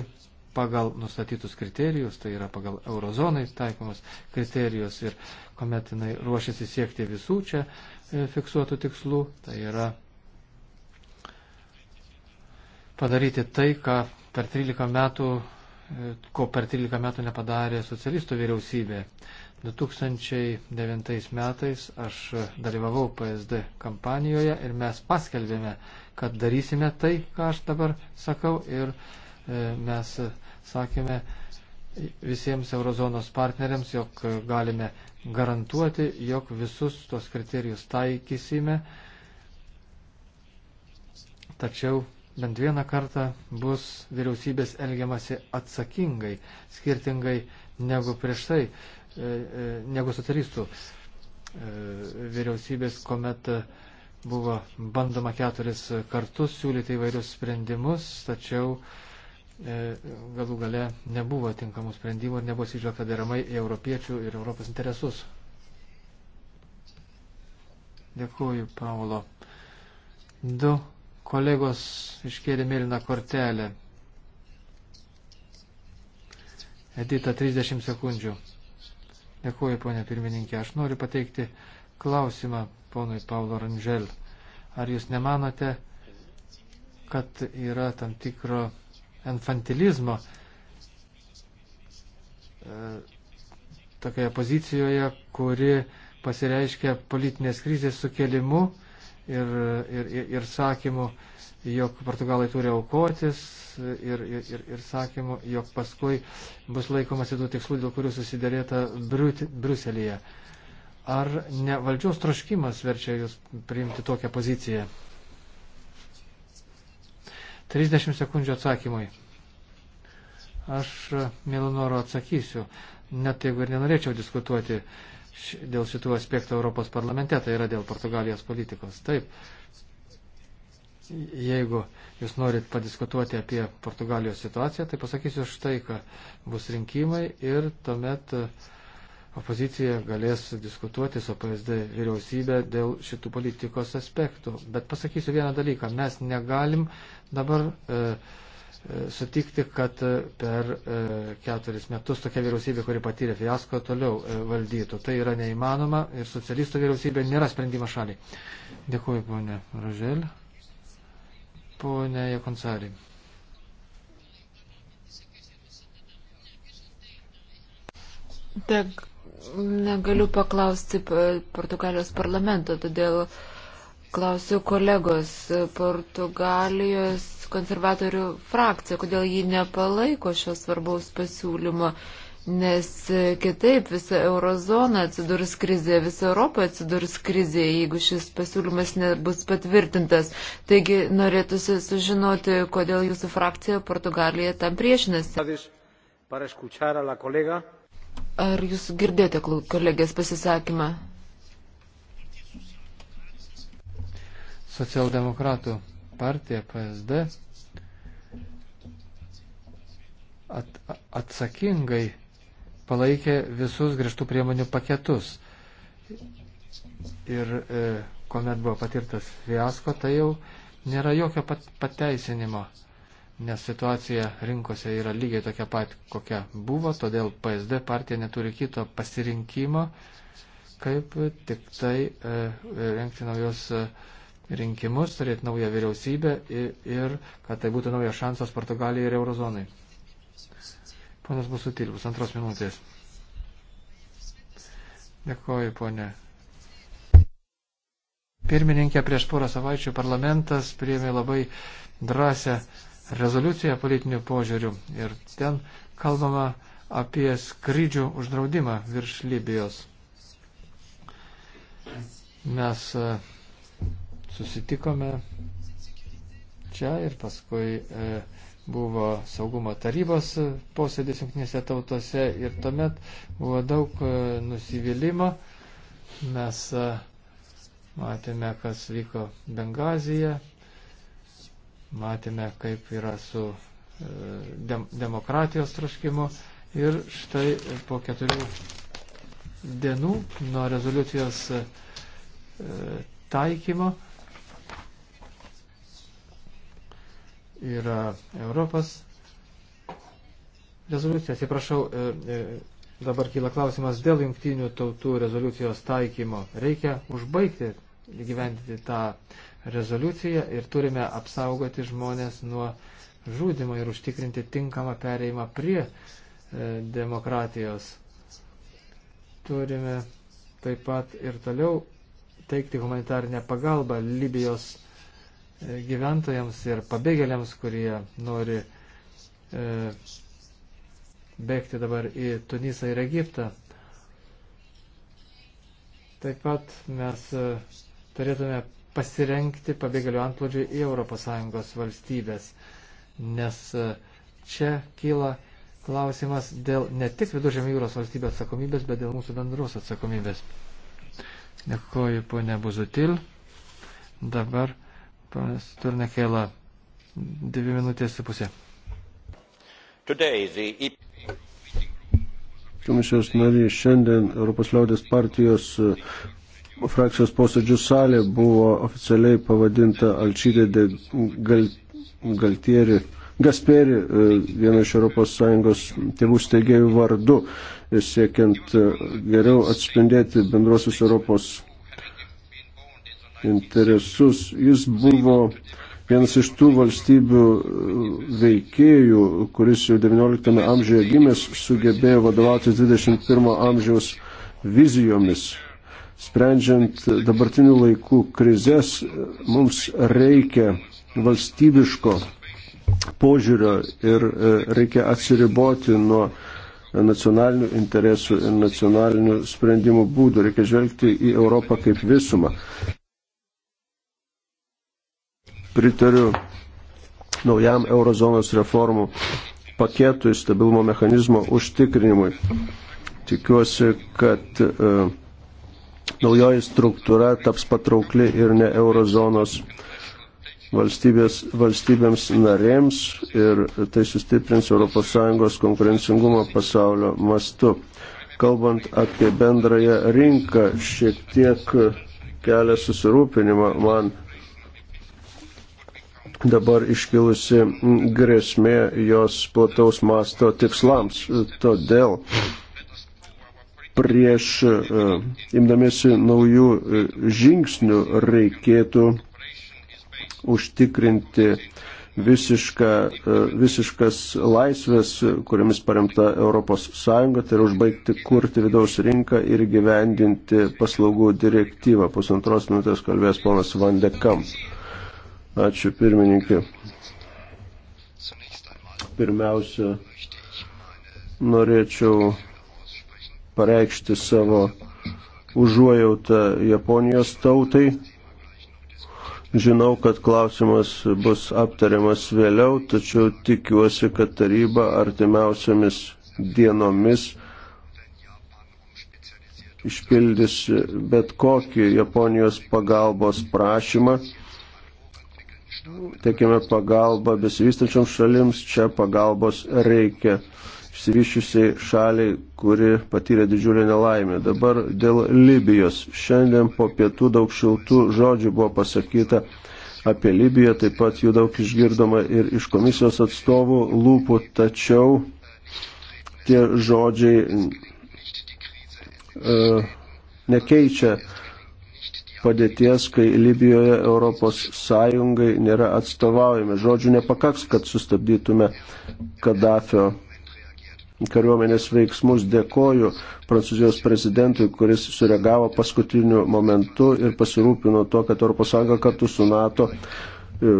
pagal nustatytus kriterijus, tai yra pagal eurozonai taikomus kriterijus ir kuomet jinai ruošiasi siekti visų čia e, fiksuotų tikslų, tai yra padaryti tai, ką per 13 metų, e, ko per 13 metų nepadarė socialistų vyriausybė. 2009 metais aš dalyvavau PSD kampanijoje ir mes paskelbėme kad darysime tai, ką aš dabar sakau ir e, mes sakėme visiems eurozonos partneriams, jog galime garantuoti, jog visus tos kriterijus taikysime. Tačiau bent vieną kartą bus vyriausybės elgiamasi atsakingai, skirtingai negu prieš tai, e, e, negu socialistų vyriausybės, kuomet Buvo bandoma keturis kartus siūlyti įvairius sprendimus, tačiau e, galų gale nebuvo tinkamų sprendimų ir nebuvo sižvelgta deramai į europiečių ir Europos interesus. Dėkuoju, Paulo. Du kolegos iškėlė mėlyną kortelę. Edita, 30 sekundžių. Dėkuoju, ponė pirmininkė. Aš noriu pateikti klausimą ponui Paulo Rangel. Ar jūs nemanote, kad yra tam tikro infantilizmo e, tokioje pozicijoje, kuri pasireiškia politinės krizės sukelimu ir, ir, ir, ir sakymu, jog portugalai turi aukotis ir, ir, ir, ir sakymu, jog paskui bus laikomasi tų tikslų, dėl kurių susidarėta Briuselėje. Briut, Ar ne valdžios troškimas verčia jūs priimti tokią poziciją? 30 sekundžių atsakymui. Aš mėlu noru atsakysiu, net jeigu ir nenorėčiau diskutuoti dėl šitų aspektų Europos parlamente, tai yra dėl Portugalijos politikos. Taip, jeigu jūs norit padiskutuoti apie Portugalijos situaciją, tai pasakysiu štai, kad bus rinkimai ir tuomet uh, opozicija galės diskutuoti su PSD vyriausybė dėl šitų politikos aspektų. Bet pasakysiu vieną dalyką. Mes negalim dabar e, e sutikti, kad e, per e, keturis metus tokia vyriausybė, kuri patyrė fiasko, toliau e, valdytų. Tai yra neįmanoma ir socialistų vyriausybė nėra sprendimas šaliai. Dėkuoju, ponė Ražel. Ponė Jekonsarė. Dėkuoju. Negaliu paklausti Portugalijos parlamento, todėl klausiu kolegos Portugalijos konservatorių frakciją, kodėl ji nepalaiko šios svarbaus pasiūlymo, nes kitaip visa eurozona atsidurs krizėje, visa Europa atsidurs krizėje, jeigu šis pasiūlymas nebus patvirtintas. Taigi norėtųsi sužinoti, kodėl jūsų frakcija Portugalija tam priešinasi. Para escuchar a la colega Ar jūs girdėjote kolegės pasisakymą? Socialdemokratų partija PSD at, atsakingai palaikė visus griežtų priemonių paketus. Ir e, kuomet buvo patirtas fiasko, tai jau nėra jokio pat, pateisinimo nes situacija rinkose yra lygiai tokia pat, kokia buvo, todėl PSD partija neturi kito pasirinkimo, kaip tik tai e, renkti naujos e, rinkimus, turėti naują vyriausybę ir, ir kad tai būtų naujas šansas Portugalijai ir Eurozonai. Ponas bus sutilbus, antros minutės. Dėkuoju, ponė. Pirmininkė prieš porą savaičių parlamentas priėmė labai drąsią rezoliuciją politinių požiūrių ir ten kalbama apie skrydžių uždraudimą virš Libijos. Mes e, susitikome čia ir paskui e, buvo saugumo tarybos posėdis jungtinėse tautose ir tuomet buvo daug e, nusivylimą. Mes e, matėme, kas vyko Bengazija, matėme, kaip yra su e, dem, demokratijos troškimu. Ir štai po keturių dienų nuo rezoliucijos e, taikymo yra Europos rezoliucija. Atsiprašau, e, dabar kyla klausimas dėl jungtinių tautų rezoliucijos taikymo. Reikia užbaigti gyventi tą rezoliuciją ir turime apsaugoti žmonės nuo žudimo ir užtikrinti tinkamą pereimą prie e, demokratijos. Turime taip pat ir toliau teikti humanitarinę pagalbą Libijos e, gyventojams ir pabėgėliams, kurie nori e, bėgti dabar į Tunisą ir Egiptą. Taip pat mes e, turėtume pasirenkti pabėgėlių antplūdžiui į ES valstybės. Nes e, čia kyla klausimas dėl ne tik viduržėmio jūros valstybės atsakomybės, bet dėl mūsų bendros atsakomybės. Dėkuoju, ponė Buzutil. Dabar ponas Turnekėla, dvi minutės su pusė. E Komisijos nariai šiandien Europos liaudės partijos frakcijos posėdžių salė buvo oficialiai pavadinta Alčydė de Gal, Galtieri, Gasperi, e, vieno iš ES tėvų steigėjų vardu, e, siekiant e, geriau atspindėti bendrosius Europos interesus. Jis buvo vienas iš tų valstybių veikėjų, kuris jau XIX amžiuje gimęs sugebėjo vadovauti 21 amžiaus vizijomis sprendžiant dabartinių laikų krizės, mums reikia valstybiško požiūrio ir e, reikia atsiriboti nuo nacionalinių interesų ir nacionalinių sprendimų būdų. Reikia žvelgti į Europą kaip visumą. Pritariu naujam eurozonos reformų paketui stabilumo mechanizmo užtikrinimui. Tikiuosi, kad uh, naujoji struktūra taps patraukli ir ne eurozonos valstybės, valstybėms narėms ir tai sustiprins ES konkurencingumą pasaulio mastu. Kalbant apie bendrąją rinką, šiek tiek kelia susirūpinimą man dabar iškilusi grėsmė jos plataus masto tikslams. Todėl prieš e, imdamėsi naujų e, žingsnių reikėtų užtikrinti visiška, e, visiškas laisvės, kuriamis paremta ES, tai yra užbaigti kurti vidaus rinką ir gyvendinti paslaugų direktyvą. Pusantros minutės kalbės ponas Vandekam. Ačiū pirmininkė. Pirmiausia, norėčiau pareikšti savo užuojautą Japonijos tautai. Žinau, kad klausimas bus aptariamas vėliau, tačiau tikiuosi, kad taryba artimiausiamis dienomis išpildys bet kokį Japonijos pagalbos prašymą. Tekime pagalbą besivystančiams šalims, čia pagalbos reikia išsivyščiusiai šaliai, kuri patyrė didžiulę nelaimę. Dabar dėl Libijos. Šiandien po pietų daug šiltų žodžių buvo pasakyta apie Libiją, taip pat jų daug išgirdoma ir iš komisijos atstovų lūpų, tačiau tie žodžiai e, nekeičia padėties, kai Libijoje Europos Sąjungai nėra atstovaujami. Žodžių nepakaks, kad sustabdytume Kadafio kariuomenės veiksmus. Dėkoju Prancūzijos prezidentui, kuris sureagavo paskutiniu momentu ir pasirūpino to, kad ES kartu su NATO e,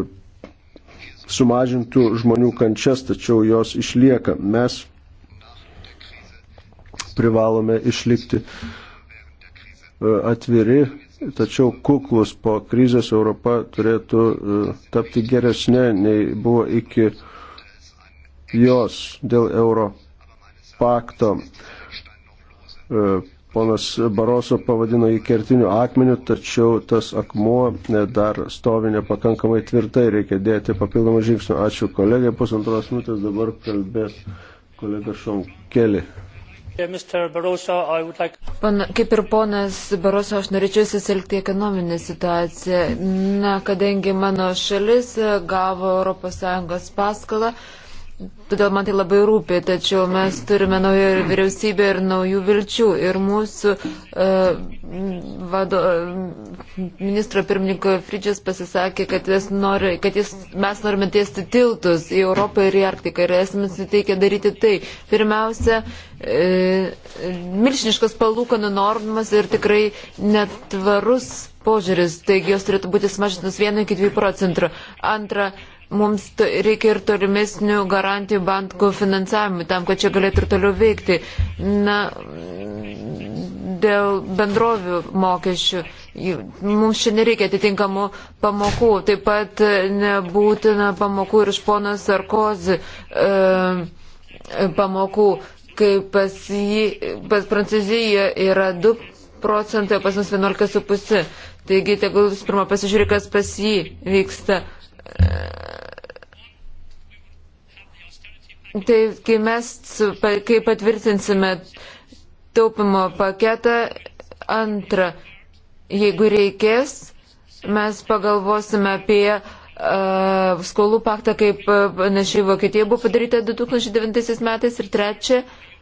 sumažintų žmonių kančias, tačiau jos išlieka. Mes privalome išlikti e, atviri, tačiau kuklus po krizės Europa turėtų e, tapti geresnė nei buvo iki jos dėl euro pakto. E, ponas Baroso pavadino jį kertiniu akmeniu, tačiau tas akmuo e, dar stovi nepakankamai tvirtai, reikia dėti papildomą žingsnį. Ačiū kolegai, pusantros minutės dabar kalbės kolega Šonkelį. Kaip ir ponas Baroso, aš norėčiau susilgti ekonominę situaciją. Na, kadangi mano šalis e, gavo ES paskolą, todėl man tai labai rūpi, tačiau mes turime naują vyriausybę ir naujų vilčių. Ir mūsų uh, vado, ministro pirmininko Fridžis pasisakė, kad, jis nori, kad jis, mes norime tiesti tiltus į Europą ir į Arktiką ir esame suteikę daryti tai. Pirmiausia, uh, e, milžiniškas palūkanų normas ir tikrai netvarus požiūris, taigi jos turėtų būti sumažintas 1 iki 2 procentų. Antra, uh, mums reikia ir tolimesnių garantijų bankų finansavimui, tam, kad čia galėtų ir toliau veikti. Na, dėl bendrovių mokesčių mums čia nereikia atitinkamų pamokų. Taip pat nebūtina pamokų ir iš pono Sarkozy e, pamokų, kai pas, jį, pas Prancūziją yra 2 procentai, pas mus 11,5. Taigi, tegul jūs pirmą pasižiūrėk, kas pas jį vyksta. E, Tai kai mes, kai patvirtinsime taupimo paketą, antrą, jeigu reikės, mes pagalvosime apie uh, skolų paktą, kaip uh, panašiai Vokietija buvo padaryta 2009 metais ir trečia, uh,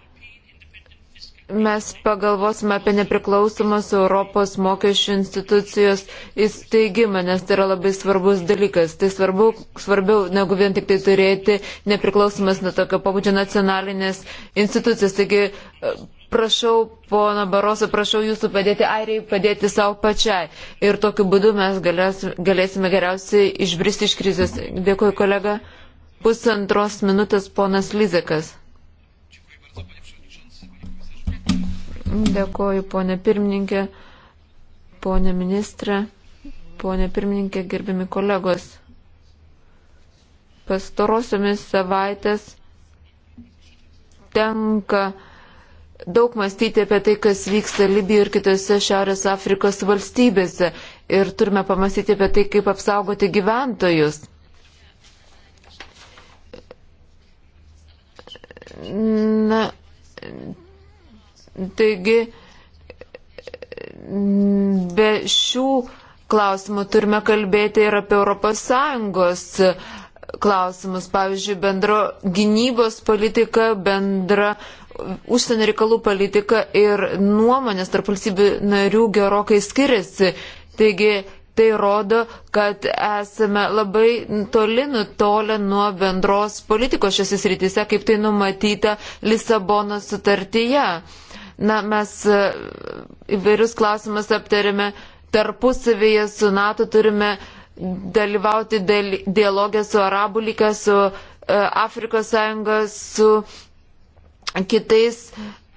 mes pagalvosime apie nepriklausomos Europos mokesčių institucijos įsteigimą, nes tai yra labai svarbus dalykas. Tai svarbu, svarbiau negu vien tik tai turėti nepriklausomas nuo tokio pabudžio nacionalinės institucijos. Taigi, prašau, pono Baroso, prašau jūsų padėti airiai, padėti savo pačiai. Ir tokiu būdu mes galės, galėsime geriausiai išbristi iš krizės. Dėkuoju, kolega. Pusantros minutės ponas Lizekas. Dėkoju, ponė pirmininkė, ponė ministrė, ponė pirmininkė, gerbiami kolegos. Pastarosiomis savaitės tenka daug mąstyti apie tai, kas vyksta Libijoje ir kitose Šiaurės Afrikos valstybėse. Ir turime pamastyti apie tai, kaip apsaugoti gyventojus. Na, Taigi, be šių klausimų turime kalbėti ir apie ES klausimus, pavyzdžiui, bendro gynybos politika, bendra užsienio reikalų politika ir nuomonės tarp valstybių narių gerokai skiriasi. Taigi, tai rodo, kad esame labai toli nutolę nuo bendros politikos šiose srityse, kaip tai numatyta Lisabono sutartyje. Na, mes e, įvairius klausimus aptarėme tarpusavėje su NATO, turime dalyvauti dialogę su Arabų lyga, su e, Afrikos sąjunga, su kitais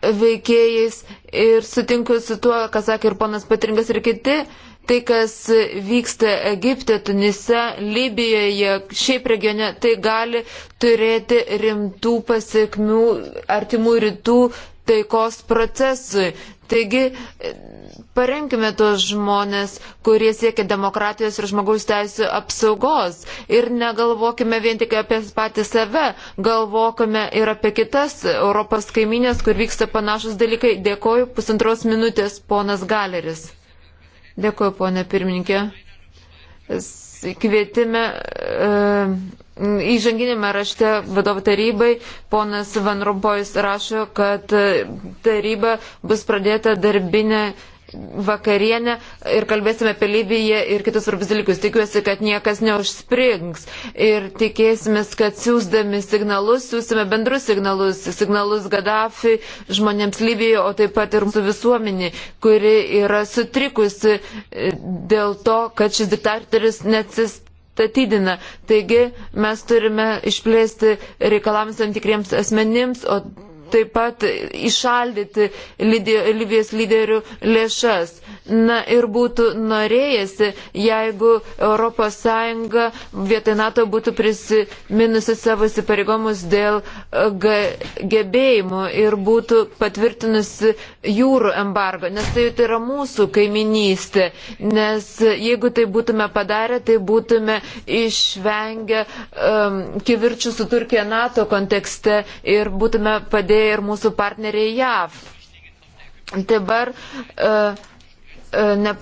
veikėjais ir sutinku su tuo, ką sakė ir ponas Patringas ir kiti, tai kas vyksta Egipte, Tunise, Libijoje, šiaip regione, tai gali turėti rimtų pasiekmių artimų rytų taikos procesui. Taigi, paremkime tuos žmonės, kurie siekia demokratijos ir žmogaus teisų apsaugos. Ir negalvokime vien tik apie patį save, galvokime ir apie kitas Europos kaiminės, kur vyksta panašus dalykai. Dėkoju pusantros minutės, ponas Galeris. Dėkoju, ponė pirmininkė kvietime e, įžanginėme rašte vadovų tarybai ponas Van Rompojus rašo, kad taryba bus pradėta darbinė vakarienę ir kalbėsime apie Libiją ir kitus svarbus dalykus. Tikiuosi, kad niekas neužsprings ir tikėsime, kad siūsdami signalus, siūsime bendrus signalus, signalus Gaddafi žmonėms Libijoje, o taip pat ir mūsų visuomenį, kuri yra sutrikusi e, dėl to, kad šis diktatorius neatsist statydina. Taigi mes turime išplėsti reikalams tam tikriems asmenims, o taip pat išaldyti Libijos lyderių lėšas. Na ir būtų norėjęsi, jeigu ES vietoj NATO būtų prisiminusi savo įsipareigomus dėl e, gebėjimų ir būtų patvirtinusi jūrų embargo, nes tai, tai yra mūsų kaiminystė, nes jeigu tai būtume padarę, tai būtume išvengę um, kivirčių su Turkija NATO kontekste ir būtume padėję prisidėjo ir mūsų partneriai JAV. Dabar uh, ne,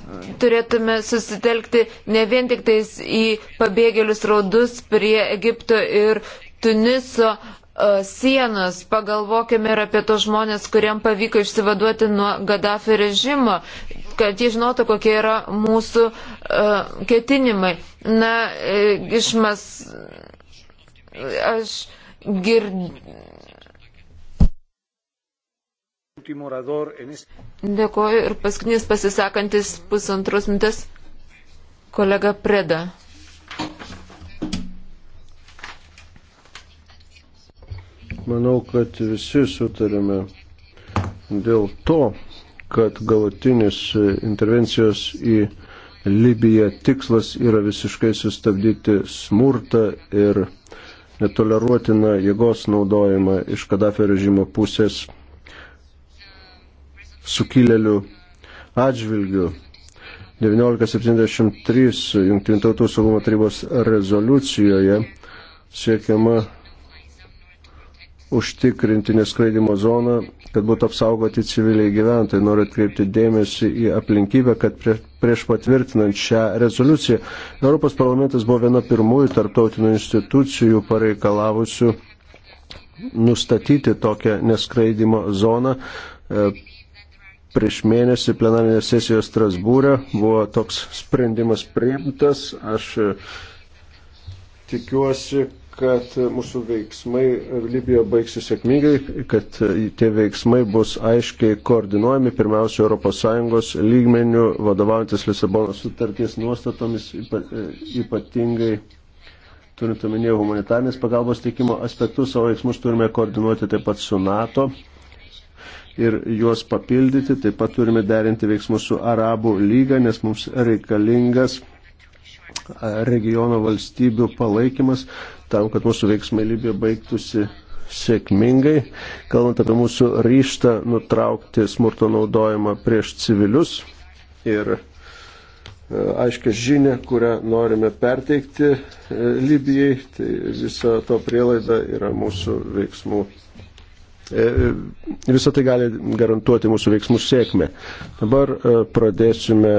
turėtume susitelkti ne vien tik tais į pabėgėlius raudus prie Egipto ir Tuniso uh, sienos. Pagalvokime ir apie tos žmonės, kuriam pavyko išsivaduoti nuo Gaddafi režimo, kad jie žinotų, kokie yra mūsų uh, ketinimai. Na, išmas, aš girdžiu Dėkuoju ir paskutinis pasisakantis pusantros mintis kolega Preda. Manau, kad visi sutarėme dėl to, kad galutinis intervencijos į Libiją tikslas yra visiškai sustabdyti smurtą ir netoleruotiną jėgos naudojimą iš Kadafio režimo pusės sukilėlių atžvilgių. 1973 Junktinių tautų saugumo tarybos rezoliucijoje siekiama užtikrinti neskraidimo zoną, kad būtų apsaugoti civiliai gyventojai. Noriu atkreipti dėmesį į aplinkybę, kad prie, prieš patvirtinant šią rezoliuciją Europos parlamentas buvo viena pirmųjų tarptautinių institucijų pareikalavusių nustatyti tokią neskraidimo zoną e, prieš mėnesį plenarinė sesija Strasbūrė buvo toks sprendimas priimtas. Aš e, tikiuosi, kad mūsų veiksmai Libijoje baigsis sėkmingai, kad e, tie veiksmai bus aiškiai koordinuojami, pirmiausia, ES lygmenių, vadovaujantis Lisabono sutarties nuostatomis, e, ypatingai turint omenyje humanitarnės pagalbos teikimo aspektus, savo veiksmus turime koordinuoti taip pat su NATO ir juos papildyti. Taip pat turime derinti veiksmus su Arabų lyga, nes mums reikalingas regiono valstybių palaikymas tam, kad mūsų veiksmai Libijoje baigtųsi sėkmingai. Kalbant apie mūsų ryštą nutraukti smurto naudojimą prieš civilius ir aiškia žinia, kurią norime perteikti e, Libijai, tai viso to prielaida yra mūsų veiksmų E, Visą tai gali garantuoti mūsų veiksmų sėkmę. Dabar e, pradėsime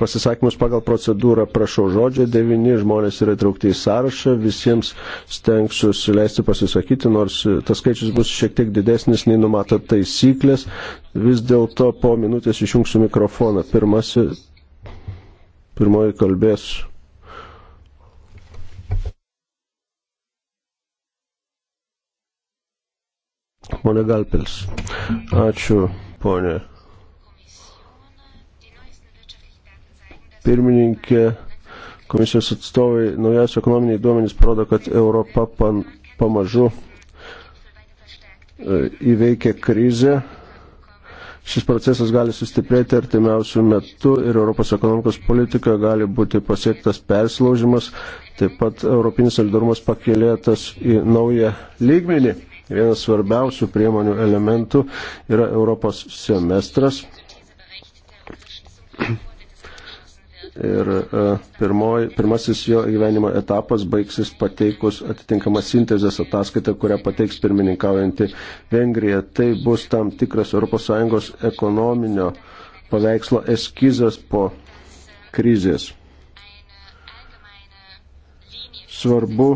pasisakymus pagal procedūrą prašau žodžio, devyni žmonės yra traukti į sąrašą, visiems stengsiuosi leisti pasisakyti, nors e, tas skaičius bus šiek tiek didesnis nei numato taisyklės, vis dėlto po minutės išjungsiu mikrofoną. Pirmasi, pirmoji kalbės Pone Galpils. Ačiū, ponė. Pirmininkė, komisijos atstovai, naujausi ekonominiai duomenys parodo, kad Europa pan, pamažu e, įveikia krizę. Šis procesas gali sustiprėti artimiausių metų ir Europos ekonomikos politikoje gali būti pasiektas persilaužimas, taip pat Europinis solidarumas pakėlėtas į naują lygmenį. Vienas svarbiausių priemonių elementų yra Europos semestras. Ir e, pirmoj, pirmasis jo gyvenimo etapas baigsis pateikus atitinkamą sintezės ataskaitą, kurią pateiks pirmininkaujanti Vengrija. Tai bus tam tikras ES ekonominio paveikslo eskizas po krizės. Svarbu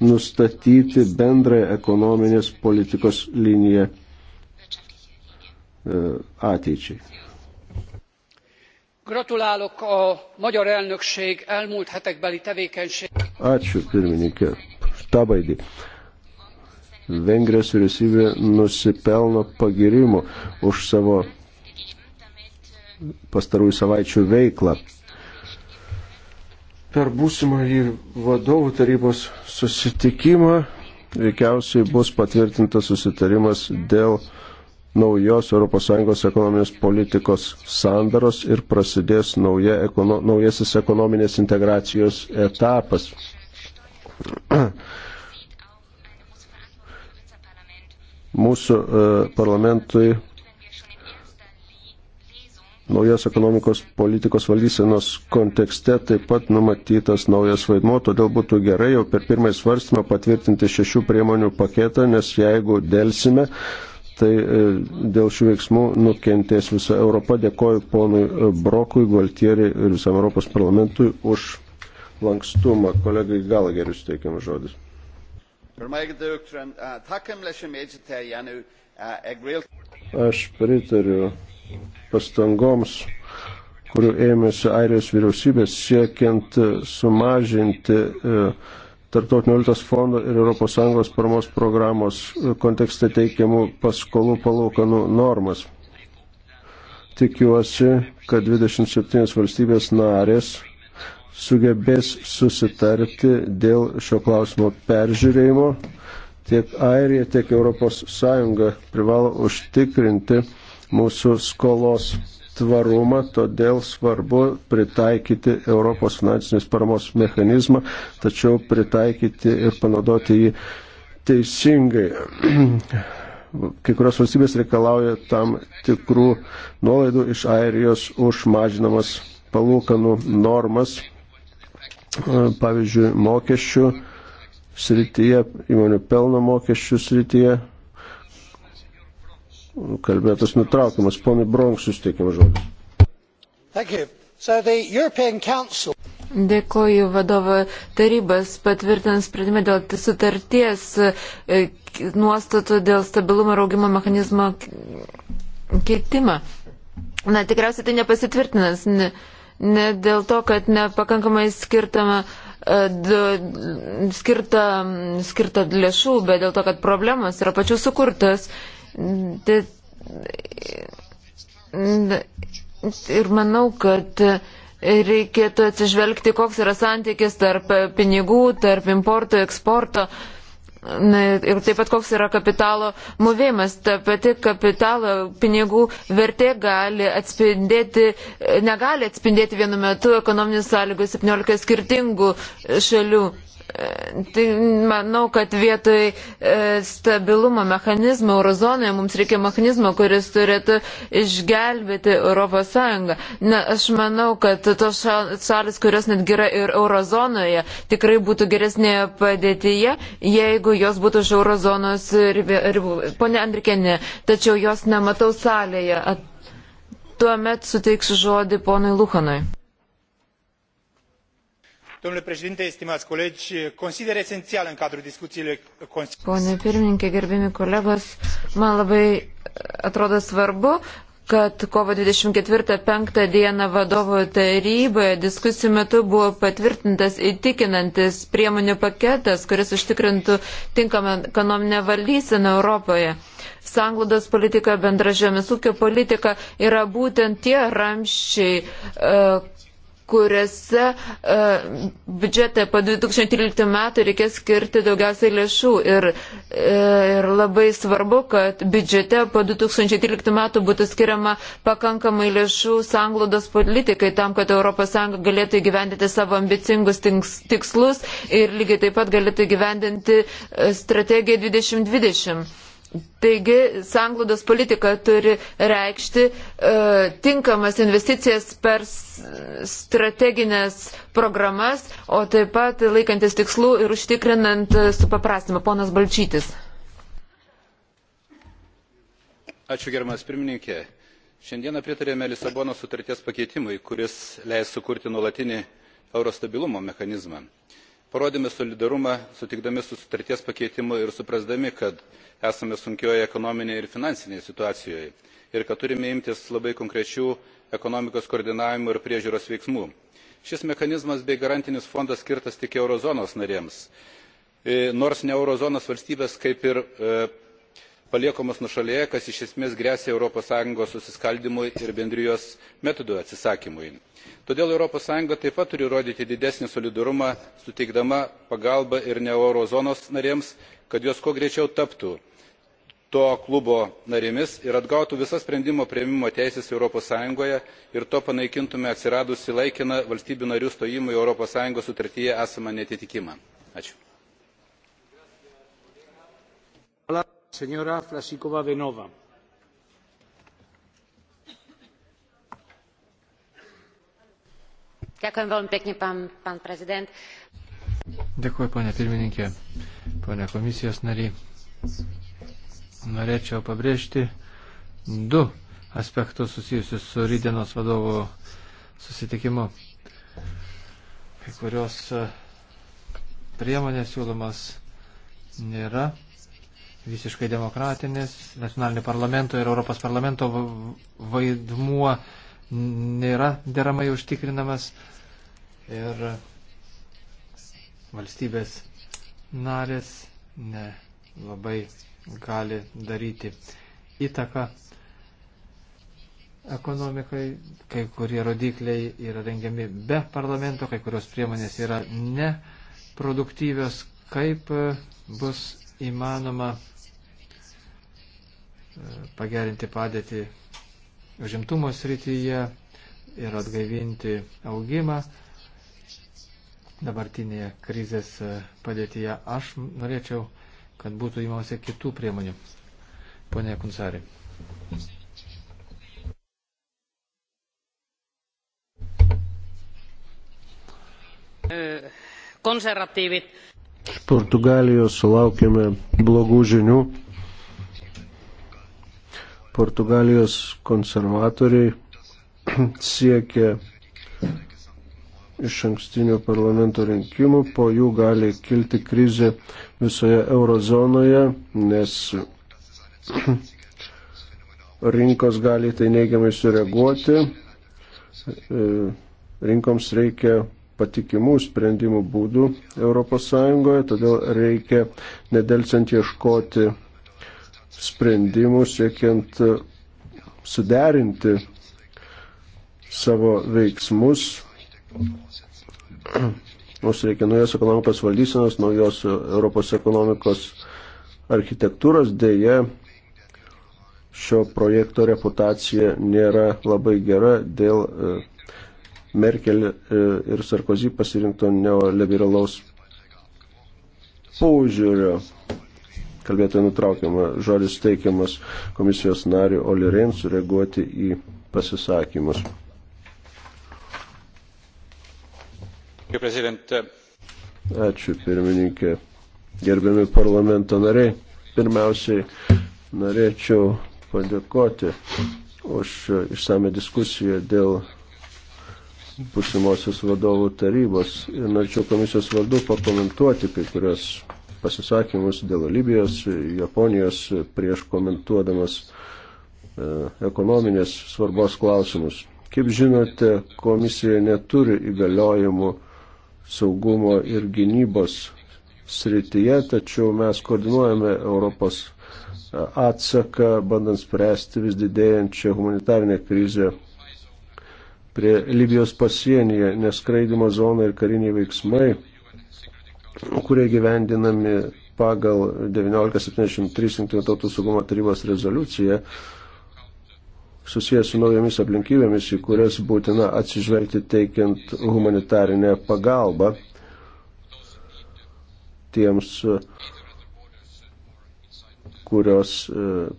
nustatyti bendrąją ekonominės politikos liniją e, ateičiai. Gratulálok a magyar elnökség elmúlt hetekbeli tevékenység. Ačiū pirmininkė. Tabaidį. Vengrijos vyriausybė nusipelno pagirimo už savo pastarųjų savaičių veiklą per būsimąjį vadovų tarybos susitikimą veikiausiai bus patvirtintas susitarimas dėl naujos ES ekonominės politikos sandaros ir prasidės nauja, ekono, naujasis ekonominės integracijos etapas. Mūsų e, parlamentui naujos ekonomikos politikos valdysenos kontekste taip pat numatytas naujas vaidmo, todėl būtų gerai jau per pirmąjį svarstymą patvirtinti šešių priemonių paketą, nes jeigu dėlsime, tai e, dėl šių veiksmų nukentės visa Europa. Dėkoju ponui Brokui, Gualtieriai ir visam Europos parlamentui už lankstumą. Kolegai Galagerius teikiam žodis. Aš pritariu pastangoms, kurių ėmėsi Airijos vyriausybės siekiant sumažinti e, Tartautinio valiutos fondo ir ES paramos programos e, kontekste teikiamų paskolų palūkanų normas. Tikiuosi, kad 27 valstybės narės sugebės susitarti dėl šio klausimo peržiūrėjimo. Tiek Airija, tiek ES privalo užtikrinti mūsų skolos tvarumą, todėl svarbu pritaikyti Europos finansinės paramos mechanizmą, tačiau pritaikyti ir panaudoti jį teisingai. Kai kurios valstybės reikalauja tam tikrų nuolaidų iš Airijos už mažinamas palūkanų normas, pavyzdžiui, mokesčių srityje, įmonių pelno mokesčių srityje, Kalbėtas nutraukiamas. Pone Bronksus teikiamas žodis. So Council... Dėkoju vadovo tarybas patvirtinant sprendimą dėl sutarties e, nuostatų dėl stabilumo ir augimo mechanizmo keitimą. Na, tikriausiai tai nepasitvirtinas, ne, ne dėl to, kad nepakankamai skirtama e, skirta, skirta lėšų, bet dėl to, kad problemos yra pačių sukurtas. Uh, Ir manau, kad reikėtų atsižvelgti, koks yra santykis tarp pinigų, tarp importo, eksporto. Ir taip pat koks yra kapitalo mūvėjimas. Ta pati kapitalo pinigų vertė gali atspindėti, negali atspindėti vienu metu ekonominių sąlygų 17 skirtingų šalių. Tai manau, kad vietoj e, stabilumo mechanizmo eurozonoje mums reikia mechanizmo, kuris turėtų išgelbėti ES. Na, aš manau, kad tos šalis, kurios netgi yra ir eurozonoje, tikrai būtų geresnėje padėtyje, jeigu jos būtų iš eurozonos ribų. Pone Andrikenė, tačiau jos nematau salėje. Tuomet suteiksiu žodį ponui Luhanui consider esențial în cadrul discuțiilor Pone pirmininkė, gerbimi kolegos, man labai eh, atrodo svarbu, kad kovo 24-5 dieną vadovo taryboje diskusijų metu buvo patvirtintas įtikinantis priemonių paketas, kuris užtikrintų tinkamą ekonominę valdyseną Europoje. Sanglaudos politika, bendra žemės ūkio politika yra būtent tie ramščiai, eh, kuriuose uh, e, biudžete po 2013 metų reikės skirti daugiausiai lėšų. Ir, e, ir labai svarbu, kad biudžete po 2013 metų būtų skiriama pakankamai lėšų sanglodos politikai tam, kad ES galėtų įgyvendinti savo ambicingus tikslus ir lygiai taip pat galėtų įgyvendinti e, strategiją 2020. Taigi, sanglaudos politika turi reikšti e, tinkamas investicijas per strateginės programas, o taip pat laikantis tikslų ir užtikrinant e, supaprastimą. Ponas Balčytis. Ačiū gerbiamas pirmininkė. Šiandieną pritarėme Lisabono sutarties pakeitimui, kuris leis sukurti nuolatinį eurostabilumo mechanizmą parodėme solidarumą sutikdami su sutarties pakeitimu ir suprasdami kad esame sunkioje ekonominėje ir finansinėje situacijoje ir kad turime imtis labai konkrečių ekonomikos koordinavimo ir priežiūros veiksmų. šis mechanizmas bei garantinis fondas skirtas tik euro zonos narėms e, nors ne euro zonos valstybės kaip ir e, paliekamos nuošalėje kas iš esmės gresia europos sąjungos susiskaldymui ir bendrijos metodų atsisakymui. todėl europos sąjunga taip pat turi rodyti didesnį solidarumą suteikdama pagalbą ir ne euro zonos narėms kad jos kuo greičiau taptų to klubo narėmis ir atgautų visas sprendimų priėmimo teises europos sąjungoje ir tuo panaikintume atsiradusį laikiną valstybių narių stojimo į europos sąjungą sutartyje esamą neatitikimą. Ačiū. Senora Flasikova Venova. Ďakujem veľmi pekne, pán, pán prezident. Dėkuoju, ponė pirmininkė, ponė komisijos nariai. Norėčiau pabrėžti du aspektus susijusius su rydienos vadovų susitikimu. Kai kurios eh, priemonės siūlomas nėra visiškai demokratinis, nacionalinio parlamento ir Europos parlamento vaidmuo nėra deramai užtikrinamas ir valstybės narės ne labai gali daryti įtaką ekonomikai, kai kurie rodikliai yra rengiami be parlamento, kai kurios priemonės yra neproduktyvios, kaip bus įmanoma pagerinti padėtį užimtumo srityje ir atgaivinti augimą dabartinėje krizės padėtyje. Aš norėčiau, kad būtų įmamasi kitų priemonių. Pone Kunsari. Konservatyvit. Iš Portugalijos sulaukėme blogų žinių. Portugalijos konservatoriai siekia iš ankstinių parlamento rinkimų, po jų gali kilti krizė visoje eurozonoje, nes rinkos gali tai neigiamai sureaguoti, e, rinkoms reikia patikimų sprendimų būdų ES, todėl reikia nedelsiant ieškoti sprendimų siekiant e, suderinti savo veiksmus. Mums reikia naujos ekonomikos valdysenos, naujos Europos ekonomikos architektūros. Deja, šio projekto reputacija nėra labai gera dėl e, Merkel e, ir Sarkozy pasirinkto neoliberalaus požiūrio kalbėtoja nutraukiama, žodis teikiamas komisijos nariu Olirein sureaguoti į pasisakymus. Ačiū pirmininkė. Gerbiami parlamento nariai, pirmiausiai norėčiau padėkoti už išsame diskusiją dėl būsimosios vadovų tarybos ir norėčiau komisijos vardu pakomentuoti kai kurios pasisakymus dėl Libijos, Japonijos prieš komentuodamas e, ekonominės svarbos klausimus. Kaip žinote, komisija neturi įgaliojimų saugumo ir gynybos srityje, tačiau mes koordinuojame Europos atsaką, bandant spręsti vis didėjančią humanitarinę krizę prie Libijos pasienyje, neskraidimo zona ir kariniai veiksmai kurie gyvendinami pagal 1973 Junktinių tautų saugumo tarybos rezoliuciją, susijęs su naujomis aplinkybėmis, į kurias būtina atsižvelgti teikiant humanitarinę pagalbą tiems, kurios,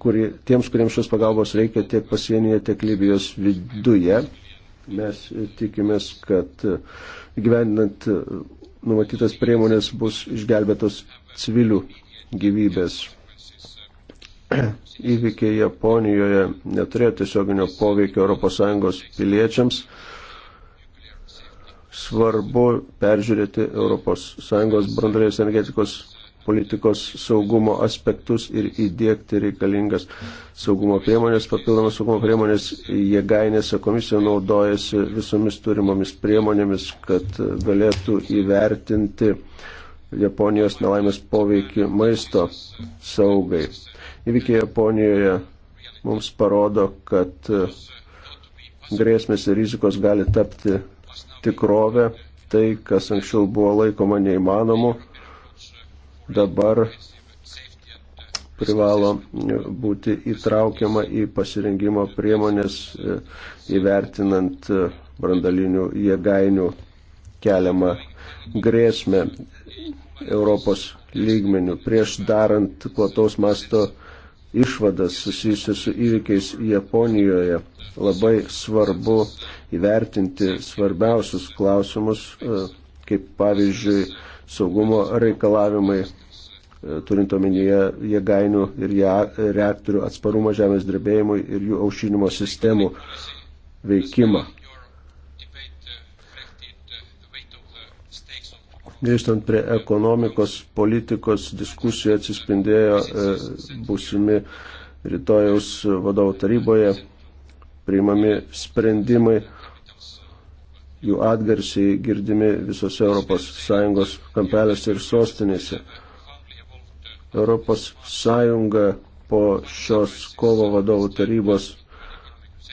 kuri, tiems kuriems šios pagalbos reikia tiek pasienyje, tiek Libijos viduje. Mes tikimės, kad gyvendinant numatytas priemonės bus išgelbėtos civilių gyvybės. Įvykiai Japonijoje neturėjo tiesioginio poveikio ES piliečiams. Svarbu peržiūrėti ES brandarės energetikos politikos saugumo aspektus ir įdėkti reikalingas saugumo priemonės, papildomas saugumo priemonės jėgainėse. Komisija naudojasi visomis turimomis priemonėmis, kad galėtų įvertinti Japonijos nelaimės poveikį maisto saugai. Įvykiai Japonijoje mums parodo, kad grėsmės ir rizikos gali tapti tikrovę, tai, kas anksčiau buvo laikoma neįmanomu, dabar privalo būti įtraukiama į pasirengimo priemonės e, įvertinant e, brandalinių jėgainių keliamą grėsmę Europos lygmenių. Prieš darant plataus masto išvadas susijusius su įvykiais Japonijoje, labai svarbu įvertinti svarbiausius klausimus, e, kaip pavyzdžiui saugumo reikalavimai E, turint omenyje jėgainių ir reaktorių atsparumą žemės drebėjimui ir jų aušinimo sistemų veikimą. Grįžtant prie ekonomikos politikos diskusijų atsispindėjo e, būsimi rytojaus vadovų taryboje priimami sprendimai, jų atgarsiai girdimi visose ES kampelėse ir sostinėse. Europos Sąjunga po šios kovo vadovų tarybos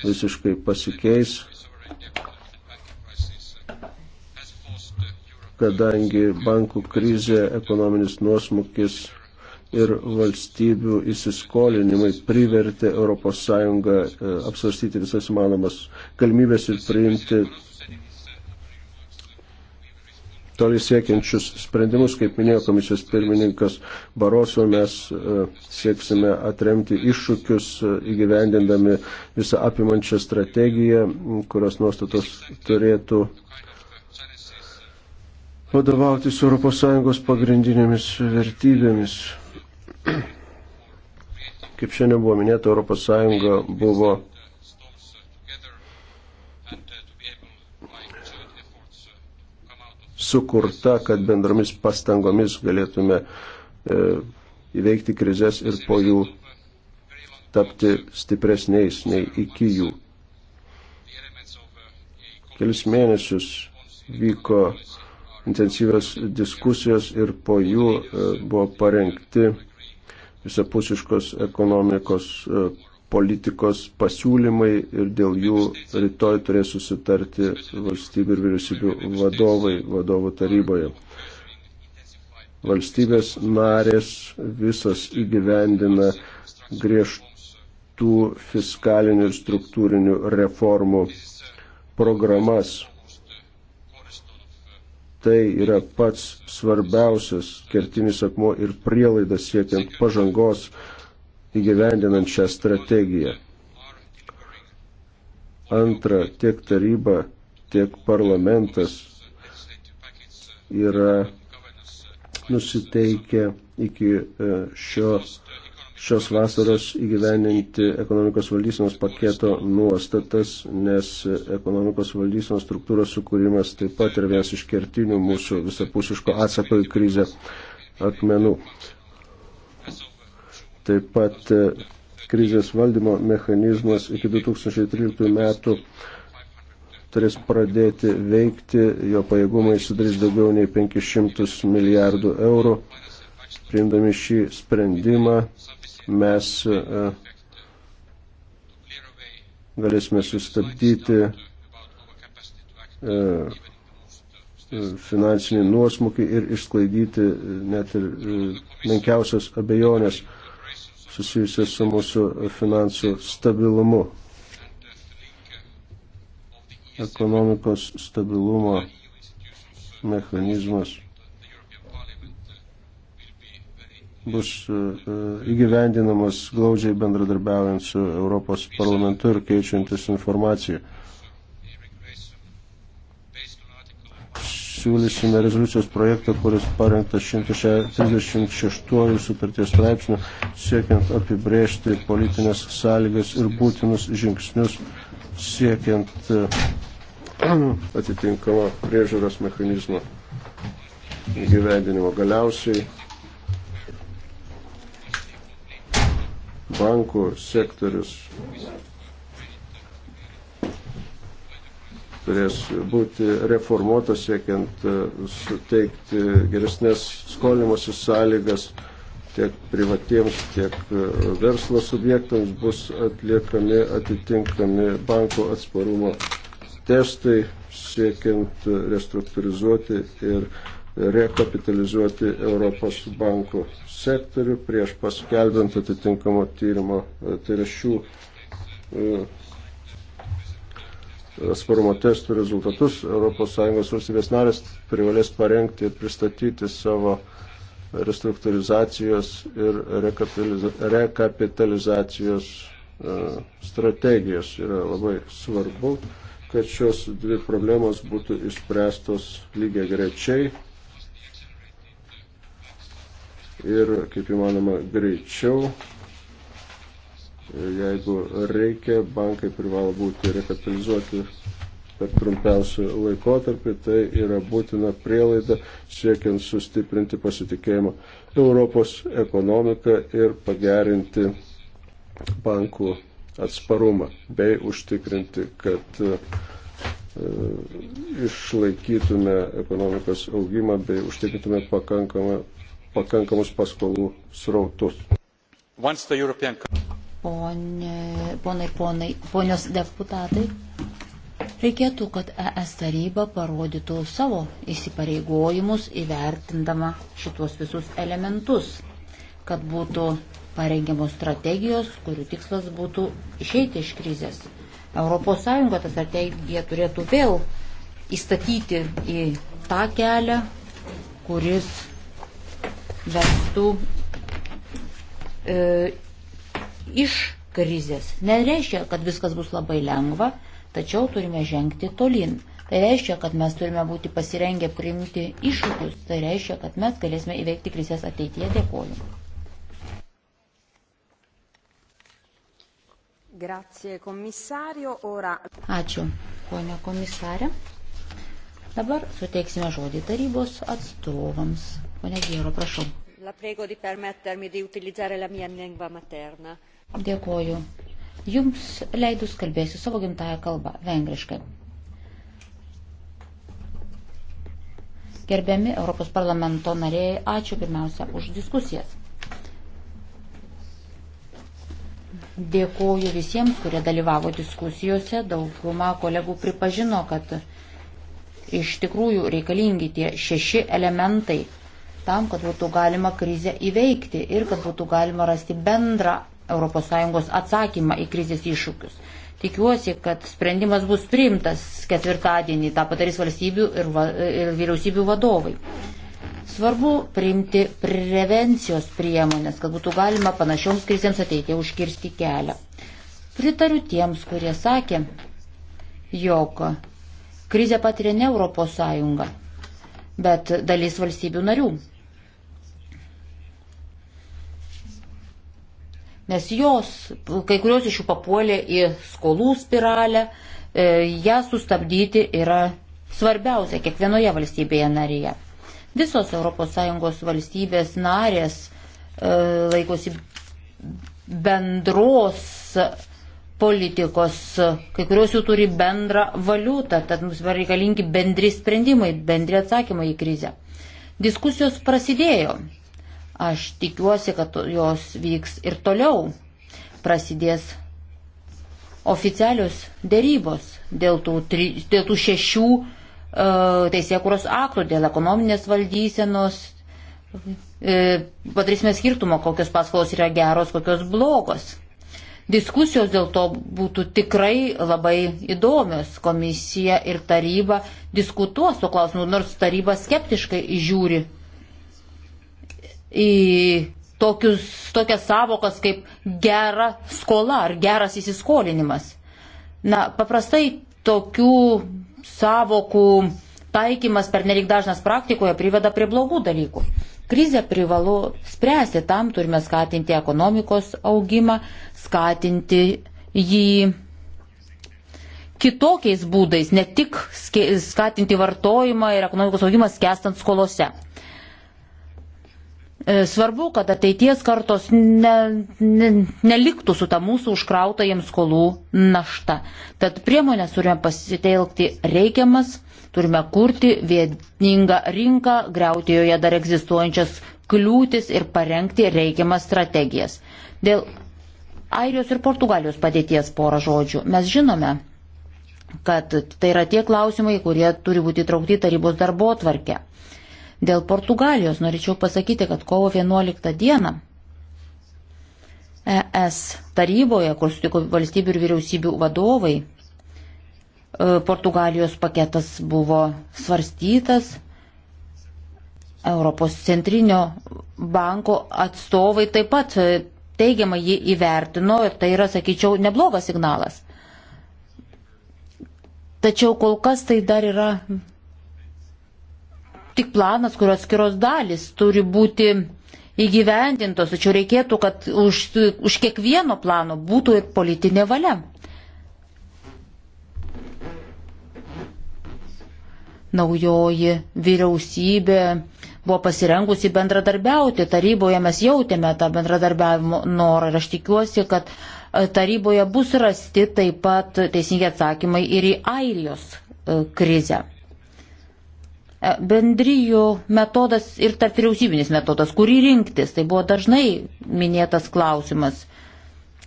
visiškai pasikeis, kadangi bankų krizė, ekonominis nuosmukis ir valstybių įsiskolinimai privertė ES e, apsvarstyti visas įmanomas galimybės ir priimti toli siekiančius sprendimus, kaip minėjo komisijos pirmininkas Baroso, mes e, sieksime atremti iššūkius e, įgyvendindami visą apimančią strategiją, kurios nuostatos turėtų vadovautis ES pagrindinėmis vertybėmis. Kaip šiandien buvo minėta, ES buvo sukurta, kad bendromis pastangomis galėtume e, įveikti krizės ir po jų tapti stipresniais nei iki jų. Kelis mėnesius vyko intensyvios diskusijos ir po jų e, buvo parengti visapusiškos ekonomikos e, politikos pasiūlymai ir dėl jų rytoj turės susitarti valstybių ir vyriausybių vadovai vadovų taryboje. Valstybės narės visas įgyvendina griežtų fiskalinių ir struktūrinių reformų programas. Tai yra pats svarbiausias kertinis akmo ir prielaidas siekiant pažangos įgyvendinant šią strategiją. Antra, tiek taryba, tiek parlamentas yra nusiteikę iki e, šio, šios vasaros įgyveninti ekonomikos valdysenos paketo nuostatas, nes ekonomikos valdysenos struktūros sukūrimas taip pat yra vienas iš kertinių mūsų visapusiško atsako į krizę akmenų. Taip pat e, krizės valdymo mechanizmas iki 2013 metų turės pradėti veikti, jo pajėgumai sudarys daugiau nei 500 milijardų eurų. Priimdami šį sprendimą mes e, galėsime sustabdyti e, finansinį nuosmukį ir išsklaidyti net ir menkiausias abejonės susijusias su mūsų finansų stabilumu. Ekonomikos stabilumo mechanizmas bus e, e, įgyvendinamas glaudžiai bendradarbiaujant su Europos parlamentu ir keičiantis informaciją. siūlysime rezoliucijos projektą, kuris parengtas 136 sutarties straipsnių, siekiant apibrėžti politinės sąlygas ir būtinus žingsnius, siekiant eh, atitinkamą priežiūros mechanizmą gyvendinimo. Galiausiai bankų sektorius turės būti reformuotas siekiant e, suteikti geresnės skolimosi sąlygas tiek privatiems, tiek e, verslo subjektams bus atliekami atitinkami banko atsparumo testai siekiant e, restruktūrizuoti ir rekapitalizuoti Europos bankų sektorių prieš paskelbant atitinkamo tyrimo, tai yra šių atsparumo testų rezultatus ES valstybės narės privalės parengti ir pristatyti savo restruktūrizacijos ir rekapitalizacijos e, strategijos. Yra labai svarbu, kad šios dvi problemos būtų išspręstos lygiai grečiai ir kaip įmanoma greičiau Jeigu reikia, bankai privalo būti rekapitalizuoti per trumpiausią laikotarpį, tai yra būtina prielaida siekiant sustiprinti pasitikėjimą Europos ekonomiką ir pagerinti bankų atsparumą bei užtikrinti, kad e, išlaikytume ekonomikos augimą bei užtikrintume pakankamus paskolų srautus. European ponė, ponai, ponai, ponios deputatai, reikėtų, kad ES taryba parodytų savo įsipareigojimus įvertindama šitos visus elementus, kad būtų parengiamos strategijos, kurių tikslas būtų išeiti iš krizės. ES tą strategiją turėtų vėl įstatyti į tą kelią, kuris vestų e, iš krizės. Nereiškia, kad viskas bus labai lengva, tačiau turime žengti tolin. Tai reiškia, kad mes turime būti pasirengę priimti iššūkius. Tai reiškia, kad mes galėsime įveikti krizės ateityje. Dėkoju. Grazie, komisario. Ora... Ačiū, ponia komisarė. Dabar suteiksime žodį tarybos atstovams. Pone Gėro, prašau. La prego di permettermi di utilizzare la mia lingua materna. Dėkoju. Jums leidus kalbėsiu savo gimtają kalbą, vengriškai. Gerbiami Europos parlamento nariai, ačiū pirmiausia už diskusijas. Dėkuoju visiems, kurie dalyvavo diskusijose. Dauguma kolegų pripažino, kad iš tikrųjų reikalingi tie šeši elementai tam, kad būtų galima krizę įveikti ir kad būtų galima rasti bendrą ES atsakymą į krizės iššūkius. Tikiuosi, kad sprendimas bus priimtas ketvirtadienį, tą padarys valstybių ir, va, ir vyriausybių vadovai. Svarbu priimti prevencijos priemonės, kad būtų galima panašioms krizėms ateitie užkirsti kelią. Pritariu tiems, kurie sakė, jog krizę patiria ne Europos Sąjunga, bet dalis valstybių narių. nes jos, kai kurios iš jų papuolė į skolų spiralę, e, ją sustabdyti yra svarbiausia kiekvienoje valstybėje narėje. Visos ES valstybės narės e, laikosi bendros politikos, kai kurios jų turi bendrą valiutą, tad mums reikalingi bendri sprendimai, bendri atsakymai į krizę. Diskusijos prasidėjo Aš tikiuosi, kad jos vyks ir toliau. Prasidės oficialios dėrybos dėl tų, tri, dėl tų šešių uh, teisėkuros aktų, dėl ekonominės valdysenos. E, padarysime skirtumą, kokios paskolos yra geros, kokios blogos. Diskusijos dėl to būtų tikrai labai įdomios. Komisija ir taryba diskutuos tuo klausimu, nors taryba skeptiškai žiūri į tokius, tokias savokas kaip gera skola ar geras įsiskolinimas. Na, paprastai tokių savokų taikymas per nelik dažnas praktikoje priveda prie blogų dalykų. Krizę privalu spręsti, tam turime skatinti ekonomikos augimą, skatinti jį kitokiais būdais, ne tik skatinti vartojimą ir ekonomikos augimą skęstant skolose. E, svarbu, kad ateities kartos ne, ne, neliktų su ta mūsų užkrauta jiems skolų našta. Tad priemonės turime pasitelkti reikiamas, turime kurti vieningą rinką, greuti joje dar egzistuojančias kliūtis ir parengti reikiamas strategijas. Dėl Airijos ir Portugalijos padėties porą žodžių. Mes žinome, kad tai yra tie klausimai, kurie turi būti įtraukti tarybos darbo tvarkė. Dėl Portugalijos norėčiau pasakyti, kad kovo 11 dieną ES taryboje, kur sutiko valstybių ir vyriausybių vadovai, e, Portugalijos paketas buvo svarstytas, Europos centrinio banko atstovai taip pat e, teigiamai jį įvertino ir tai yra, sakyčiau, neblogas signalas. Tačiau kol kas tai dar yra tik planas, kurios skiros dalis turi būti įgyvendintos, tačiau reikėtų, kad už, už kiekvieno plano būtų ir politinė valia. Naujoji vyriausybė buvo pasirengusi bendradarbiauti, taryboje mes jautėme tą bendradarbiavimo norą ir aš tikiuosi, kad e, taryboje bus rasti taip pat teisingi atsakymai ir į Airijos e, krizę. E, bendrijų metodas ir tarp vyriausybinis metodas, kurį rinktis, tai buvo dažnai minėtas klausimas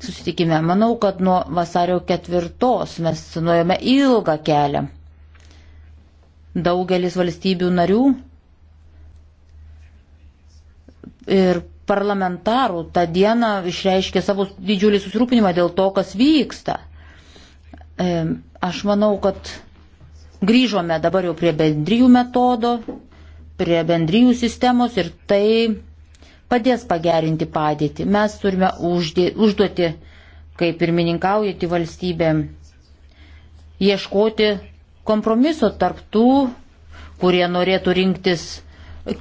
susitikime. Manau, kad nuo vasario ketvirtos mes nuėjome ilgą kelią. Daugelis valstybių narių ir parlamentarų tą dieną išreiškė savo didžiulį susirūpinimą dėl to, kas vyksta. E, aš manau, kad Grįžome dabar jau prie bendrijų metodo, prie bendrijų sistemos ir tai padės pagerinti padėtį. Mes turime uždė, užduoti, kaip pirmininkaujantį valstybę, ieškoti kompromiso tarp tų, kurie norėtų rinktis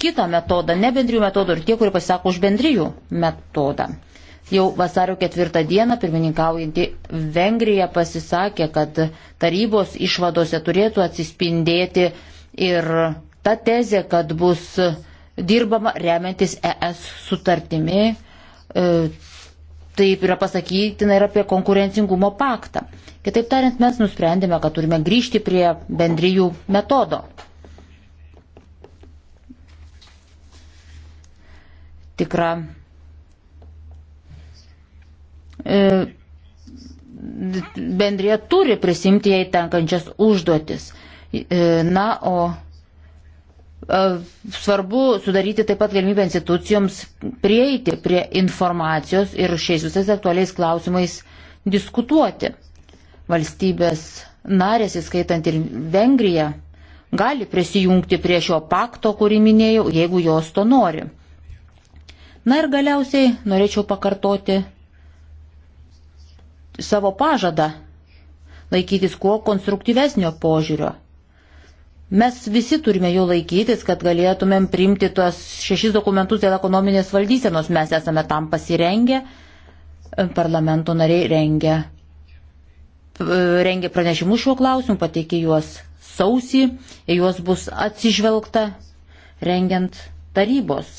kitą metodą, ne bendrijų metodą ir tie, kurie pasisako už bendrijų metodą. Jau vasario ketvirtą dieną pirmininkaujanti Vengrija pasisakė, kad tarybos išvadose turėtų atsispindėti ir ta tezė, kad bus dirbama remiantis ES sutartimi. E, taip yra pasakytina ir apie konkurencingumo paktą. Kitaip tariant, mes nusprendėme, kad turime grįžti prie bendrijų metodo. Tikra E, bendrė turi prisimti jai tenkančias užduotis. E, na, o e, svarbu sudaryti taip pat galimybę institucijoms prieiti prie informacijos ir šiais visais aktualiais klausimais diskutuoti. Valstybės narės, įskaitant ir Vengriją, gali prisijungti prie šio pakto, kurį minėjau, jeigu jos to nori. Na ir galiausiai norėčiau pakartoti savo pažadą laikytis kuo konstruktyvesnio požiūrio. Mes visi turime jo laikytis, kad galėtumėm priimti tuos šešis dokumentus dėl ekonominės valdysenos. Mes esame tam pasirengę, parlamento nariai rengia, rengia pranešimus šiuo klausimu, pateikė juos sausį, juos bus atsižvelgta rengiant tarybos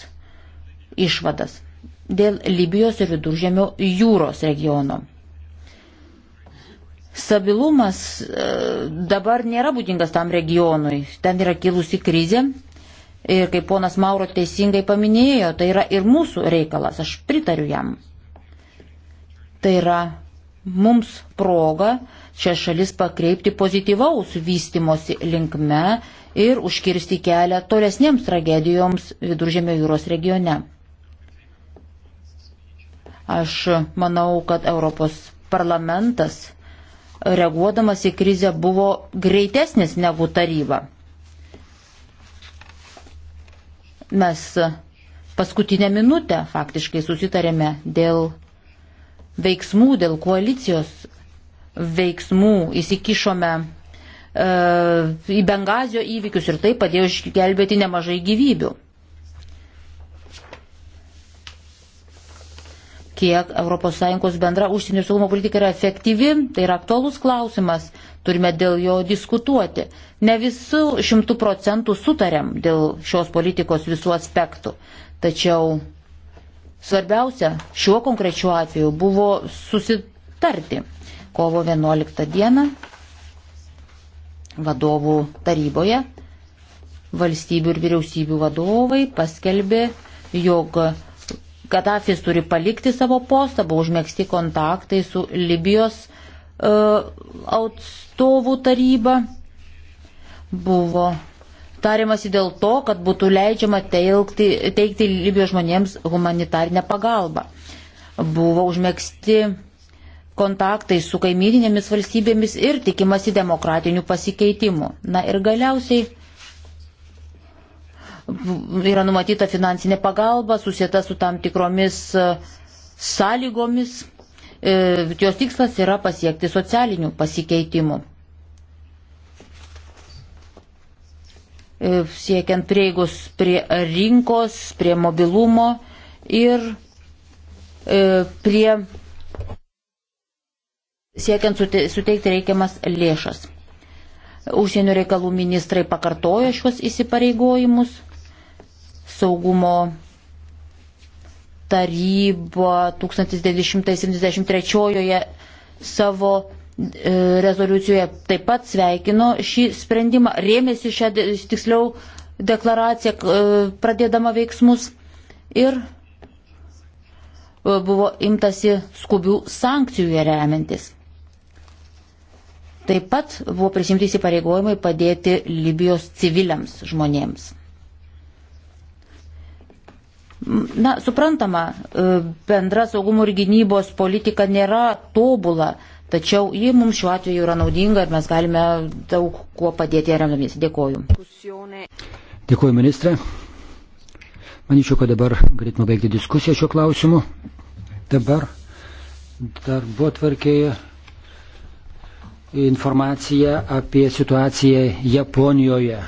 išvadas dėl Libijos ir viduržėmio jūros regiono. Stabilumas e, dabar nėra būdingas tam regionui. Ten yra kilusi krizė. Ir kaip ponas Mauro teisingai paminėjo, tai yra ir mūsų reikalas. Aš pritariu jam. Tai yra mums proga šią šalis pakreipti pozityvaus vystimosi linkme ir užkirsti kelią tolesniems tragedijoms Viduržėmio jūros regione. Aš manau, kad Europos parlamentas reaguodamas į krizę buvo greitesnis negu taryba. Mes paskutinę minutę faktiškai susitarėme dėl veiksmų, dėl koalicijos veiksmų, įsikišome e, į Bengazio įvykius ir tai padėjo išgelbėti nemažai gyvybių. kiek ES bendra užsienio saugumo politika yra efektyvi, tai yra aktuolus klausimas, turime dėl jo diskutuoti. Ne visų šimtų procentų sutarėm dėl šios politikos visų aspektų, tačiau svarbiausia šiuo konkrečiu atveju buvo susitarti. Kovo 11 dieną vadovų taryboje valstybių ir vyriausybių vadovai paskelbė, jog Gaddafis turi palikti savo postą, buvo užmėgsti kontaktai su Libijos uh, atstovų taryba. Buvo tariamasi dėl to, kad būtų leidžiama teilgti, teikti Libijos žmonėms humanitarinę pagalbą. Buvo užmėgsti kontaktai su kaimininėmis valstybėmis ir tikimasi demokratinių pasikeitimų. Na ir galiausiai yra numatyta finansinė pagalba, susieta su tam tikromis e, sąlygomis. E, jos tikslas yra pasiekti socialinių pasikeitimų. E, siekiant prieigos prie rinkos, prie mobilumo ir prie siekiant suteikti reikiamas lėšas. Užsienio reikalų ministrai pakartojo šios įsipareigojimus saugumo taryba 1973 savo e, rezoliucijoje taip pat sveikino šį sprendimą, rėmėsi šią tiksliau deklaraciją e, pradėdama veiksmus ir e, buvo imtasi skubių sankcijų ją remiantis. Taip pat buvo prisimti įsipareigojimai padėti Libijos civiliams žmonėms. Na, suprantama, e, bendra saugumo ir gynybos politika nėra tobula, tačiau ji mums šiuo atveju yra naudinga ir mes galime daug kuo padėti remdamiesi. Dėkoju. Dėkoju, ministrė. Manyčiau, kad dabar galėtume baigti diskusiją šiuo klausimu. Dabar darbo tvarkėje informacija apie situaciją Japonijoje.